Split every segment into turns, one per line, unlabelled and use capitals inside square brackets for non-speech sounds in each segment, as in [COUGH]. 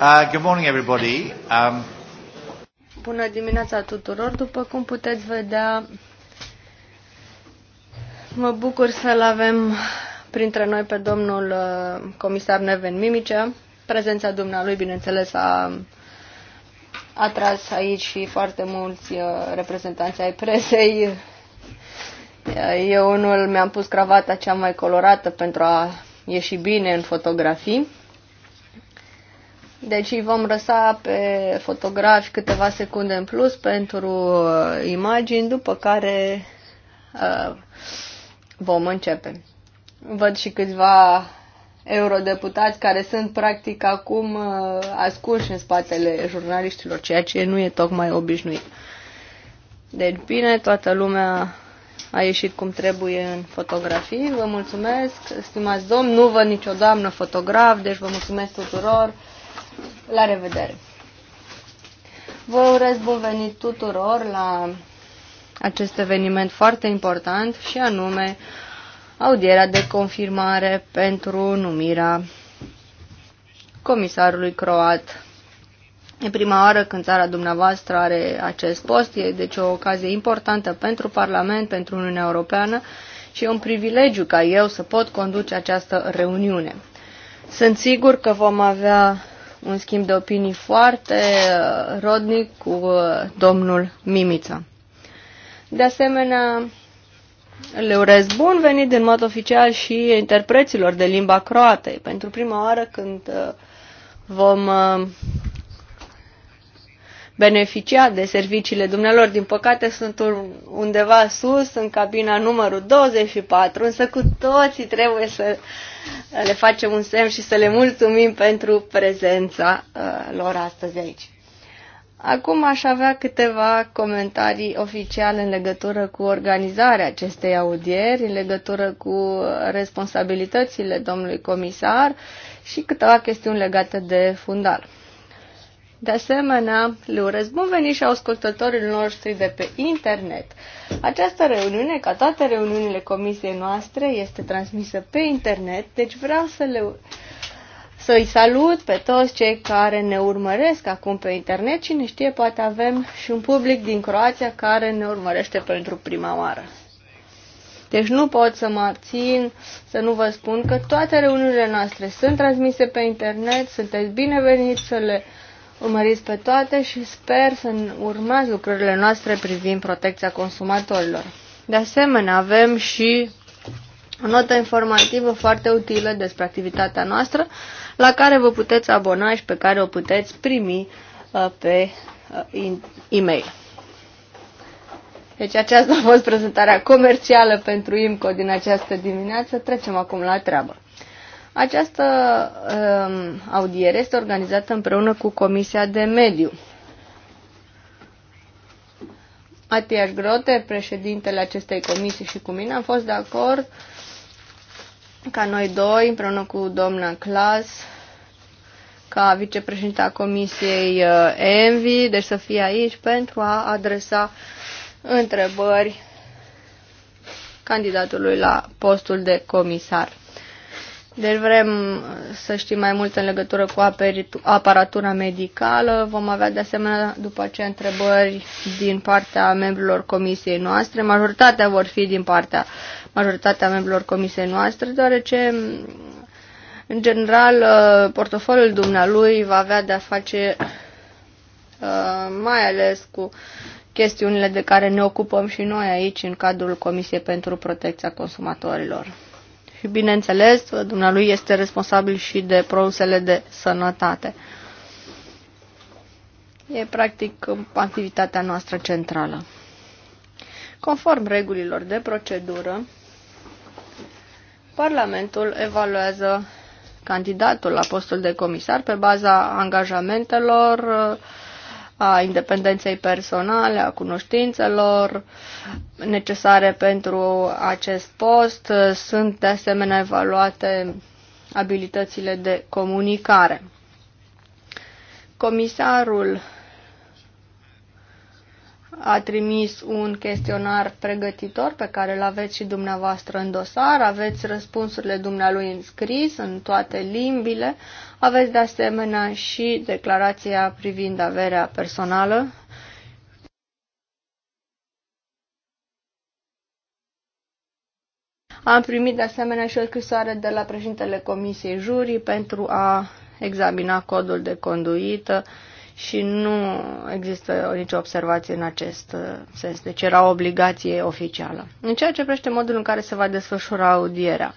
Uh, good morning everybody. Um...
Bună dimineața tuturor. După cum puteți vedea, mă bucur să-l avem printre noi pe domnul uh, comisar Neven Mimicea. Prezența dumnealui, bineînțeles, a atras aici și foarte mulți uh, reprezentanți ai presei. Eu unul mi-am pus cravata cea mai colorată pentru a ieși bine în fotografii. Deci îi vom răsa pe fotografi câteva secunde în plus pentru uh, imagini, după care uh, vom începe. Văd și câțiva eurodeputați care sunt practic acum uh, ascunși în spatele jurnaliștilor, ceea ce nu e tocmai obișnuit. Deci bine, toată lumea a ieșit cum trebuie în fotografii. Vă mulțumesc, stimați domn, nu văd nicio doamnă fotograf, deci vă mulțumesc tuturor. La revedere! Vă urez bun venit tuturor la acest eveniment foarte important și anume audierea de confirmare pentru numirea comisarului croat. E prima oară când țara dumneavoastră are acest post, e deci o ocazie importantă pentru Parlament, pentru Uniunea Europeană și e un privilegiu ca eu să pot conduce această reuniune. Sunt sigur că vom avea un schimb de opinii foarte uh, rodnic cu uh, domnul Mimiță. De asemenea, le urez bun venit în mod oficial și interpreților de limba croată. Pentru prima oară când uh, vom beneficia de serviciile dumnealor. Din păcate sunt undeva sus, în cabina numărul 24, însă cu toții trebuie să le facem un semn și să le mulțumim pentru prezența uh, lor astăzi aici. Acum aș avea câteva comentarii oficiale în legătură cu organizarea acestei audieri, în legătură cu responsabilitățile domnului comisar și câteva chestiuni legate de fundal. De asemenea, le urez bun venit și ascultătorilor noștri de pe internet. Această reuniune, ca toate reuniunile comisiei noastre, este transmisă pe internet, deci vreau să le să i salut pe toți cei care ne urmăresc acum pe internet. Cine știe, poate avem și un public din Croația care ne urmărește pentru prima oară. Deci nu pot să mă abțin să nu vă spun că toate reuniunile noastre sunt transmise pe internet, sunteți bineveniți să le urmăriți pe toate și sper să urmați lucrurile noastre privind protecția consumatorilor. De asemenea, avem și o notă informativă foarte utilă despre activitatea noastră, la care vă puteți abona și pe care o puteți primi uh, pe uh, e-mail. Deci aceasta a fost prezentarea comercială pentru IMCO din această dimineață. Trecem acum la treabă. Această um, audiere este organizată împreună cu Comisia de Mediu. Matias Grote, președintele acestei comisii și cu mine, am fost de acord ca noi doi, împreună cu doamna Clas, ca vicepreședinte a Comisiei uh, ENVI, deci să fie aici pentru a adresa întrebări candidatului la postul de comisar. Deci vrem uh, să știm mai mult în legătură cu aparatura medicală. Vom avea de asemenea după aceea întrebări din partea membrilor comisiei noastre. Majoritatea vor fi din partea majoritatea membrilor comisiei noastre, deoarece mm, în general uh, portofoliul dumnealui va avea de a face uh, mai ales cu chestiunile de care ne ocupăm și noi aici în cadrul Comisiei pentru Protecția Consumatorilor. Și, bineînțeles, dumnealui este responsabil și de produsele de sănătate. E, practic, activitatea noastră centrală. Conform regulilor de procedură, Parlamentul evaluează candidatul la postul de comisar pe baza angajamentelor, a independenței personale, a cunoștințelor necesare pentru acest post. Sunt de asemenea evaluate abilitățile de comunicare. Comisarul a trimis un chestionar pregătitor pe care îl aveți și dumneavoastră în dosar, aveți răspunsurile dumnealui înscris în toate limbile, aveți de asemenea și declarația privind averea personală Am primit de asemenea și o scrisoare de la președintele Comisiei Jurii pentru a examina codul de conduită și nu există nicio observație în acest uh, sens. Deci era o obligație oficială. În ceea ce prește modul în care se va desfășura audierea.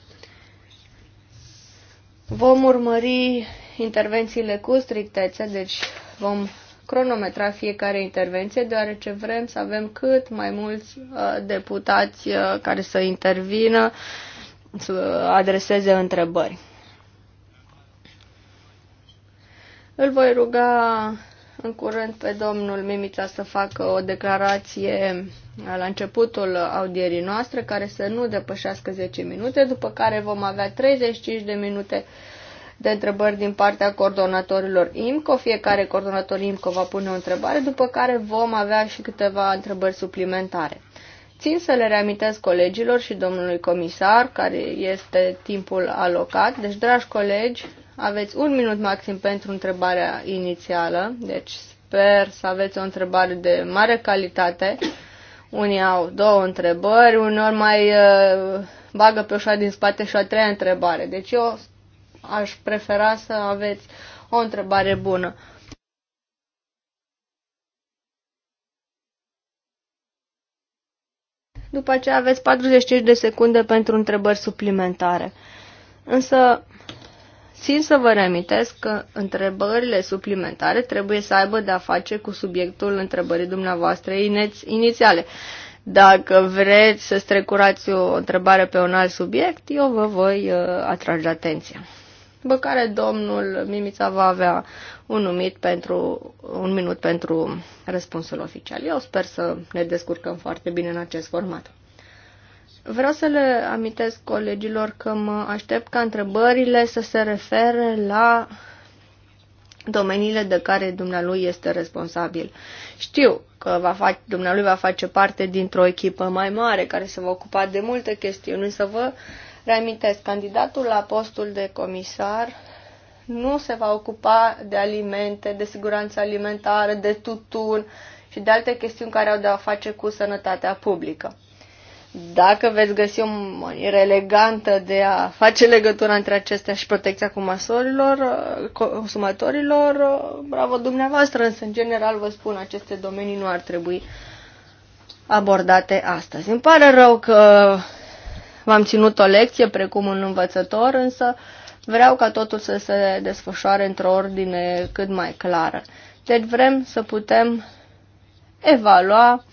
Vom urmări intervențiile cu strictețe, deci vom cronometra fiecare intervenție, deoarece vrem să avem cât mai mulți uh, deputați uh, care să intervină, să adreseze întrebări. Îl voi ruga în curând pe domnul Mimița să facă o declarație la începutul audierii noastre, care să nu depășească 10 minute, după care vom avea 35 de minute de întrebări din partea coordonatorilor IMCO. Fiecare coordonator IMCO va pune o întrebare, după care vom avea și câteva întrebări suplimentare. Țin să le reamintesc colegilor și domnului comisar, care este timpul alocat. Deci, dragi colegi, aveți un minut maxim pentru întrebarea inițială, deci sper să aveți o întrebare de mare calitate. Unii au două întrebări, unor mai uh, bagă pe ușa din spate și a treia întrebare. Deci eu aș prefera să aveți o întrebare bună. După aceea aveți 45 de secunde pentru întrebări suplimentare. Însă Țin să vă reamintesc că întrebările suplimentare trebuie să aibă de-a face cu subiectul întrebării dumneavoastră inițiale. Dacă vreți să strecurați o întrebare pe un alt subiect, eu vă voi uh, atrage atenția. După care domnul Mimița va avea un, numit pentru, un minut pentru răspunsul oficial. Eu sper să ne descurcăm foarte bine în acest format. Vreau să le amintesc colegilor că mă aștept ca întrebările să se refere la domeniile de care dumnealui este responsabil. Știu că va face, dumnealui va face parte dintr-o echipă mai mare care se va ocupa de multe chestiuni, însă vă reamintesc, candidatul la postul de comisar nu se va ocupa de alimente, de siguranță alimentară, de tutun și de alte chestiuni care au de a face cu sănătatea publică. Dacă veți găsi o manieră elegantă de a face legătura între acestea și protecția uh, consumatorilor, uh, bravo dumneavoastră, însă în general vă spun, aceste domenii nu ar trebui abordate astăzi. Îmi pare rău că v-am ținut o lecție precum un învățător, însă vreau ca totul să se desfășoare într-o ordine cât mai clară. Deci vrem să putem evalua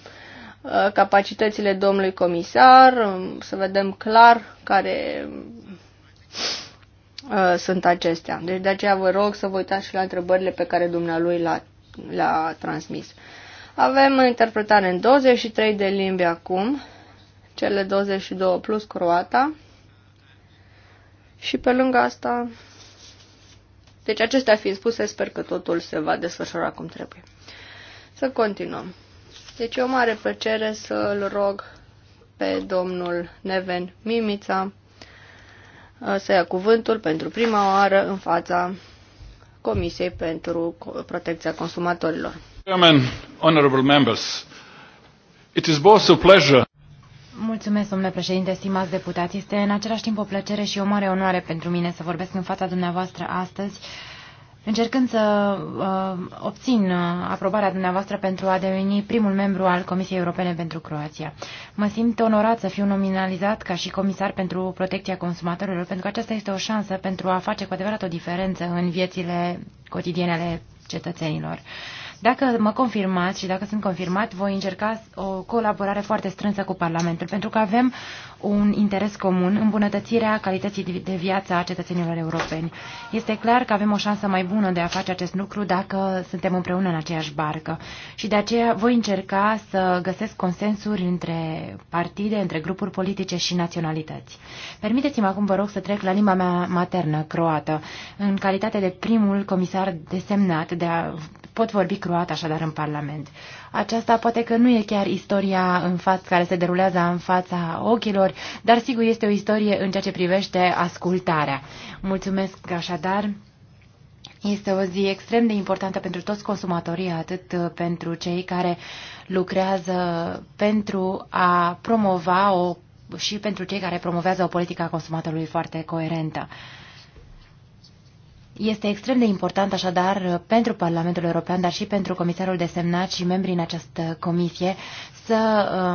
Uh, capacitățile domnului comisar, um, să vedem clar care uh, sunt acestea. Deci de aceea vă rog să vă uitați și la întrebările pe care dumnealui le-a, le-a transmis. Avem interpretare în 23 de limbi acum, cele 22 plus croata. Și pe lângă asta... Deci acestea fiind spuse, sper că totul se va desfășura cum trebuie. Să continuăm. Deci e o mare plăcere să-l rog pe domnul Neven Mimița uh, să ia cuvântul pentru prima oară în fața
Comisiei pentru Protecția Consumatorilor.
Chairman, honorable members,
it is both a pleasure Mulțumesc, domnule președinte, stimați deputați. Este în același timp o plăcere și o mare onoare pentru mine să vorbesc în fața dumneavoastră astăzi încercând să uh, obțin uh, aprobarea dumneavoastră pentru a deveni primul membru al Comisiei Europene pentru Croația. Mă simt onorat să fiu nominalizat ca și comisar pentru protecția consumatorilor, pentru că aceasta este o șansă pentru a face cu adevărat o diferență în viețile cotidiene ale cetățenilor. Uh, dacă mă confirmați și dacă sunt confirmat, voi încerca o colaborare foarte strânsă cu Parlamentul, pentru că avem un interes comun, îmbunătățirea calității de viață a cetățenilor europeni. Este clar că avem o șansă mai bună de a face acest lucru dacă suntem împreună în aceeași barcă. Și de aceea voi încerca să găsesc consensuri între partide, între grupuri politice și naționalități. Permiteți-mi acum, vă rog, să trec la limba mea maternă, croată, în calitate de primul comisar desemnat de a pot vorbi croat așadar în Parlament. Aceasta poate că nu e chiar istoria în față, care se derulează în fața ochilor, dar sigur este o istorie în ceea ce privește ascultarea. Mulțumesc așadar. Este o zi extrem de importantă pentru toți consumatorii, atât uh, pentru cei care lucrează pentru a promova o și pentru cei care promovează o politică a consumatorului foarte coerentă. Este extrem de important așadar pentru Parlamentul European, dar și pentru comisarul desemnat și membrii în această comisie să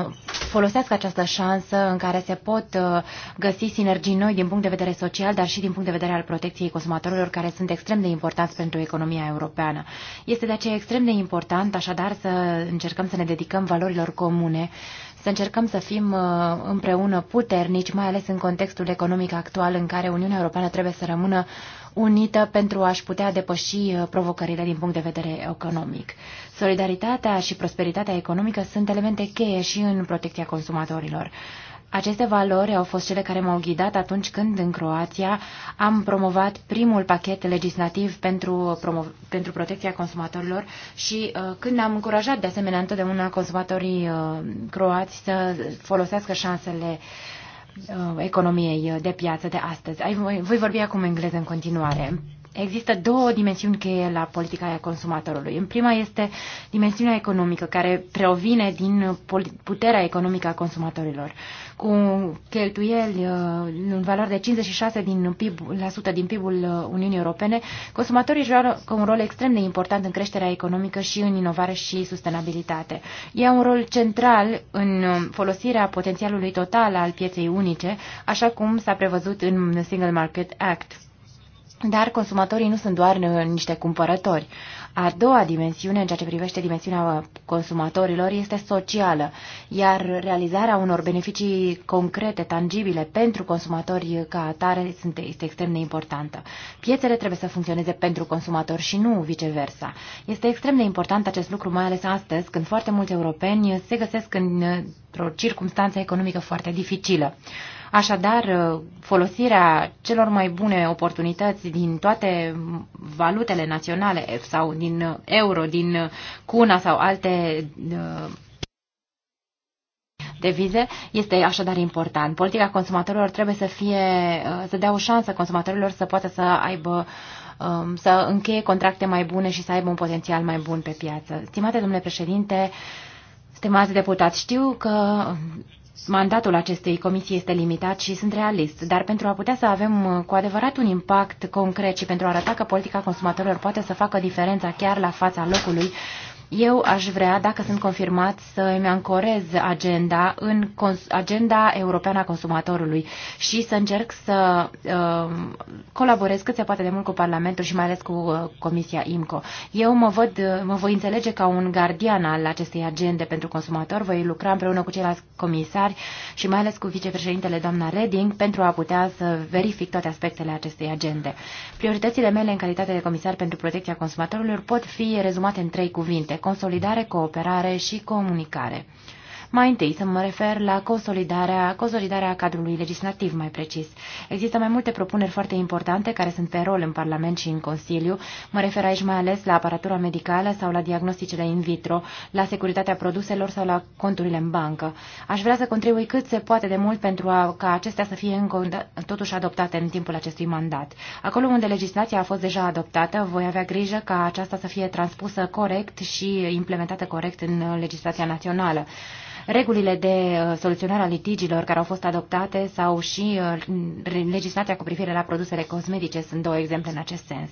uh, folosească această șansă în care se pot uh, găsi sinergii noi din punct de vedere social, dar și din punct de vedere al protecției consumatorilor, care sunt extrem de importanți pentru economia europeană. Este de aceea extrem de important așadar să încercăm să ne dedicăm valorilor comune să încercăm să fim uh, împreună puternici, mai ales în contextul economic actual în care Uniunea Europeană trebuie să rămână unită pentru a-și putea depăși uh, provocările din punct de vedere economic. Solidaritatea și prosperitatea economică sunt elemente cheie și în protecția consumatorilor. Aceste valori au fost cele care m-au ghidat atunci când, în Croația, am promovat primul pachet legislativ pentru, uh, pentru protecția consumatorilor și uh, când am încurajat, de asemenea, întotdeauna consumatorii uh, croați să folosească șansele uh, Uh, economiei de piață de astăzi. Voi vorbi acum engleză în continuare. Există două dimensiuni cheie la politica consumatorului. În prima este dimensiunea economică, care provine din puterea economică a consumatorilor. Cu cheltuieli uh, în valoare de 56 din PIB, la sută din PIB-ul uh, Uniunii Europene, consumatorii joacă un rol extrem de important în creșterea economică și în inovare și sustenabilitate. E un rol central în uh, folosirea potențialului total al pieței unice, așa cum s-a prevăzut în Single Market Act. Dar consumatorii nu sunt doar niște cumpărători. A doua dimensiune, în ceea ce privește dimensiunea consumatorilor, este socială, iar realizarea unor beneficii concrete, tangibile pentru consumatori ca atare este extrem de importantă. Piețele trebuie să funcționeze pentru consumatori și nu viceversa. Este extrem de important acest lucru, mai ales astăzi, când foarte mulți europeni se găsesc într-o circunstanță economică foarte dificilă. Așadar, uh, folosirea celor mai bune oportunități din toate valutele naționale sau din uh, euro, din uh, cuna sau alte vize este așadar important. Politica consumatorilor trebuie să fie, să dea o șansă consumatorilor să poată să aibă um, să încheie contracte mai bune și să aibă un potențial mai bun pe piață. Stimate domnule președinte, stimați deputați, știu că mandatul acestei comisii este limitat și sunt realist, dar pentru a putea să avem uh, cu adevărat un impact concret și pentru a arăta că politica consumatorilor poate să facă diferența chiar la fața locului, eu aș vrea, dacă sunt confirmat, să îmi ancorez agenda în agenda europeană a consumatorului și să încerc să uh, colaborez cât se poate de mult cu Parlamentul și mai ales cu uh, Comisia IMCO. Eu mă, văd, uh, mă voi înțelege ca un gardian al acestei agende pentru consumator, voi lucra împreună cu ceilalți comisari și mai ales cu vicepreședintele doamna Reding pentru a putea să verific toate aspectele acestei agende. Prioritățile mele în calitate de comisar pentru protecția consumatorilor pot fi rezumate în trei cuvinte consolidare, cooperare și comunicare. Mai întâi să mă refer la consolidarea, consolidarea cadrului legislativ, mai precis. Există mai multe propuneri foarte importante care sunt pe rol în Parlament și în Consiliu. Mă refer aici mai ales la aparatura medicală sau la diagnosticele in vitro, la securitatea produselor sau la conturile în bancă. Aș vrea să contribui cât se poate de mult pentru a, ca acestea să fie încă, totuși adoptate în timpul acestui mandat. Acolo unde legislația a fost deja adoptată, voi avea grijă ca aceasta să fie transpusă corect și implementată corect în uh, legislația națională regulile de uh, soluționare a litigilor care au fost adoptate sau și uh, legislația cu privire la produsele cosmetice sunt două exemple în acest sens.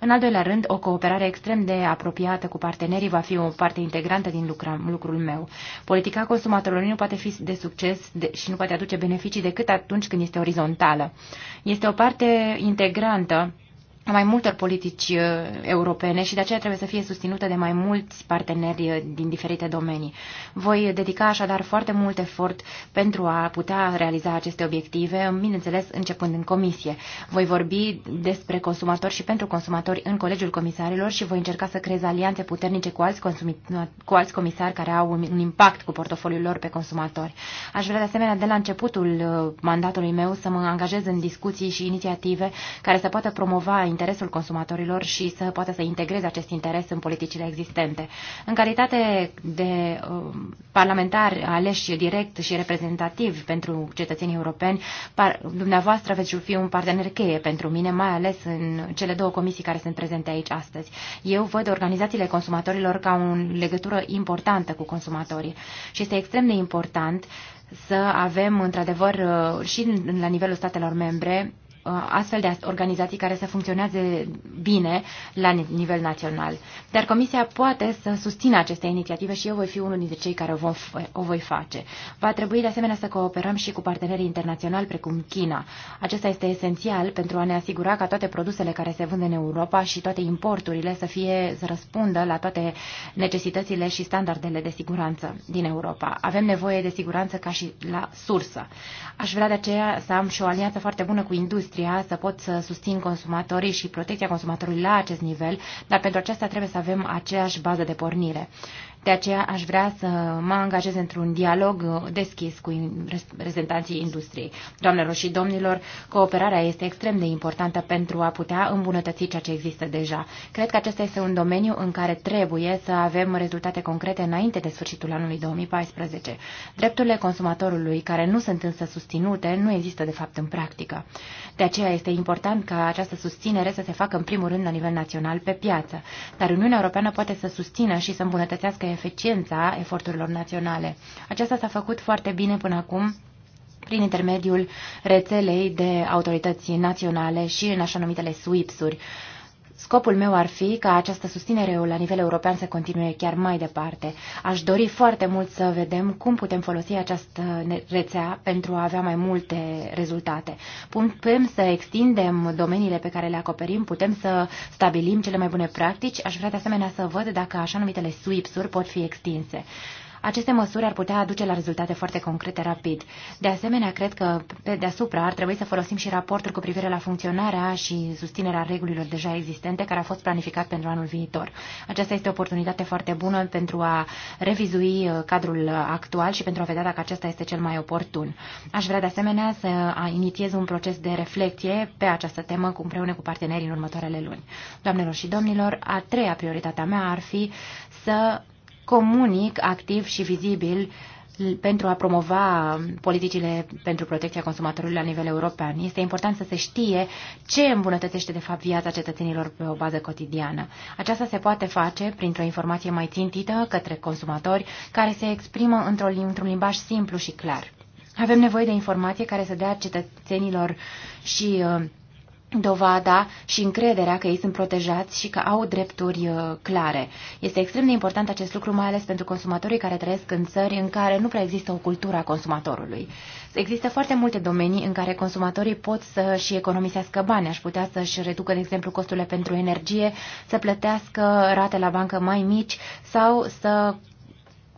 În al doilea rând, o cooperare extrem de apropiată cu partenerii va fi o parte integrantă din lucrul meu. Politica consumatorului nu poate fi de succes și nu poate aduce beneficii decât atunci când este orizontală. Este o parte integrantă mai multor politici uh, europene și de aceea trebuie să fie susținută de mai mulți parteneri uh, din diferite domenii. Voi dedica așadar foarte mult efort pentru a putea realiza aceste obiective, bineînțeles începând în comisie. Voi vorbi despre consumatori și pentru consumatori în Colegiul Comisarilor și voi încerca să creez alianțe puternice cu alți, cu alți comisari care au un impact cu portofoliul lor pe consumatori. Aș vrea de asemenea de la începutul uh, mandatului meu să mă angajez în discuții și inițiative care să poată promova interesul consumatorilor și să poată să integreze acest interes în politicile existente. În calitate de um, parlamentar aleși direct și reprezentativ pentru cetățenii europeni, dumneavoastră veți fi un partener cheie pentru mine, mai ales în cele două comisii care sunt prezente aici astăzi. Eu văd organizațiile consumatorilor ca o legătură importantă cu consumatorii și este extrem de important să avem, într-adevăr, uh, și la nivelul statelor membre, Uh, astfel de organizații care să funcționeze bine la nivel național. Dar Comisia poate să susțină aceste inițiative și eu voi fi unul dintre cei care o, o voi face. Va trebui de asemenea să cooperăm și cu partenerii internaționali precum China. Acesta este esențial pentru a ne asigura ca toate produsele care se vând în Europa și toate importurile să fie să răspundă la toate necesitățile și standardele de siguranță din Europa. Avem nevoie de siguranță ca și la sursă. Aș vrea de aceea să am și o alianță foarte bună cu industria industria să pot să susțin consumatorii și protecția consumatorului la acest nivel, dar pentru aceasta trebuie să avem aceeași bază de pornire. De aceea aș vrea să mă angajez într-un dialog uh, deschis cu reprezentanții industriei. Doamnelor și domnilor, cooperarea este extrem de importantă pentru a putea îmbunătăți ceea ce există deja. Cred că acesta este un domeniu în care trebuie să avem rezultate concrete înainte de sfârșitul anului 2014. Drepturile consumatorului, care nu sunt însă susținute, nu există de fapt în practică. De aceea este important ca această susținere să se facă în primul rând la nivel național pe piață. Dar Uniunea Europeană poate să susțină și să îmbunătățească eficiența eforturilor naționale. Aceasta s-a făcut foarte bine până acum prin intermediul rețelei de autorități naționale și în așa numitele SWIPS-uri. Scopul meu ar fi ca această susținere la nivel european să continue chiar mai departe. Aș dori foarte mult să vedem cum putem folosi această rețea pentru a avea mai multe rezultate. Putem să extindem domeniile pe care le acoperim, putem să stabilim cele mai bune practici. Aș vrea de asemenea să văd dacă așa numitele sweeps-uri pot fi extinse. Aceste măsuri ar putea aduce la rezultate foarte concrete rapid. De asemenea, cred că pe deasupra ar trebui să folosim și raportul cu privire la funcționarea și susținerea regulilor deja existente care a fost planificat pentru anul viitor. Aceasta este o oportunitate foarte bună pentru a revizui uh, cadrul actual și pentru a vedea dacă acesta este cel mai oportun. Aș vrea de asemenea să inițiez un proces de reflecție pe această temă cu împreună cu partenerii în următoarele luni. Doamnelor și domnilor, a treia prioritatea mea ar fi să comunic activ și vizibil pentru a promova politicile pentru protecția consumatorului la nivel european. Este important să se știe ce îmbunătățește de fapt viața cetățenilor pe o bază cotidiană. Aceasta se poate face printr-o informație mai țintită către consumatori care se exprimă într-un într limbaj simplu și clar. Avem nevoie de informație care să dea cetățenilor și uh, dovada și încrederea că ei sunt protejați și că au drepturi uh, clare. Este extrem de important acest lucru, mai ales pentru consumatorii care trăiesc în țări în care nu prea există o cultură a consumatorului. Există foarte multe domenii în care consumatorii pot să-și economisească bani, aș putea să-și reducă, de exemplu, costurile pentru energie, să plătească rate la bancă mai mici sau să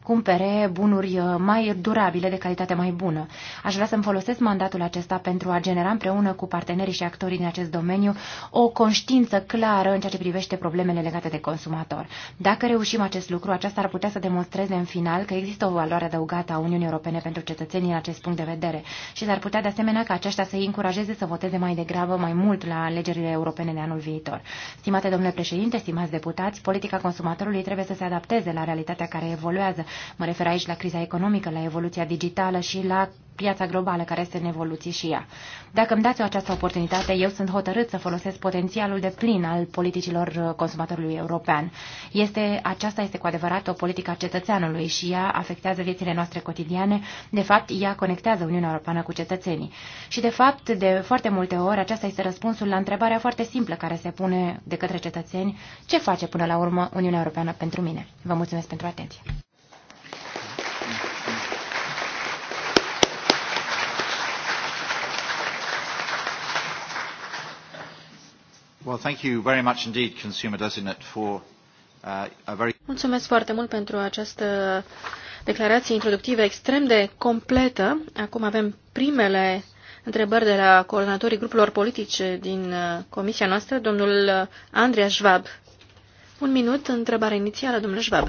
cumpere bunuri uh, mai durabile, de calitate mai bună. Aș vrea să-mi folosesc mandatul acesta pentru a genera împreună cu partenerii și actorii din acest domeniu o conștiință clară în ceea ce privește problemele legate de consumator. Dacă reușim acest lucru, aceasta ar putea să demonstreze în final că există o valoare adăugată a Uniunii Europene pentru cetățenii în acest punct de vedere și s-ar putea de asemenea ca aceștia să-i încurajeze să voteze mai degrabă, mai mult la alegerile europene de anul viitor. Stimate domnule președinte, stimați deputați, politica consumatorului trebuie să se adapteze la realitatea care evoluează Mă refer aici la criza economică, la evoluția digitală și la piața globală care este în evoluție și ea. Dacă îmi dați o această oportunitate, eu sunt hotărât să folosesc potențialul de plin al politicilor uh, consumatorului european. Este, aceasta este cu adevărat o politică a cetățeanului și ea afectează viețile noastre cotidiane. De fapt, ea conectează Uniunea Europeană cu cetățenii. Și, de fapt, de foarte multe ori, aceasta este răspunsul la întrebarea foarte simplă care se pune de către cetățeni, ce face până la urmă Uniunea Europeană pentru mine. Vă mulțumesc pentru atenție.
Well, thank you very much indeed, Consumer
Designate, for uh, a very...
Mulțumesc foarte mult pentru această declarație introductivă extrem de completă. Acum avem primele întrebări de la coordonatorii grupurilor politice din uh, comisia noastră, domnul uh, Andreea Schwab.
Un minut, întrebare inițială, domnule Schwab.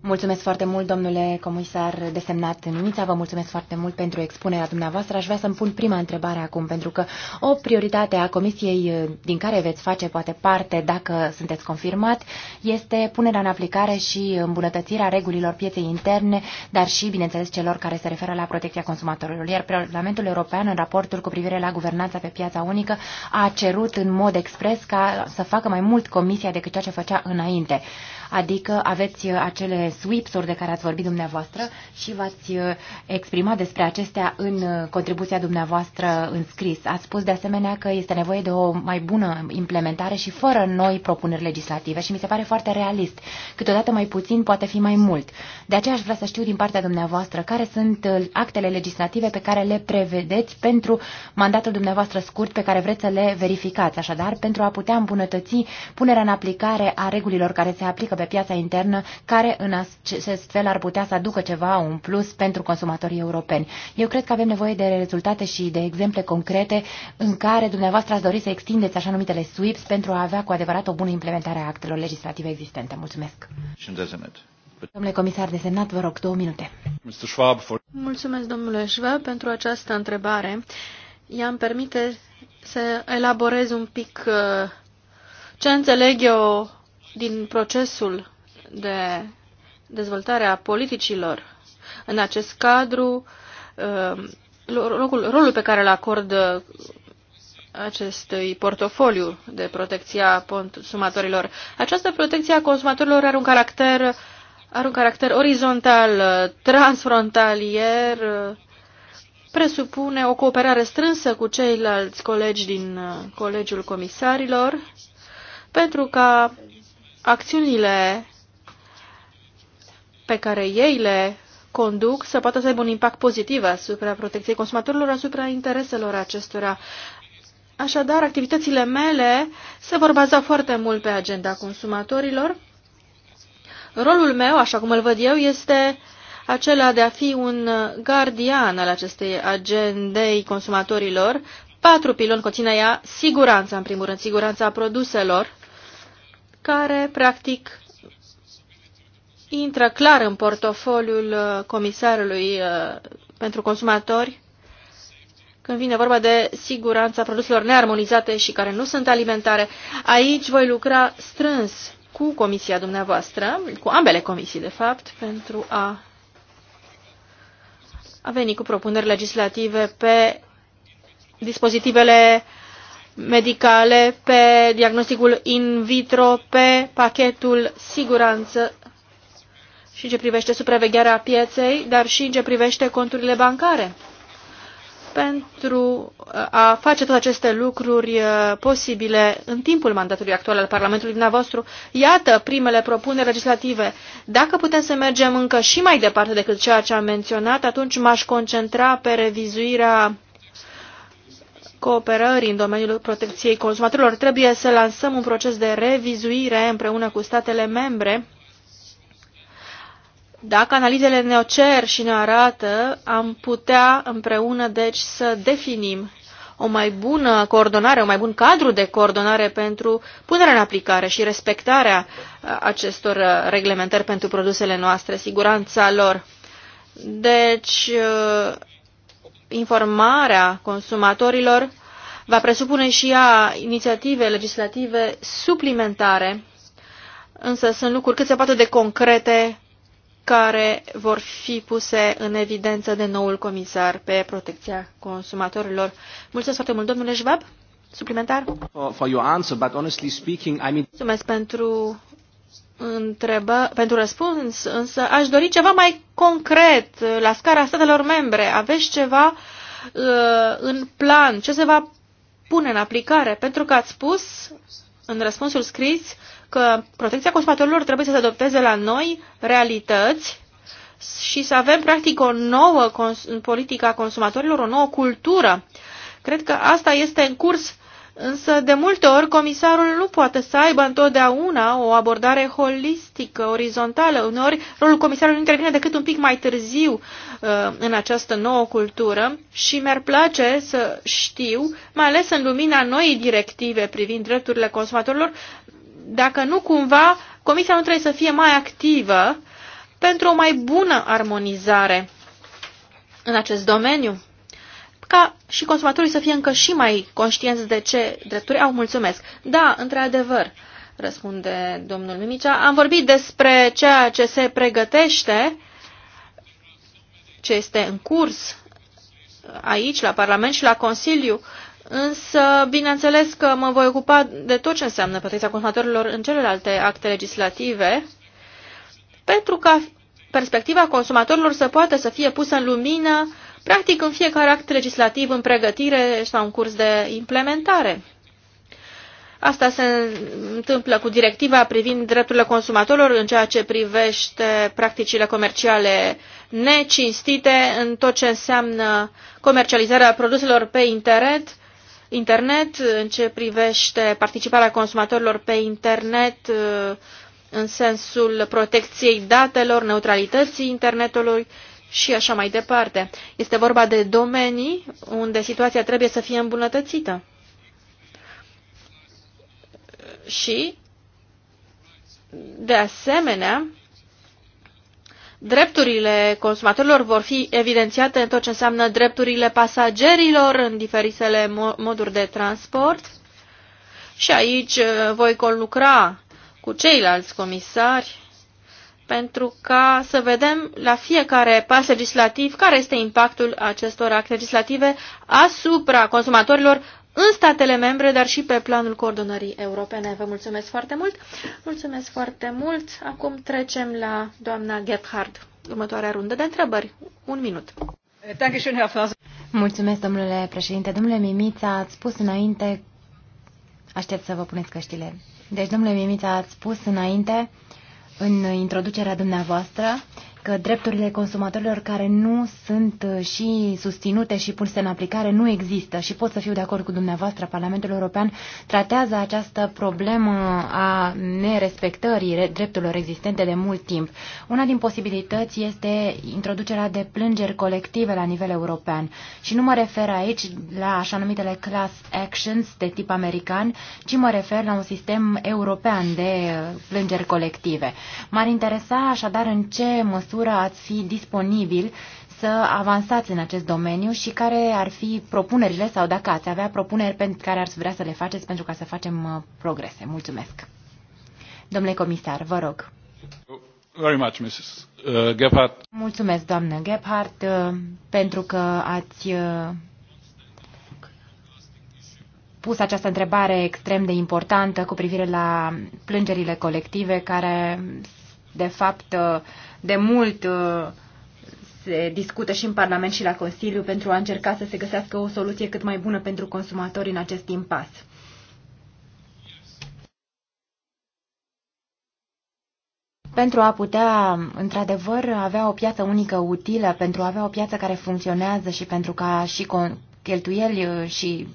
Mulțumesc foarte mult, domnule comisar desemnat Nimița. Vă mulțumesc foarte mult pentru expunerea dumneavoastră. Aș vrea să-mi pun prima întrebare acum, pentru că o prioritate a comisiei eh, din care veți face poate parte, dacă sunteți confirmat, este punerea în aplicare și îmbunătățirea regulilor pieței interne, dar și, bineînțeles, celor care se referă la protecția consumatorilor. Iar Parlamentul European, în raportul cu privire la guvernanța pe piața unică, a cerut în mod expres ca să facă mai mult Comisia decât ceea ce făcea înainte adică aveți uh, acele sweeps-uri de care ați vorbit dumneavoastră și v-ați uh, exprimat despre acestea în uh, contribuția dumneavoastră în scris. Ați spus de asemenea că este nevoie de o mai bună implementare și fără noi propuneri legislative și mi se pare foarte realist. Câteodată mai puțin poate fi mai mult. De aceea aș vrea să știu din partea dumneavoastră care sunt actele legislative pe care le prevedeți pentru mandatul dumneavoastră scurt pe care vreți să le verificați, așadar, pentru a putea îmbunătăți punerea în aplicare a regulilor care se aplică pe piața internă, care în acest fel ar putea să aducă ceva, un plus pentru consumatorii europeni. Eu cred că avem nevoie de rezultate și de exemple concrete în care dumneavoastră ați dori să extindeți așa numitele SWIPs pentru a avea cu adevărat o bună implementare a actelor legislative existente. Mulțumesc! Domnule comisar de senat, vă rog două minute.
Mulțumesc, domnule Schwab, pentru această întrebare. Ea îmi permite să elaborez un pic uh, ce înțeleg eu din procesul de dezvoltare a politicilor. În acest cadru, uh, locul, rolul pe care îl acordă acestui portofoliu de protecție a consumatorilor. Această protecție a consumatorilor are un caracter, are un caracter orizontal, transfrontalier, presupune o cooperare strânsă cu ceilalți colegi din uh, Colegiul Comisarilor pentru ca acțiunile pe care ei le conduc să poată să aibă un impact pozitiv asupra protecției consumatorilor, asupra intereselor acestora. Așadar, activitățile mele se vor baza foarte mult pe agenda consumatorilor. Rolul meu, așa cum îl văd eu, este acela de a fi un gardian al acestei agendei consumatorilor. Patru piloni conține ea siguranța, în primul rând, siguranța produselor, care practic intră clar în portofoliul uh, comisarului uh, pentru consumatori când vine vorba de siguranța produselor nearmonizate și care nu sunt alimentare. Aici voi lucra strâns cu comisia dumneavoastră, cu ambele comisii, de fapt, pentru a, a veni cu propuneri legislative pe dispozitivele medicale, pe diagnosticul in vitro, pe pachetul siguranță și în ce privește supravegherea pieței, dar și în ce privește conturile bancare. Pentru a face toate aceste lucruri uh, posibile în timpul mandatului actual al Parlamentului dumneavoastră, iată primele propuneri legislative. Dacă putem să mergem încă și mai departe decât ceea ce am menționat, atunci m-aș concentra pe revizuirea cooperării în domeniul protecției consumatorilor. Trebuie să lansăm un proces de revizuire împreună cu statele membre. Dacă analizele ne-o cer și ne arată, am putea împreună deci să definim o mai bună coordonare, un mai bun cadru de coordonare pentru punerea în aplicare și respectarea acestor reglementări pentru produsele noastre, siguranța lor. Deci, informarea consumatorilor va presupune și ea inițiative legislative suplimentare, însă sunt lucruri cât se poate de concrete care vor fi puse în evidență de noul comisar pe protecția consumatorilor. Mulțumesc foarte mult, domnule Schwab. Suplimentar?
For, for your answer, but honestly speaking, I mean...
Mulțumesc pentru întrebă, pentru răspuns, însă aș dori ceva mai concret la scara statelor membre. Aveți ceva uh, în plan? Ce se va pune în aplicare? Pentru că ați spus în răspunsul scris că protecția consumatorilor trebuie să se adopteze la noi realități și să avem practic o nouă politică a consumatorilor, o nouă cultură. Cred că asta este în curs uh, Însă, de multe ori, comisarul nu poate să aibă întotdeauna o abordare holistică, orizontală. Uneori, rolul comisarului intervine decât un pic mai târziu uh, în această nouă cultură și mi-ar place să știu, mai ales în lumina noii directive privind drepturile consumatorilor, dacă nu cumva comisia nu trebuie să fie mai activă pentru o mai bună armonizare în acest domeniu ca și consumatorii să fie încă și mai conștienți de ce drepturi au. Mulțumesc! Da, într-adevăr, răspunde domnul Mimicea. Am vorbit despre ceea ce se pregătește, ce este în curs aici, la Parlament și la Consiliu, însă, bineînțeles că mă voi ocupa de tot ce înseamnă protecția consumatorilor în celelalte acte legislative, pentru ca perspectiva consumatorilor să poată să fie pusă în lumină Practic, în fiecare act legislativ în pregătire sau în curs de implementare. Asta se întâmplă cu directiva privind drepturile consumatorilor în ceea ce privește practicile comerciale necinstite în tot ce înseamnă comercializarea produselor pe internet, internet în ce privește participarea consumatorilor pe internet în sensul protecției datelor, neutralității internetului și așa mai departe. Este vorba de domenii unde situația trebuie să fie îmbunătățită. Și, de asemenea, drepturile consumatorilor vor fi evidențiate în tot ce înseamnă drepturile pasagerilor în diferitele moduri de transport. Și aici eh, voi conlucra cu ceilalți comisari pentru ca să vedem la fiecare pas legislativ care este impactul acestor acte legislative asupra consumatorilor în statele membre, dar și pe planul coordonării europene. Vă mulțumesc foarte mult! Mulțumesc foarte mult! Acum trecem la doamna Gebhard. Următoarea rundă de întrebări.
Un minut. Mulțumesc, domnule președinte. Domnule Mimița, ați spus înainte... Aștept să vă puneți căștile. Deci, domnule Mimița, ați spus înainte în introducerea dumneavoastră că drepturile consumatorilor care nu sunt uh, și susținute și puse în aplicare nu există și pot să fiu de acord cu dumneavoastră. Parlamentul European tratează această problemă a nerespectării drepturilor existente de mult timp. Una din posibilități este introducerea de plângeri colective la nivel european și nu mă refer aici la așa numitele class actions de tip american, ci mă refer la un sistem european de uh, plângeri colective. M-ar interesa așadar în ce măsură măsură ați fi disponibil să avansați în acest domeniu și care ar fi propunerile sau dacă ați avea propuneri pe care ar vrea să le faceți pentru ca să facem uh, progrese. Mulțumesc. Domnule comisar, vă rog. Very much, Mrs.
Uh, Gephardt.
Mulțumesc, doamnă Gephardt, uh, pentru că ați pus această întrebare extrem de importantă cu privire la plângerile colective care, de fapt, de mult uh, se discută și în Parlament și la Consiliu pentru a încerca să se găsească o soluție cât mai bună pentru consumatori în acest impas. Pentru a putea, într-adevăr, avea o piață unică utilă, pentru a avea o piață care funcționează și pentru ca și cheltuieli uh, și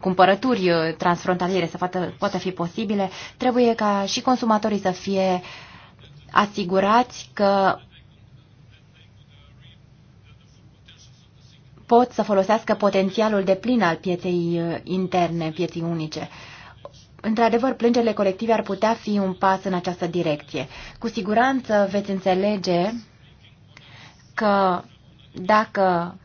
cumpărături uh, transfrontaliere să poată, poată fi posibile, trebuie ca și consumatorii să fie uh, asigurați că pot să folosească potențialul de plin al pieței uh, interne, pieții unice. Într-adevăr, plângerile colective ar putea fi un pas în această direcție. Cu siguranță veți înțelege că dacă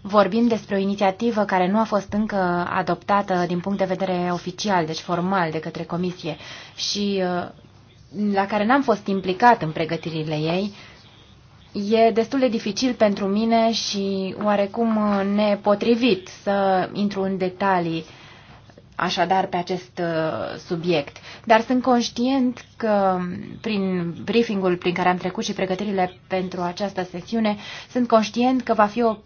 vorbim despre o inițiativă care nu a fost încă adoptată din punct de vedere oficial, deci formal, de către Comisie și uh, la care n-am fost implicat în pregătirile ei, e destul de dificil pentru mine și oarecum nepotrivit să intru în detalii așadar pe acest uh, subiect. Dar sunt conștient că prin briefingul prin care am trecut și pregătirile pentru această sesiune, sunt conștient că va fi o,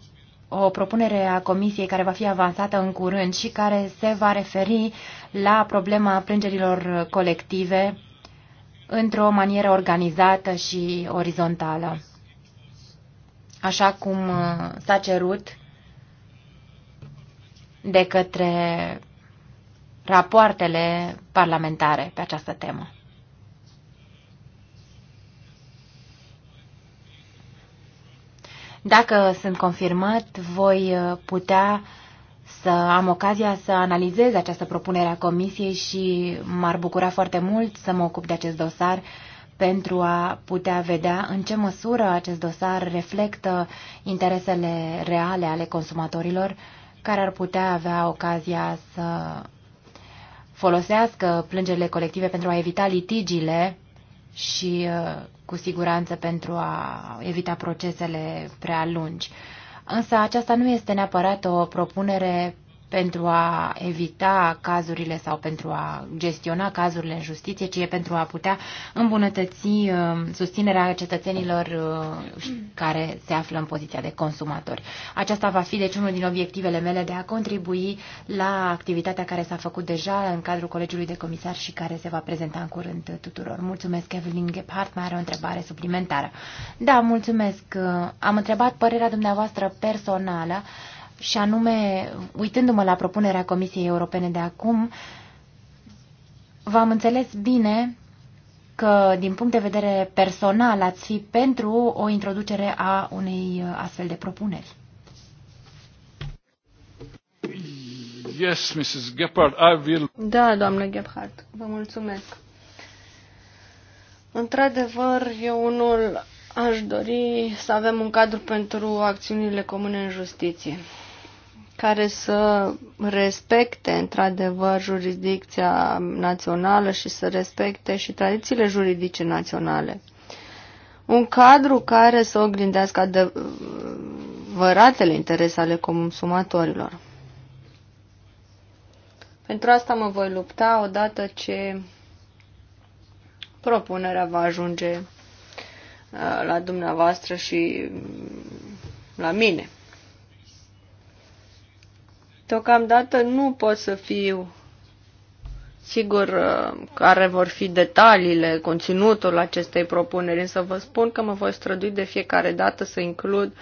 o propunere a comisiei care va fi avansată în curând și care se va referi la problema plângerilor colective într-o manieră organizată și orizontală, așa cum uh, s-a cerut de către rapoartele parlamentare pe această temă. Dacă sunt confirmat, voi uh, putea să am ocazia să analizez această propunere a Comisiei și m-ar bucura foarte mult să mă ocup de acest dosar pentru a putea vedea în ce măsură acest dosar reflectă interesele reale ale consumatorilor care ar putea avea ocazia să folosească plângerile colective pentru a evita litigiile și uh, cu siguranță pentru a evita procesele prea lungi. Însă aceasta nu este neapărat o propunere pentru a evita cazurile sau pentru a gestiona cazurile în justiție, ci e pentru a putea îmbunătăți uh, susținerea cetățenilor uh, care se află în poziția de consumatori. Aceasta va fi, deci, unul din obiectivele mele de a contribui la activitatea care s-a făcut deja în cadrul Colegiului de Comisar și care se va prezenta în curând tuturor. Mulțumesc, Evelyn Gephardt, mai are o întrebare suplimentară. Da, mulțumesc. Uh, am întrebat părerea dumneavoastră personală și anume, uitându-mă la propunerea Comisiei Europene de acum, v-am înțeles bine că, din punct de vedere personal, ați fi pentru o introducere a unei uh, astfel de propuneri. Yes, Mrs. Gephardt, I will... Da, doamnă Gephardt,
vă mulțumesc. Într-adevăr, eu unul aș dori să avem un cadru pentru acțiunile comune în justiție care să respecte într-adevăr jurisdicția națională și să respecte și tradițiile juridice naționale. Un cadru care să oglindească adevăratele interese ale consumatorilor. Pentru asta mă voi lupta odată ce propunerea va ajunge uh, la dumneavoastră și mm, la mine. Deocamdată nu pot să fiu sigur uh, care vor fi detaliile, conținutul acestei propuneri, însă vă spun că mă voi strădui de fiecare dată să includ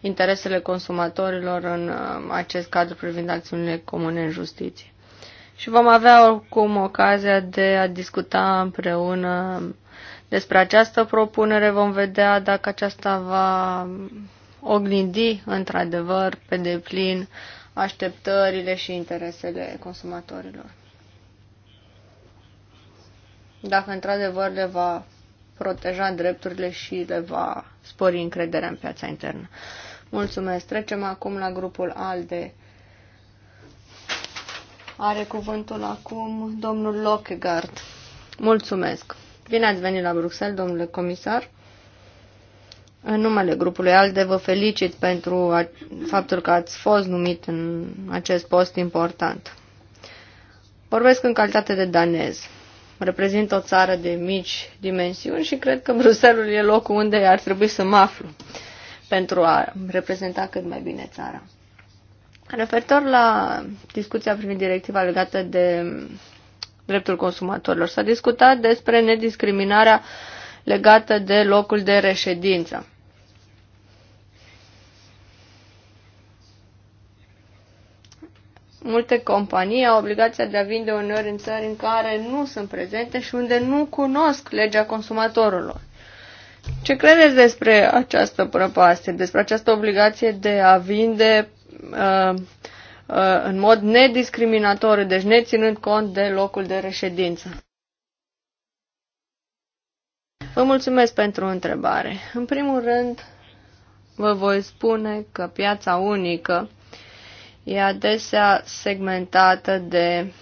interesele consumatorilor în uh, acest cadru privind acțiunile comune în justiție. Și vom avea oricum ocazia de a discuta împreună despre această propunere. Vom vedea dacă aceasta va oglindi într-adevăr pe deplin uh, așteptările și interesele consumatorilor. Dacă într-adevăr le va proteja drepturile și le va spori încrederea în piața internă. Mulțumesc. Trecem acum la grupul ALDE. Are cuvântul acum domnul Lockegard. Mulțumesc. Bine ați venit la Bruxelles, domnule comisar. În numele grupului ALDE vă felicit pentru faptul că ați fost numit în acest post important. Vorbesc în calitate de danez. Reprezint o țară de mici dimensiuni și cred că Bruselul e locul unde ar trebui să mă aflu pentru a reprezenta cât mai bine țara. Referitor la discuția privind directiva legată de dreptul consumatorilor, s-a discutat despre nediscriminarea legată de locul de reședință. Multe companii au obligația de a vinde uneori în țări în care nu sunt prezente și unde nu cunosc legea consumatorilor. Ce credeți despre această prăpastie, despre această obligație de a vinde uh, uh, în mod nediscriminatoriu, deci neținând cont de locul de reședință? Vă mulțumesc pentru întrebare. În primul rând, vă voi spune că piața unică e adesea segmentată de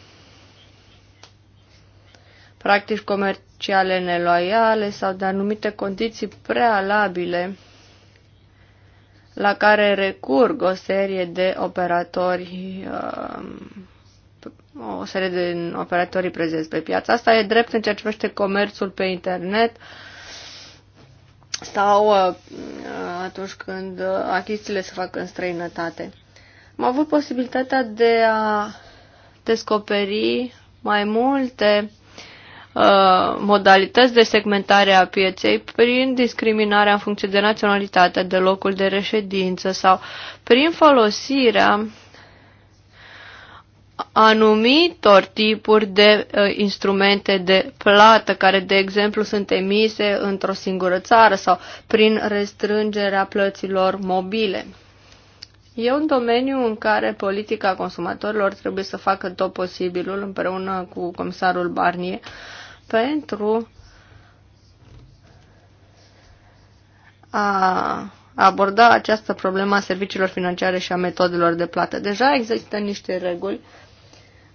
practici comerciale neloiale sau de anumite condiții prealabile la care recurg o serie de operatori um, o serie de operatorii prezenți pe piață. Asta e drept în ceea ce privește comerțul pe internet sau uh, atunci când achizițiile se fac în străinătate. Am avut posibilitatea de a descoperi mai multe uh, modalități de segmentare a pieței prin discriminarea în funcție de naționalitate, de locul de reședință sau prin folosirea anumitor tipuri de uh, instrumente de plată care, de exemplu, sunt emise într-o singură țară sau prin restrângerea plăților mobile. E un domeniu în care politica consumatorilor trebuie să facă tot posibilul împreună cu comisarul Barnier pentru a aborda această problemă a serviciilor financiare și a metodelor de plată. Deja există niște reguli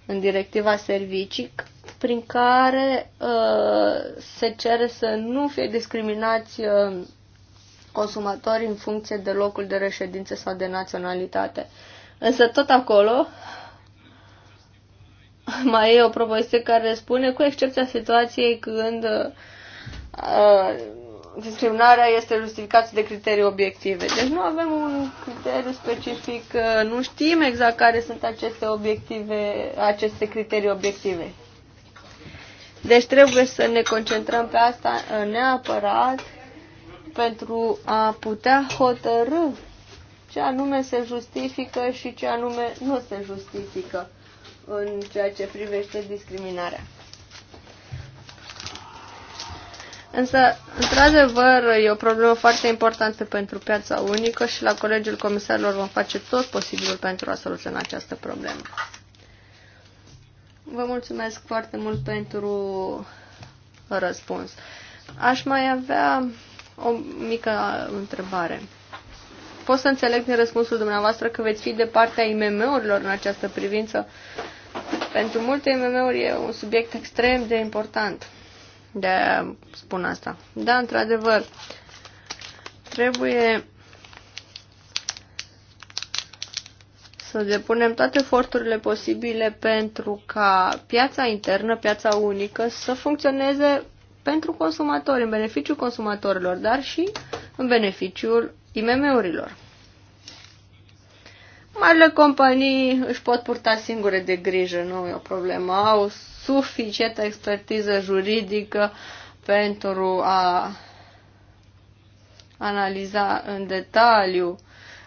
în directiva servicii prin care uh, se cere să nu fie discriminați uh, consumatori în funcție de locul de reședință sau de naționalitate. Însă tot acolo [LAUGHS] mai e o propoziție care spune, cu excepția situației când uh, discriminarea este justificată de criterii obiective. Deci nu avem un criteriu specific, uh, nu știm exact care sunt aceste obiective, aceste criterii obiective. Deci trebuie să ne concentrăm pe asta neapărat pentru a putea hotărâ ce anume se justifică și ce anume nu se justifică în ceea ce privește discriminarea. Însă, într-adevăr, e o problemă foarte importantă pentru piața unică și la Colegiul Comisarilor vom face tot posibilul pentru a soluționa
această problemă.
Vă mulțumesc foarte mult pentru răspuns. Aș mai avea o mică întrebare. Pot să înțeleg din răspunsul dumneavoastră că veți fi de partea IMM-urilor în această privință. Pentru multe IMM-uri e un subiect extrem de important. De spun asta. Da, într-adevăr, trebuie să depunem toate eforturile posibile pentru ca piața internă, piața unică, să funcționeze pentru consumatori, în beneficiul consumatorilor, dar și în beneficiul IMM-urilor. Marile companii își pot purta singure de grijă, nu e o problemă. Au suficientă expertiză juridică pentru a analiza în detaliu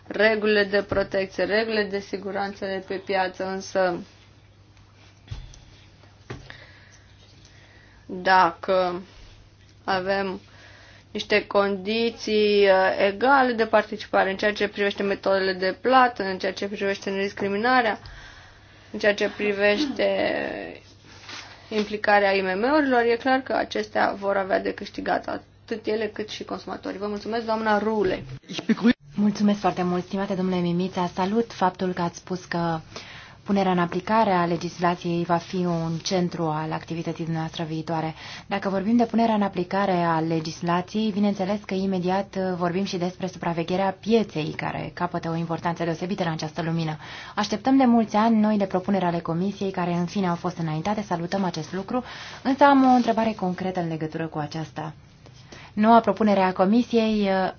regulile de protecție, regulile de siguranță de pe piață, însă dacă avem niște condiții uh, egale de participare în ceea ce privește metodele de plată, în ceea ce privește nediscriminarea, în ceea ce privește implicarea IMM-urilor, e clar că acestea vor avea de câștigat atât ele cât și consumatorii. Vă mulțumesc,
doamna Rule. Mulțumesc foarte mult, stimate domnule Mimița. Salut faptul că ați spus că uh, Punerea în aplicare a legislației va fi un centru al activității noastre viitoare. Dacă vorbim de punerea în aplicare a legislației, bineînțeles că imediat uh, vorbim și despre supravegherea pieței, care capătă o importanță deosebită în această lumină. Așteptăm de mulți ani noile propuneri ale Comisiei, care în fine au fost înaintate, salutăm acest lucru, însă am o întrebare concretă în legătură cu aceasta. Noua propunere a Comisiei uh,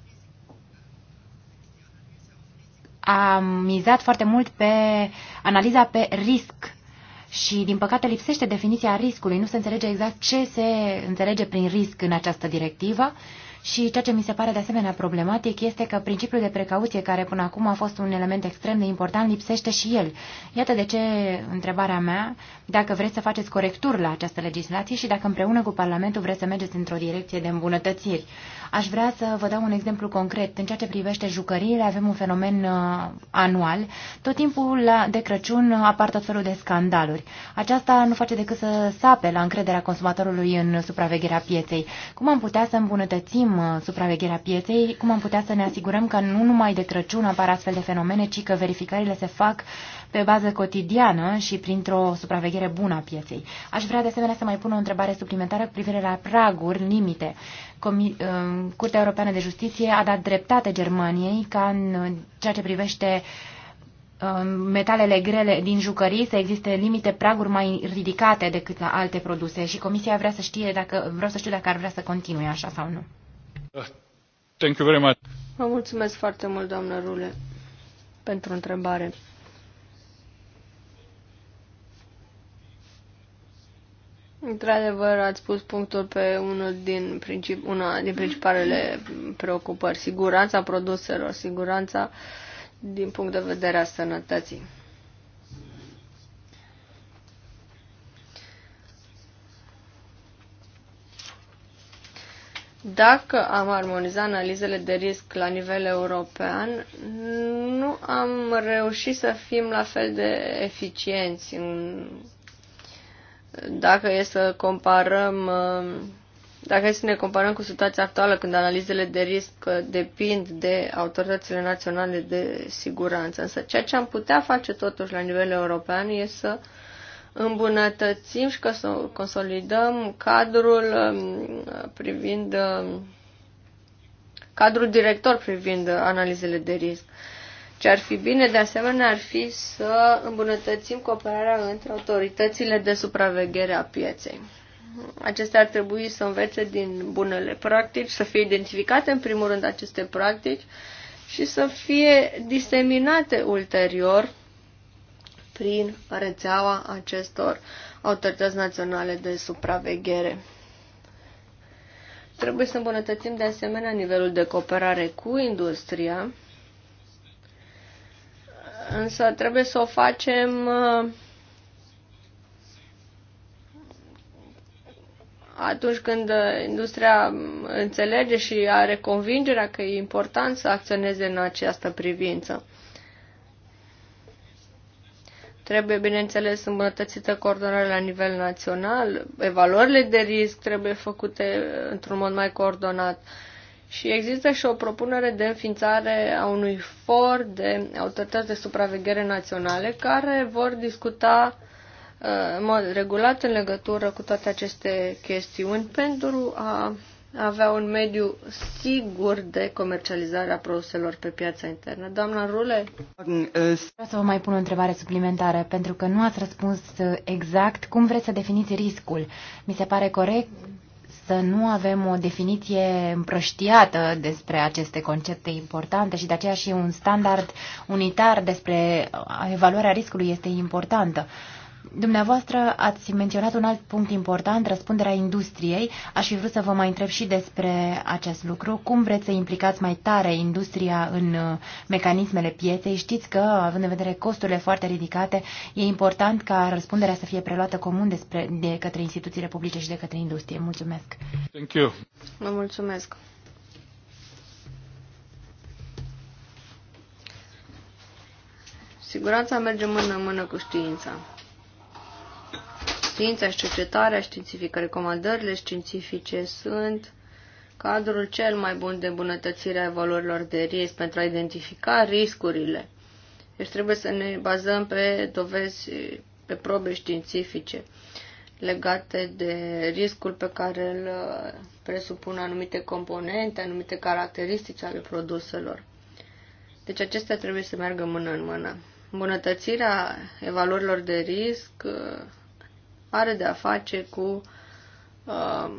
a mizat foarte mult pe analiza pe risc și, din păcate, lipsește definiția riscului. Nu se înțelege exact ce se înțelege prin risc în această directivă. Și ceea ce mi se pare de asemenea problematic este că principiul de precauție, care până acum a fost un element extrem de important, lipsește și el. Iată de ce întrebarea mea, dacă vreți să faceți corecturi la această legislație și dacă împreună cu Parlamentul vreți să mergeți într-o direcție de îmbunătățiri. Aș vrea să vă dau un exemplu concret. În ceea ce privește jucăriile, avem un fenomen uh, anual. Tot timpul la, de Crăciun uh, apar tot felul de scandaluri. Aceasta nu face decât să sape la încrederea consumatorului în supravegherea pieței. Cum am putea să îmbunătățim uh, supravegherea pieței? Cum am putea să ne asigurăm că nu numai de Crăciun apar astfel de fenomene, ci că verificările se fac uh, pe bază cotidiană și printr-o supraveghere bună a pieței. Aș vrea de asemenea să mai pun o întrebare suplimentară cu privire la praguri, limite. Uh, Curtea Europeană de Justiție a dat dreptate Germaniei ca în ceea ce privește uh, metalele grele din jucării să existe limite praguri mai ridicate decât la alte produse și comisia vrea să știe dacă vreau să știu dacă ar vrea să continue așa sau nu. Uh, thank
you very much.
Vă mulțumesc foarte mult, doamnă Rule, pentru întrebare. Într-adevăr, ați pus punctul pe unul din princip, una din principalele preocupări, siguranța produselor, siguranța din punct de vedere a sănătății. Dacă am armonizat analizele de risc la nivel european, nu am reușit să fim la fel de eficienți în dacă e să comparăm, uh, dacă e să ne comparăm cu situația actuală, când analizele de risc uh, depind de autoritățile naționale de siguranță, însă ceea ce am putea face totuși la nivel european e să îmbunătățim și că să consolidăm cadrul um, privind um, cadrul director privind analizele de risc. Ce ar fi bine, de asemenea, ar fi să îmbunătățim cooperarea între autoritățile de supraveghere a pieței. Acestea ar trebui să învețe din bunele practici, să fie identificate în primul rând aceste practici și să fie diseminate ulterior prin rețeaua acestor autorități naționale de supraveghere. Trebuie să îmbunătățim de asemenea nivelul de cooperare cu industria, Însă trebuie să o facem uh, atunci când industria înțelege și are convingerea că e important să acționeze în această privință. Trebuie, bineînțeles, îmbunătățită coordonarea la nivel național, evaluările de risc trebuie făcute într-un mod mai coordonat și există și o propunere de înființare a unui for de autorități de supraveghere naționale care vor discuta uh, în mod regulat în legătură cu toate aceste chestiuni pentru a avea un mediu sigur de comercializare a produselor pe piața internă. Doamna Rule?
Vreau să vă mai pun o întrebare suplimentară, pentru că nu ați răspuns uh, exact cum vreți să definiți riscul. Mi se pare corect să nu avem o definiție împrăștiată despre aceste concepte importante și de aceea și un standard unitar despre evaluarea riscului este importantă. Dumneavoastră ați menționat un alt punct important, răspunderea industriei. Aș fi vrut să vă mai întreb și despre acest lucru. Cum vreți să implicați mai tare industria în uh, mecanismele pieței? Știți că, având în vedere costurile foarte ridicate, e important ca răspunderea să fie preluată comun despre, de către instituțiile publice și de către industrie. Mulțumesc! Thank you.
Vă mulțumesc! Siguranța merge mână în mână cu știința știința și cercetarea științifică, recomandările științifice sunt cadrul cel mai bun de îmbunătățire a valorilor de risc pentru a identifica riscurile. Deci trebuie să ne bazăm pe dovezi, pe probe științifice legate de riscul pe care îl uh, presupun anumite componente, anumite caracteristici ale produselor. Deci acestea trebuie să meargă mână în mână. Îmbunătățirea evaluărilor de risc uh, are de a face cu uh,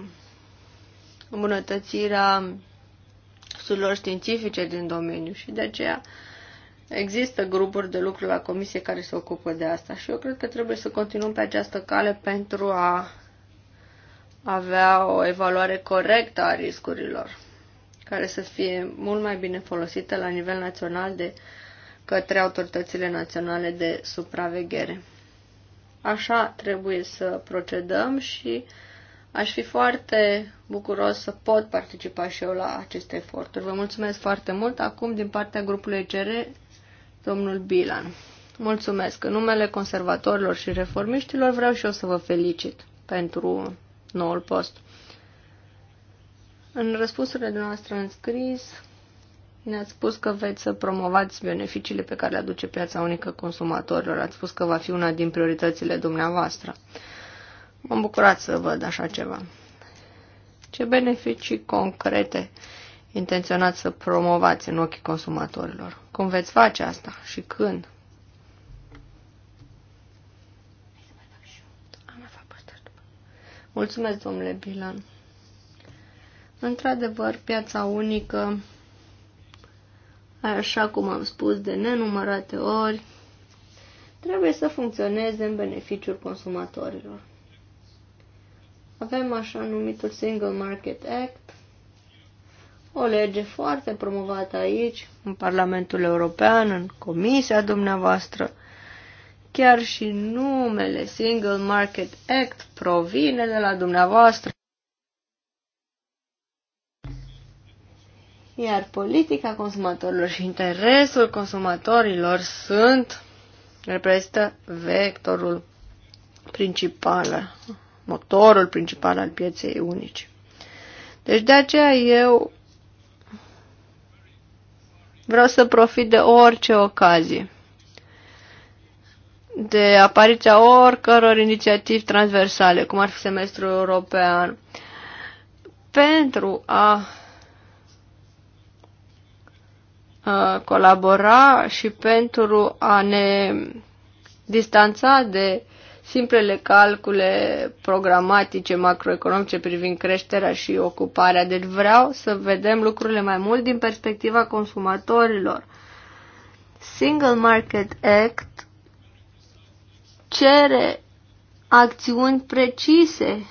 îmbunătățirea studiilor științifice din domeniu și de aceea există grupuri de lucru la comisie care se ocupă de asta și eu cred că trebuie să continuăm pe această cale pentru a avea o evaluare corectă a riscurilor care să fie mult mai bine folosită la nivel național de către autoritățile naționale de supraveghere. Așa trebuie să procedăm și aș fi foarte bucuros să pot participa și eu la aceste eforturi. Vă mulțumesc foarte mult. Acum, din partea grupului CR, domnul Bilan. Mulțumesc. În numele conservatorilor și reformiștilor vreau și eu să vă felicit pentru noul post. În răspunsurile noastre în scris, ne-ați spus că veți să promovați beneficiile pe care le aduce piața unică consumatorilor. Ați spus că va fi una din prioritățile dumneavoastră. M-am bucurat să văd așa ceva. Ce beneficii concrete intenționați să promovați în ochii consumatorilor? Cum veți face asta și când? Mulțumesc, domnule Bilan. Într-adevăr, piața unică așa cum am spus de nenumărate ori, trebuie să funcționeze în beneficiul consumatorilor. Avem așa numitul Single Market Act, o lege foarte promovată aici, în Parlamentul European, în Comisia dumneavoastră. Chiar și numele Single Market Act provine de la dumneavoastră. iar politica consumatorilor și interesul consumatorilor sunt, reprezintă vectorul principal, motorul principal al pieței unice. Deci de aceea eu vreau să profit de orice ocazie, de apariția oricăror inițiativ transversale, cum ar fi semestrul european, pentru a Uh, colabora și pentru a ne distanța de simplele calcule programatice macroeconomice privind creșterea și ocuparea. Deci vreau să vedem lucrurile mai mult din perspectiva consumatorilor. Single Market Act cere acțiuni precise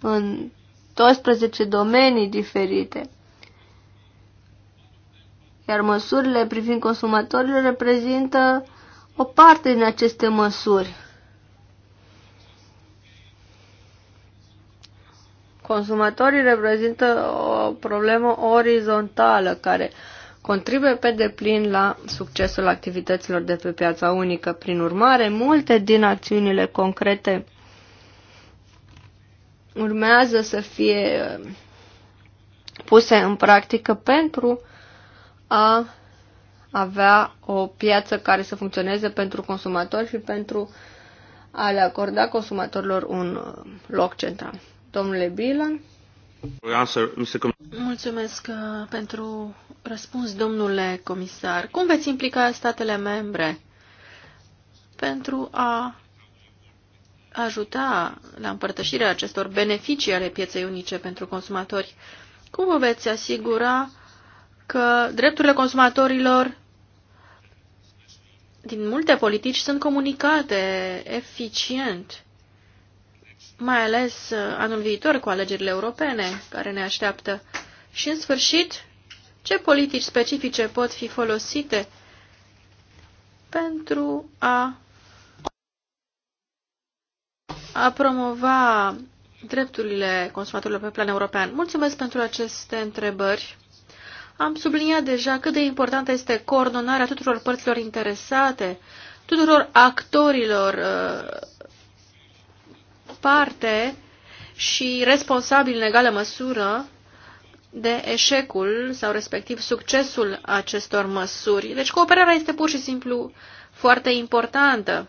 în 12 domenii diferite. Iar măsurile privind consumatorii reprezintă o parte din aceste măsuri. Consumatorii reprezintă o problemă orizontală care contribuie pe deplin la succesul activităților de pe piața unică. Prin urmare, multe din acțiunile concrete urmează să fie puse în practică pentru a avea o piață care să funcționeze pentru consumatori și pentru a le acorda consumatorilor un uh, loc central.
Domnule Bilan. Mulțumesc uh, pentru răspuns, domnule comisar. Cum veți implica statele membre pentru a ajuta la împărtășirea acestor beneficii ale pieței unice pentru consumatori? Cum vă veți asigura că drepturile consumatorilor din multe politici sunt comunicate eficient, mai ales uh, anul viitor cu alegerile europene care ne așteaptă. Și în sfârșit, ce politici specifice pot fi folosite pentru a, a promova drepturile consumatorilor pe plan european? Mulțumesc pentru aceste întrebări. Am subliniat deja cât de importantă este coordonarea tuturor părților interesate, tuturor actorilor uh, parte și responsabil în egală măsură de eșecul sau respectiv succesul acestor măsuri. Deci cooperarea este pur și simplu foarte importantă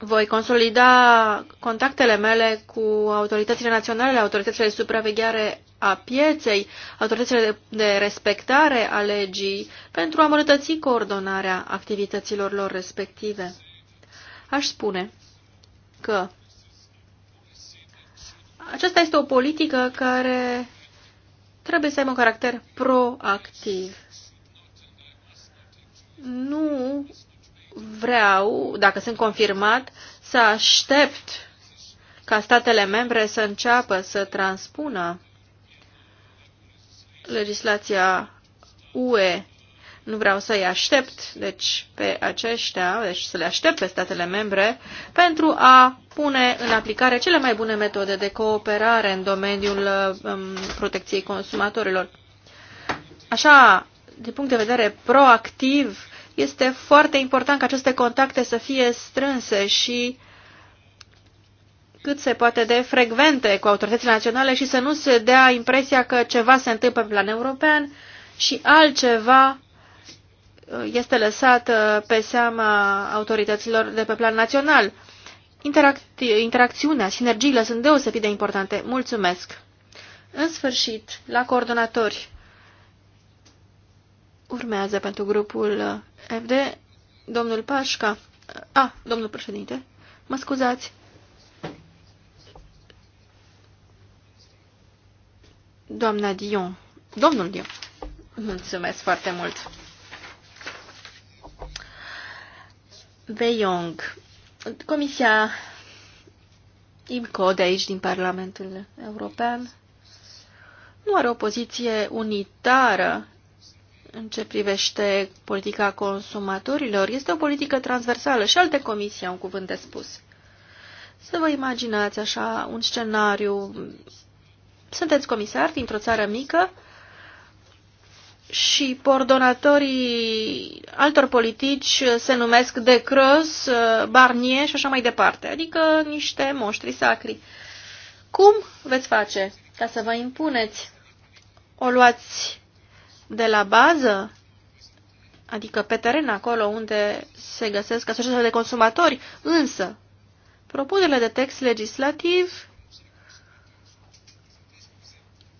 voi consolida contactele mele cu autoritățile naționale, autoritățile de supraveghere a pieței, autoritățile de respectare a legii, pentru a îmbunătăți coordonarea activităților lor respective. Aș spune că aceasta este o politică care trebuie să aibă un caracter proactiv. Nu vreau, dacă sunt confirmat, să aștept ca statele membre să înceapă să transpună legislația UE. Nu vreau să-i aștept, deci, pe aceștia, deci să le aștept pe statele membre, pentru a pune în aplicare cele mai bune metode de cooperare în domeniul um, protecției consumatorilor. Așa, din punct de vedere proactiv, este foarte important ca aceste contacte să fie strânse și cât se poate de frecvente cu autoritățile naționale și să nu se dea impresia că ceva se întâmplă pe plan european și altceva uh, este lăsat uh, pe seama autorităților de pe plan național. Interac- interacțiunea, sinergiile sunt deosebit de importante. Mulțumesc! În sfârșit, la coordonatori urmează pentru grupul FD, domnul Pașca. A, domnul președinte, mă scuzați. Doamna Dion. Domnul Dion. Mulțumesc foarte mult. Beyong. Comisia IMCO de aici, din Parlamentul European, nu are o poziție unitară în ce privește politica consumatorilor este o politică transversală și alte comisii au un cuvânt de spus. Să vă imaginați așa un scenariu. Sunteți comisar dintr-o țară mică și coordonatorii altor politici se numesc De Cros, Barnier și așa mai departe, adică niște moștri sacri. Cum veți face ca să vă impuneți? O luați de la bază, adică pe teren acolo unde se găsesc asociațiile de consumatori, însă propunerile de text legislativ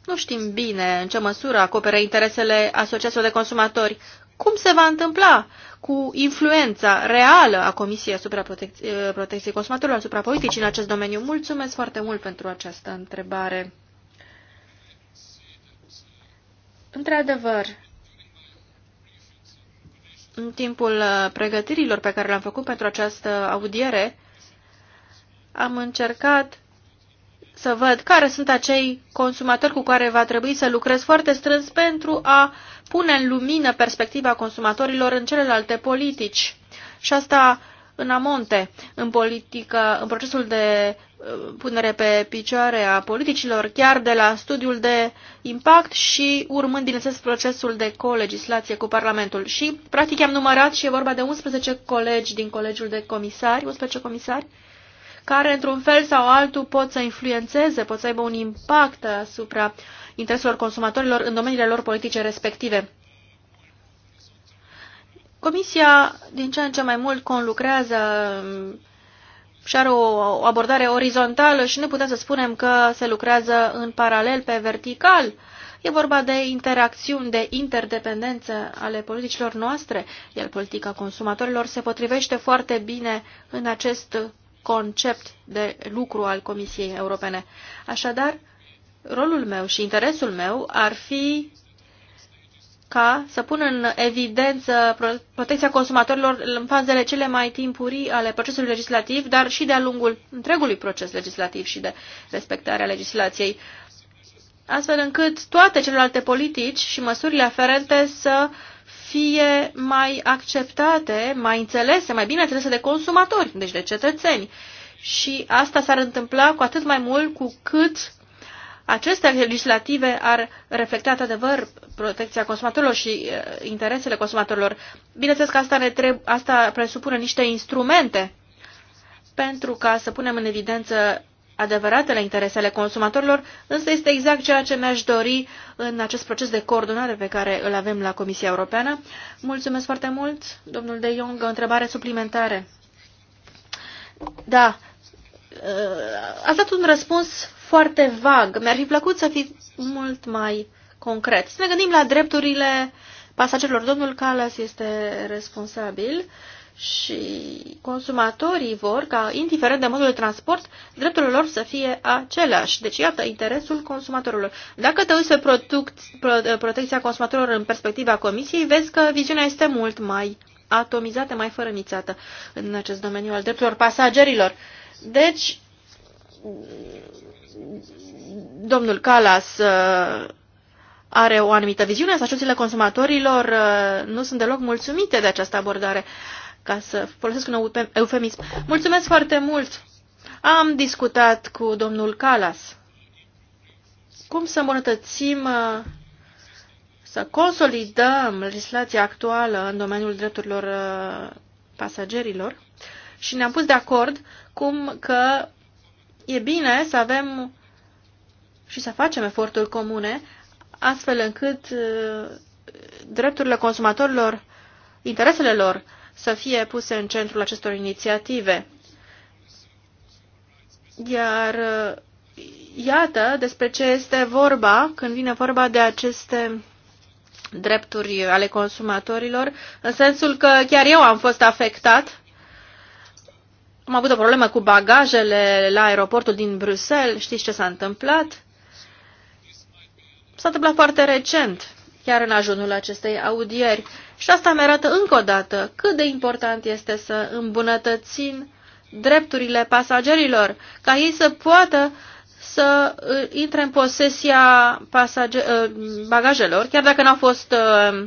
nu știm bine în ce măsură acoperă interesele asociațiilor de consumatori. Cum se va întâmpla cu influența reală a Comisiei asupra protec eh, protecției consumatorilor, asupra politicii în acest domeniu? Mulțumesc foarte mult pentru această întrebare. Într-adevăr, în timpul uh, pregătirilor pe care le-am făcut pentru această audiere, am încercat să văd care sunt acei consumatori cu care va trebui să lucrez foarte strâns pentru a pune în lumină perspectiva consumatorilor în celelalte politici. Și asta în amonte, în, politică, în procesul de punere pe picioare a politicilor, chiar de la studiul de impact și urmând, bineînțeles, procesul de colegislație cu Parlamentul. Și, practic, am numărat și e vorba de 11 colegi din Colegiul de Comisari, 11 comisari, care, într-un fel sau altul, pot să influențeze, pot să aibă un impact asupra intereselor consumatorilor în domeniile lor politice respective. Comisia, din ce în ce mai mult, conlucrează și are o abordare orizontală și nu putem să spunem că se lucrează în paralel pe vertical. E vorba de interacțiuni, de interdependență ale politicilor noastre, iar politica consumatorilor se potrivește foarte bine în acest concept de lucru al Comisiei Europene. Așadar, rolul meu și interesul meu ar fi ca să pună în evidență protecția consumatorilor în fazele cele mai timpurii ale procesului legislativ, dar și de-a lungul întregului proces legislativ și de respectarea legislației, astfel încât toate celelalte politici și măsurile aferente să fie mai acceptate, mai înțelese, mai bine înțelese de consumatori, deci de cetățeni. Și asta s-ar întâmpla cu atât mai mult cu cât aceste legislative ar reflecta, adevăr, protecția consumatorilor și uh, interesele consumatorilor. Bineînțeles că asta, ne treb- asta presupune niște instrumente pentru ca să punem în evidență adevăratele interesele consumatorilor, însă este exact ceea ce mi-aș dori în acest proces de coordonare pe care îl avem la Comisia Europeană. Mulțumesc foarte mult, domnul De Jong, o întrebare suplimentare. Da, uh, ați dat un răspuns foarte vag. Mi-ar fi plăcut să fi mult mai concret. Să ne gândim la drepturile pasagerilor. Domnul Calas este responsabil și consumatorii vor ca, indiferent de modul de transport, drepturile lor să fie aceleași. Deci, iată, interesul consumatorilor. Dacă te uiți pe product, protecția consumatorilor în perspectiva comisiei, vezi că viziunea este mult mai atomizată, mai fărămițată în acest domeniu al drepturilor pasagerilor. Deci, domnul Calas uh, are o anumită viziune, asociațiile consumatorilor uh, nu sunt deloc mulțumite de această abordare, ca să folosesc un eufemism. Mulțumesc foarte mult! Am discutat cu domnul Calas cum să îmbunătățim, uh, să consolidăm legislația actuală în domeniul drepturilor pasagerilor și ne-am pus de acord cum că e bine să avem și să facem eforturi comune, astfel încât uh, drepturile consumatorilor, interesele lor, să fie puse în centrul acestor inițiative. Iar uh, iată despre ce este vorba când vine vorba de aceste drepturi ale consumatorilor, în sensul că chiar eu am fost afectat am avut o problemă cu bagajele la aeroportul din Bruxelles. Știți ce s-a întâmplat? S-a întâmplat foarte recent, chiar în ajunul acestei audieri. Și asta mi arată încă o dată cât de important este să îmbunătățim drepturile pasagerilor, ca ei să poată să uh, intre în posesia pasage- uh, bagajelor, chiar dacă n-au fost uh,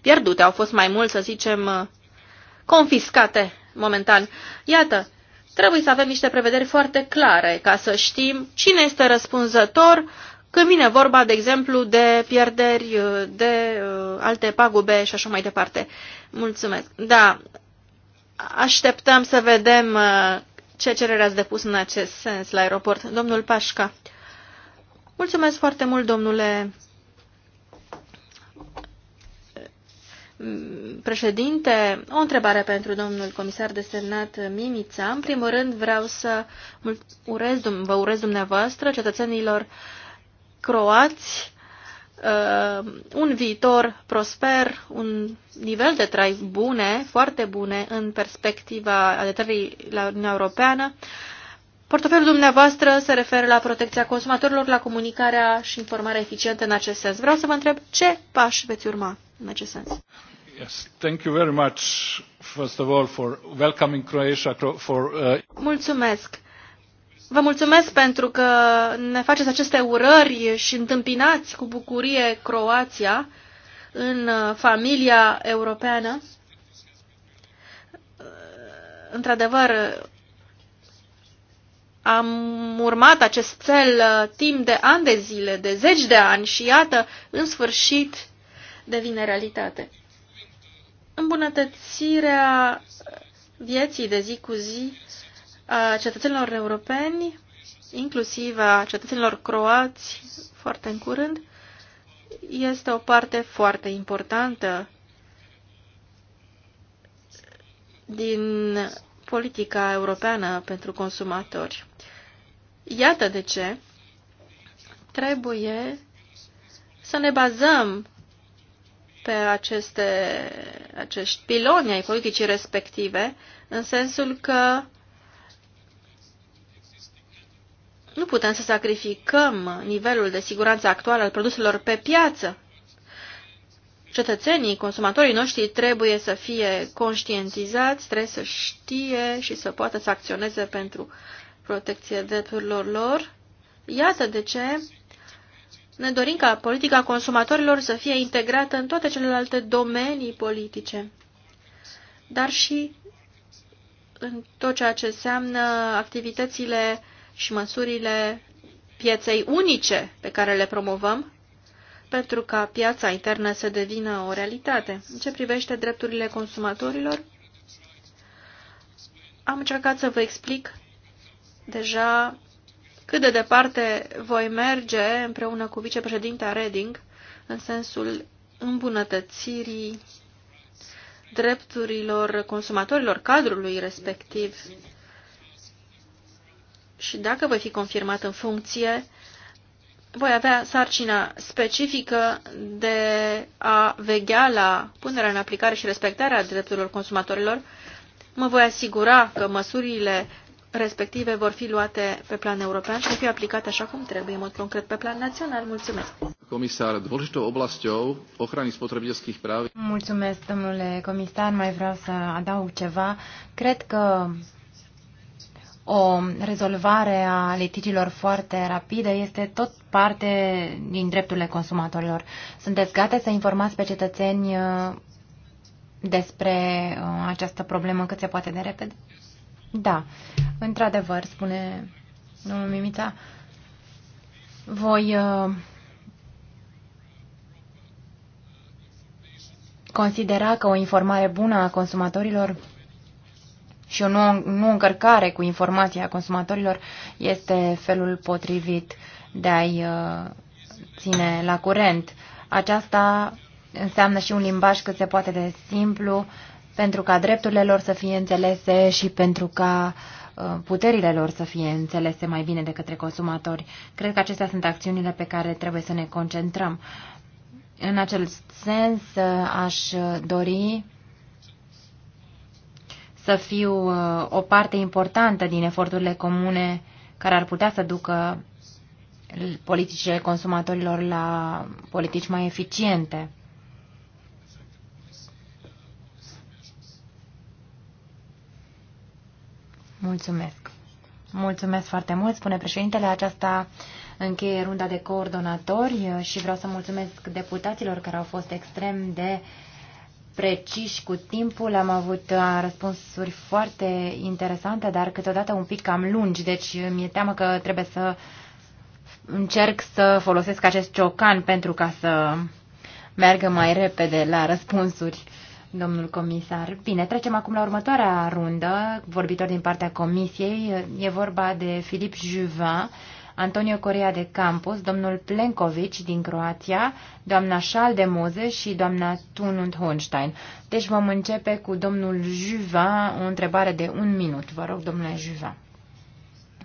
pierdute, au fost mai mult, să zicem, confiscate momentan. Iată, trebuie să avem niște prevederi foarte clare ca să știm cine este răspunzător când vine vorba, de exemplu, de pierderi, de uh, alte pagube și așa mai departe. Mulțumesc. Da, așteptăm să vedem uh, ce cerere ați depus în acest sens la aeroport. Domnul Pașca. Mulțumesc foarte mult, domnule președinte, o întrebare pentru domnul comisar desemnat Mimița. În primul rând vreau să urez, vă urez dumneavoastră, cetățenilor croați, uh, un viitor prosper, un nivel de trai bune, foarte bune, în perspectiva aderării la Uniunea Europeană. Portofelul dumneavoastră se referă la protecția consumatorilor, la comunicarea și informarea eficientă în acest sens. Vreau să vă întreb ce pași veți urma în acest sens.
Yes, thank you very much, first of all, for welcoming Croatia for... Uh...
Mulțumesc! Vă mulțumesc pentru că ne faceți aceste urări și întâmpinați cu bucurie Croația în uh, familia europeană. Uh, într-adevăr, am urmat acest cel uh, timp de ani de zile, de zeci de ani și iată, în sfârșit, devine realitate. Îmbunătățirea vieții de zi cu zi a cetățenilor europeni, inclusiv a cetățenilor croați, foarte în curând, este o parte foarte importantă din politica europeană pentru consumatori. Iată de ce trebuie să ne bazăm pe aceste, acești piloni ai politicii respective, în sensul că nu putem să sacrificăm nivelul de siguranță actual al produselor pe piață. Cetățenii, consumatorii noștri trebuie să fie conștientizați, trebuie să știe și să poată să acționeze pentru protecție drepturilor lor. Iată de ce ne dorim ca politica consumatorilor să fie integrată în toate celelalte domenii politice, dar și în tot ceea ce înseamnă activitățile și măsurile pieței unice pe care le promovăm, pentru ca piața internă să devină o realitate. În ce privește drepturile consumatorilor, am încercat să vă explic deja cât de departe voi merge împreună cu vicepreședintea Reding în sensul îmbunătățirii drepturilor consumatorilor cadrului respectiv și dacă voi fi confirmat în funcție, voi avea sarcina specifică de a veghea la punerea în aplicare și respectarea drepturilor consumatorilor. Mă voi asigura că măsurile respective vor fi luate pe plan european și vor fi aplicate așa cum trebuie, în mod concret, pe plan național. Mulțumesc!
Comisar, dôležitou
oblasťou ochranii spotrebiteľských prav.
Mulțumesc, domnule comisar, mai vreau să adaug ceva. Cred că o rezolvare a litigiilor foarte rapidă este tot parte din drepturile consumatorilor. Sunteți gata să informați pe cetățeni uh, despre uh, această problemă cât se poate de repede? Da. Într-adevăr, spune domnul Mimița, voi uh, considera că o informare bună a consumatorilor și o nu, nu încărcare cu informația a consumatorilor este felul potrivit de a-i uh, ține la curent. Aceasta înseamnă și un limbaj cât se poate de simplu pentru ca drepturile lor să fie înțelese și pentru ca uh, puterile lor să fie înțelese mai bine de către consumatori. Cred că acestea sunt acțiunile pe care trebuie să ne concentrăm. În acel sens, aș dori să fiu uh, o parte importantă din eforturile comune care ar putea să ducă politicile consumatorilor la politici mai eficiente. Mulțumesc. Mulțumesc foarte mult, spune președintele. Aceasta încheie runda de coordonatori și vreau să mulțumesc deputaților care au fost extrem de preciși cu timpul. Am avut uh, răspunsuri foarte interesante, dar câteodată un pic cam lungi, deci uh, mi-e teamă că trebuie să încerc să folosesc acest ciocan pentru ca să meargă mai repede la răspunsuri domnul comisar. Bine, trecem acum la următoarea rundă, vorbitor din partea comisiei. E vorba de Filip Juvin, Antonio Corea de Campos, domnul Plenkovic din Croația, doamna de Moze și doamna Tunund Honstein. Deci vom începe cu domnul Juvin, o întrebare de un minut. Vă rog, domnule Juvin.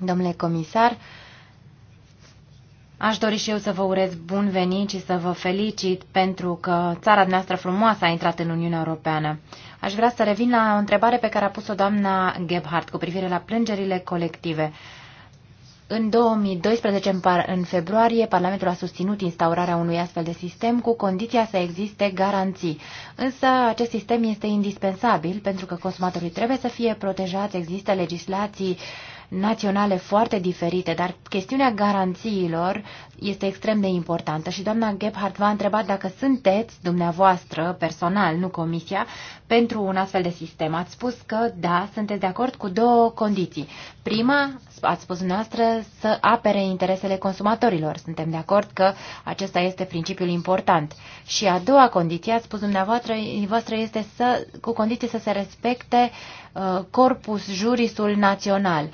Domnule comisar, Aș dori și eu să vă urez bun venit și să vă felicit pentru că țara noastră frumoasă a intrat în Uniunea Europeană. Aș vrea să revin la o întrebare pe care a pus-o doamna Gebhardt cu privire la plângerile colective. În 2012, în februarie, Parlamentul a susținut instaurarea unui astfel de sistem cu condiția să existe garanții. Însă acest sistem este indispensabil pentru că consumatorii trebuie să fie protejați, există legislații uh, naționale foarte diferite, dar chestiunea garanțiilor este extrem de importantă și doamna Gebhardt v-a întrebat dacă sunteți dumneavoastră personal, nu comisia, pentru un astfel de sistem. Ați spus că da, sunteți de acord cu două condiții. Prima, ați spus dumneavoastră, să apere interesele consumatorilor. Suntem de acord că acesta este principiul important. Și a doua condiție, ați spus dumneavoastră, voastră este să, cu condiții să se respecte uh, corpus jurisul național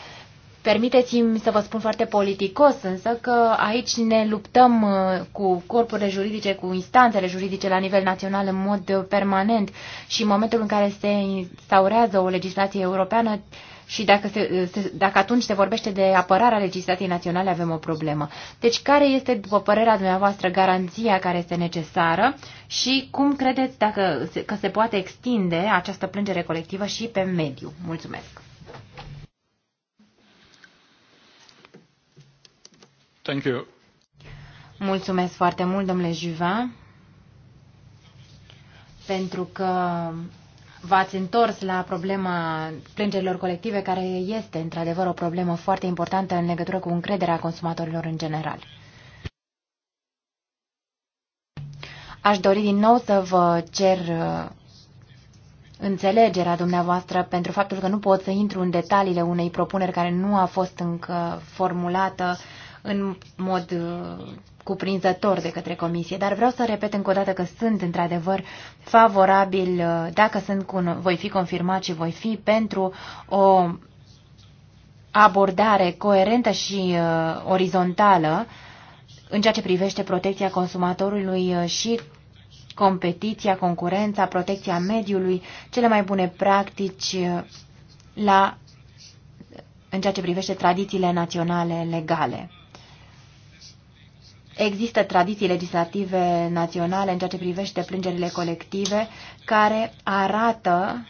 Permiteți-mi să vă spun foarte politicos, însă că aici ne luptăm uh, cu corpurile juridice, cu instanțele juridice la nivel național în mod permanent și în momentul în care se instaurează o legislație europeană și dacă, se, uh, se, dacă atunci se vorbește de apărarea legislației naționale, avem o problemă. Deci care este, după părerea dumneavoastră, garanția care este necesară și cum credeți dacă, că se poate extinde această plângere colectivă și pe mediu? Mulțumesc! Thank you. Mulțumesc foarte mult, domnule Juva, pentru că v-ați întors la problema plângerilor colective, care este într-adevăr o problemă foarte importantă în legătură cu încrederea consumatorilor în general. Aș dori din nou să vă cer uh, înțelegerea dumneavoastră pentru faptul că nu pot să intru în detaliile unei propuneri care nu a fost încă formulată în mod uh, cuprinzător de către comisie, dar vreau să repet încă o dată că sunt într-adevăr favorabil, uh, dacă sunt, voi fi confirmat și voi fi pentru o abordare coerentă și uh, orizontală în ceea ce privește protecția consumatorului uh, și competiția, concurența, protecția mediului, cele mai bune practici la, în ceea ce privește tradițiile naționale legale. Există tradiții legislative naționale în ceea ce privește plângerile colective care arată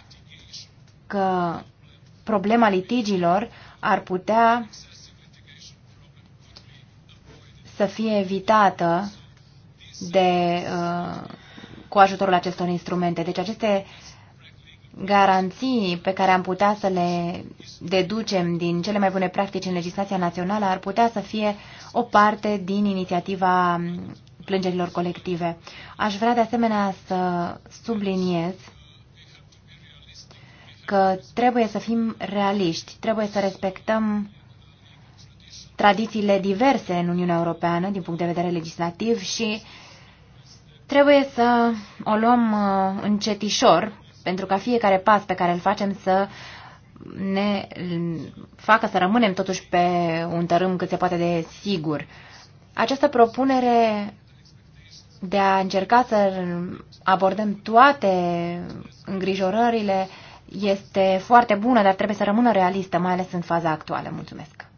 că problema litigilor ar putea să fie evitată de, uh, cu ajutorul acestor instrumente. Deci aceste uh, garanții pe care am putea să le deducem din cele mai bune practici în legislația națională ar putea să fie o parte din inițiativa plângerilor colective. Aș vrea de asemenea să subliniez că trebuie să fim realiști, trebuie să respectăm tradițiile diverse în Uniunea Europeană din punct de vedere legislativ și trebuie să o luăm uh, încetișor pentru ca fiecare pas pe care îl facem să ne facă să rămânem totuși pe un tărâm cât se poate de sigur. Această propunere de a încerca să abordăm toate îngrijorările este foarte bună, dar trebuie să rămână realistă, mai ales în faza actuală. Mulțumesc!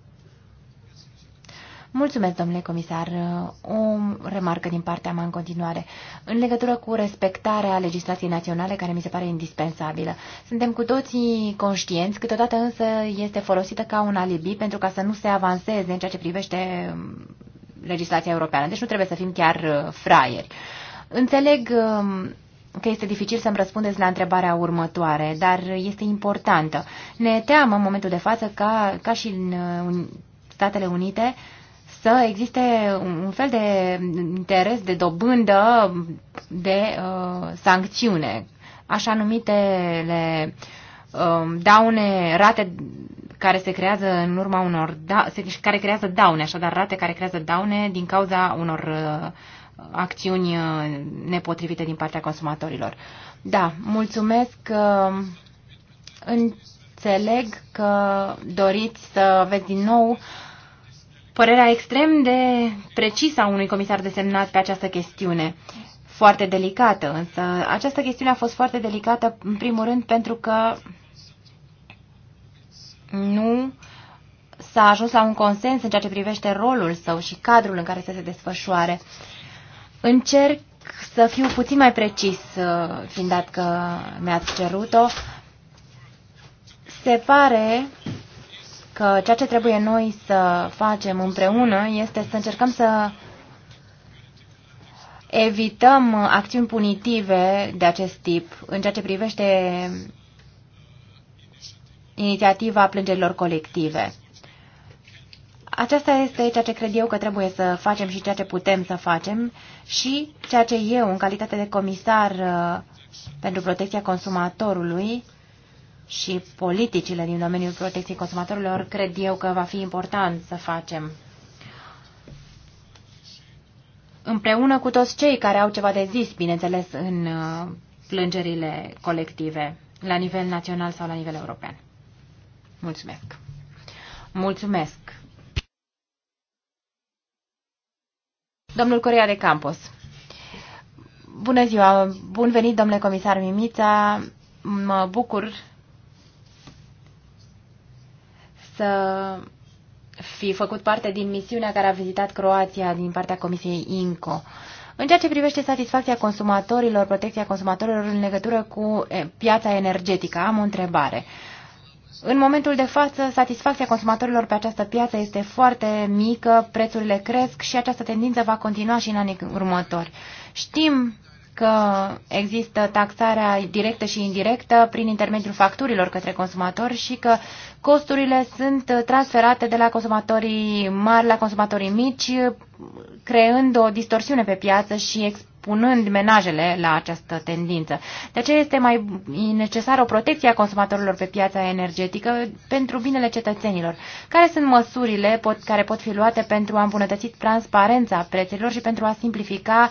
Mulțumesc, domnule comisar. O remarcă din partea mea în continuare. În legătură cu respectarea legislației naționale, care mi se pare indispensabilă, suntem cu toții conștienți, câteodată însă este folosită ca un alibi pentru ca să nu se avanseze în ceea ce privește mm, legislația europeană. Deci nu trebuie să fim chiar uh, fraieri. Înțeleg um, că este dificil să-mi răspundeți la întrebarea următoare, dar este importantă. Ne teamă în momentul de față ca, ca și în uh, Statele Unite să existe un fel de interes de dobândă de uh, sancțiune, așa numitele uh, daune, rate care se creează în urma unor, da, se, care creează daune, așadar rate care creează daune din cauza unor uh, acțiuni uh, nepotrivite din partea consumatorilor. Da, mulțumesc. Uh, înțeleg că doriți să vezi din nou uh, părerea extrem de precisă a unui comisar desemnat pe această chestiune. Foarte delicată, însă această chestiune a fost foarte delicată, în primul rând, pentru că nu s-a ajuns la un consens în ceea ce privește rolul său și cadrul în care să se desfășoare. Încerc să fiu puțin mai precis, uh, fiind dat că mi-ați cerut-o. Se pare că ceea ce trebuie noi să facem împreună este să încercăm să evităm acțiuni punitive de acest tip în ceea ce privește inițiativa plângerilor colective. Aceasta este ceea ce cred eu că trebuie să facem și ceea ce putem să facem și ceea ce eu, în calitate de comisar uh, pentru protecția consumatorului, și politicile din domeniul protecției consumatorilor, cred eu că va fi important să facem. Împreună cu toți cei care au ceva de zis, bineînțeles, în uh, plângerile colective, la nivel național sau la nivel european. Mulțumesc! Mulțumesc! Domnul Corea de Campos. Bună ziua! Bun venit, domnule comisar Mimița! Mă bucur să fi făcut parte din misiunea care a vizitat Croația din partea Comisiei INCO. În ceea ce privește satisfacția consumatorilor, protecția consumatorilor în legătură cu piața energetică, am o întrebare. În momentul de față, satisfacția consumatorilor pe această piață este foarte mică, prețurile cresc și această tendință va continua și în anii următori. Știm că există taxarea directă și indirectă prin intermediul facturilor către consumatori și că costurile sunt transferate de la consumatorii mari la consumatorii mici, creând o distorsiune pe piață și expunând menajele la această tendință. De aceea este mai necesară o protecție a consumatorilor pe piața energetică pentru binele cetățenilor. Care sunt măsurile pot, care pot fi luate pentru a îmbunătăți transparența prețelor și pentru a simplifica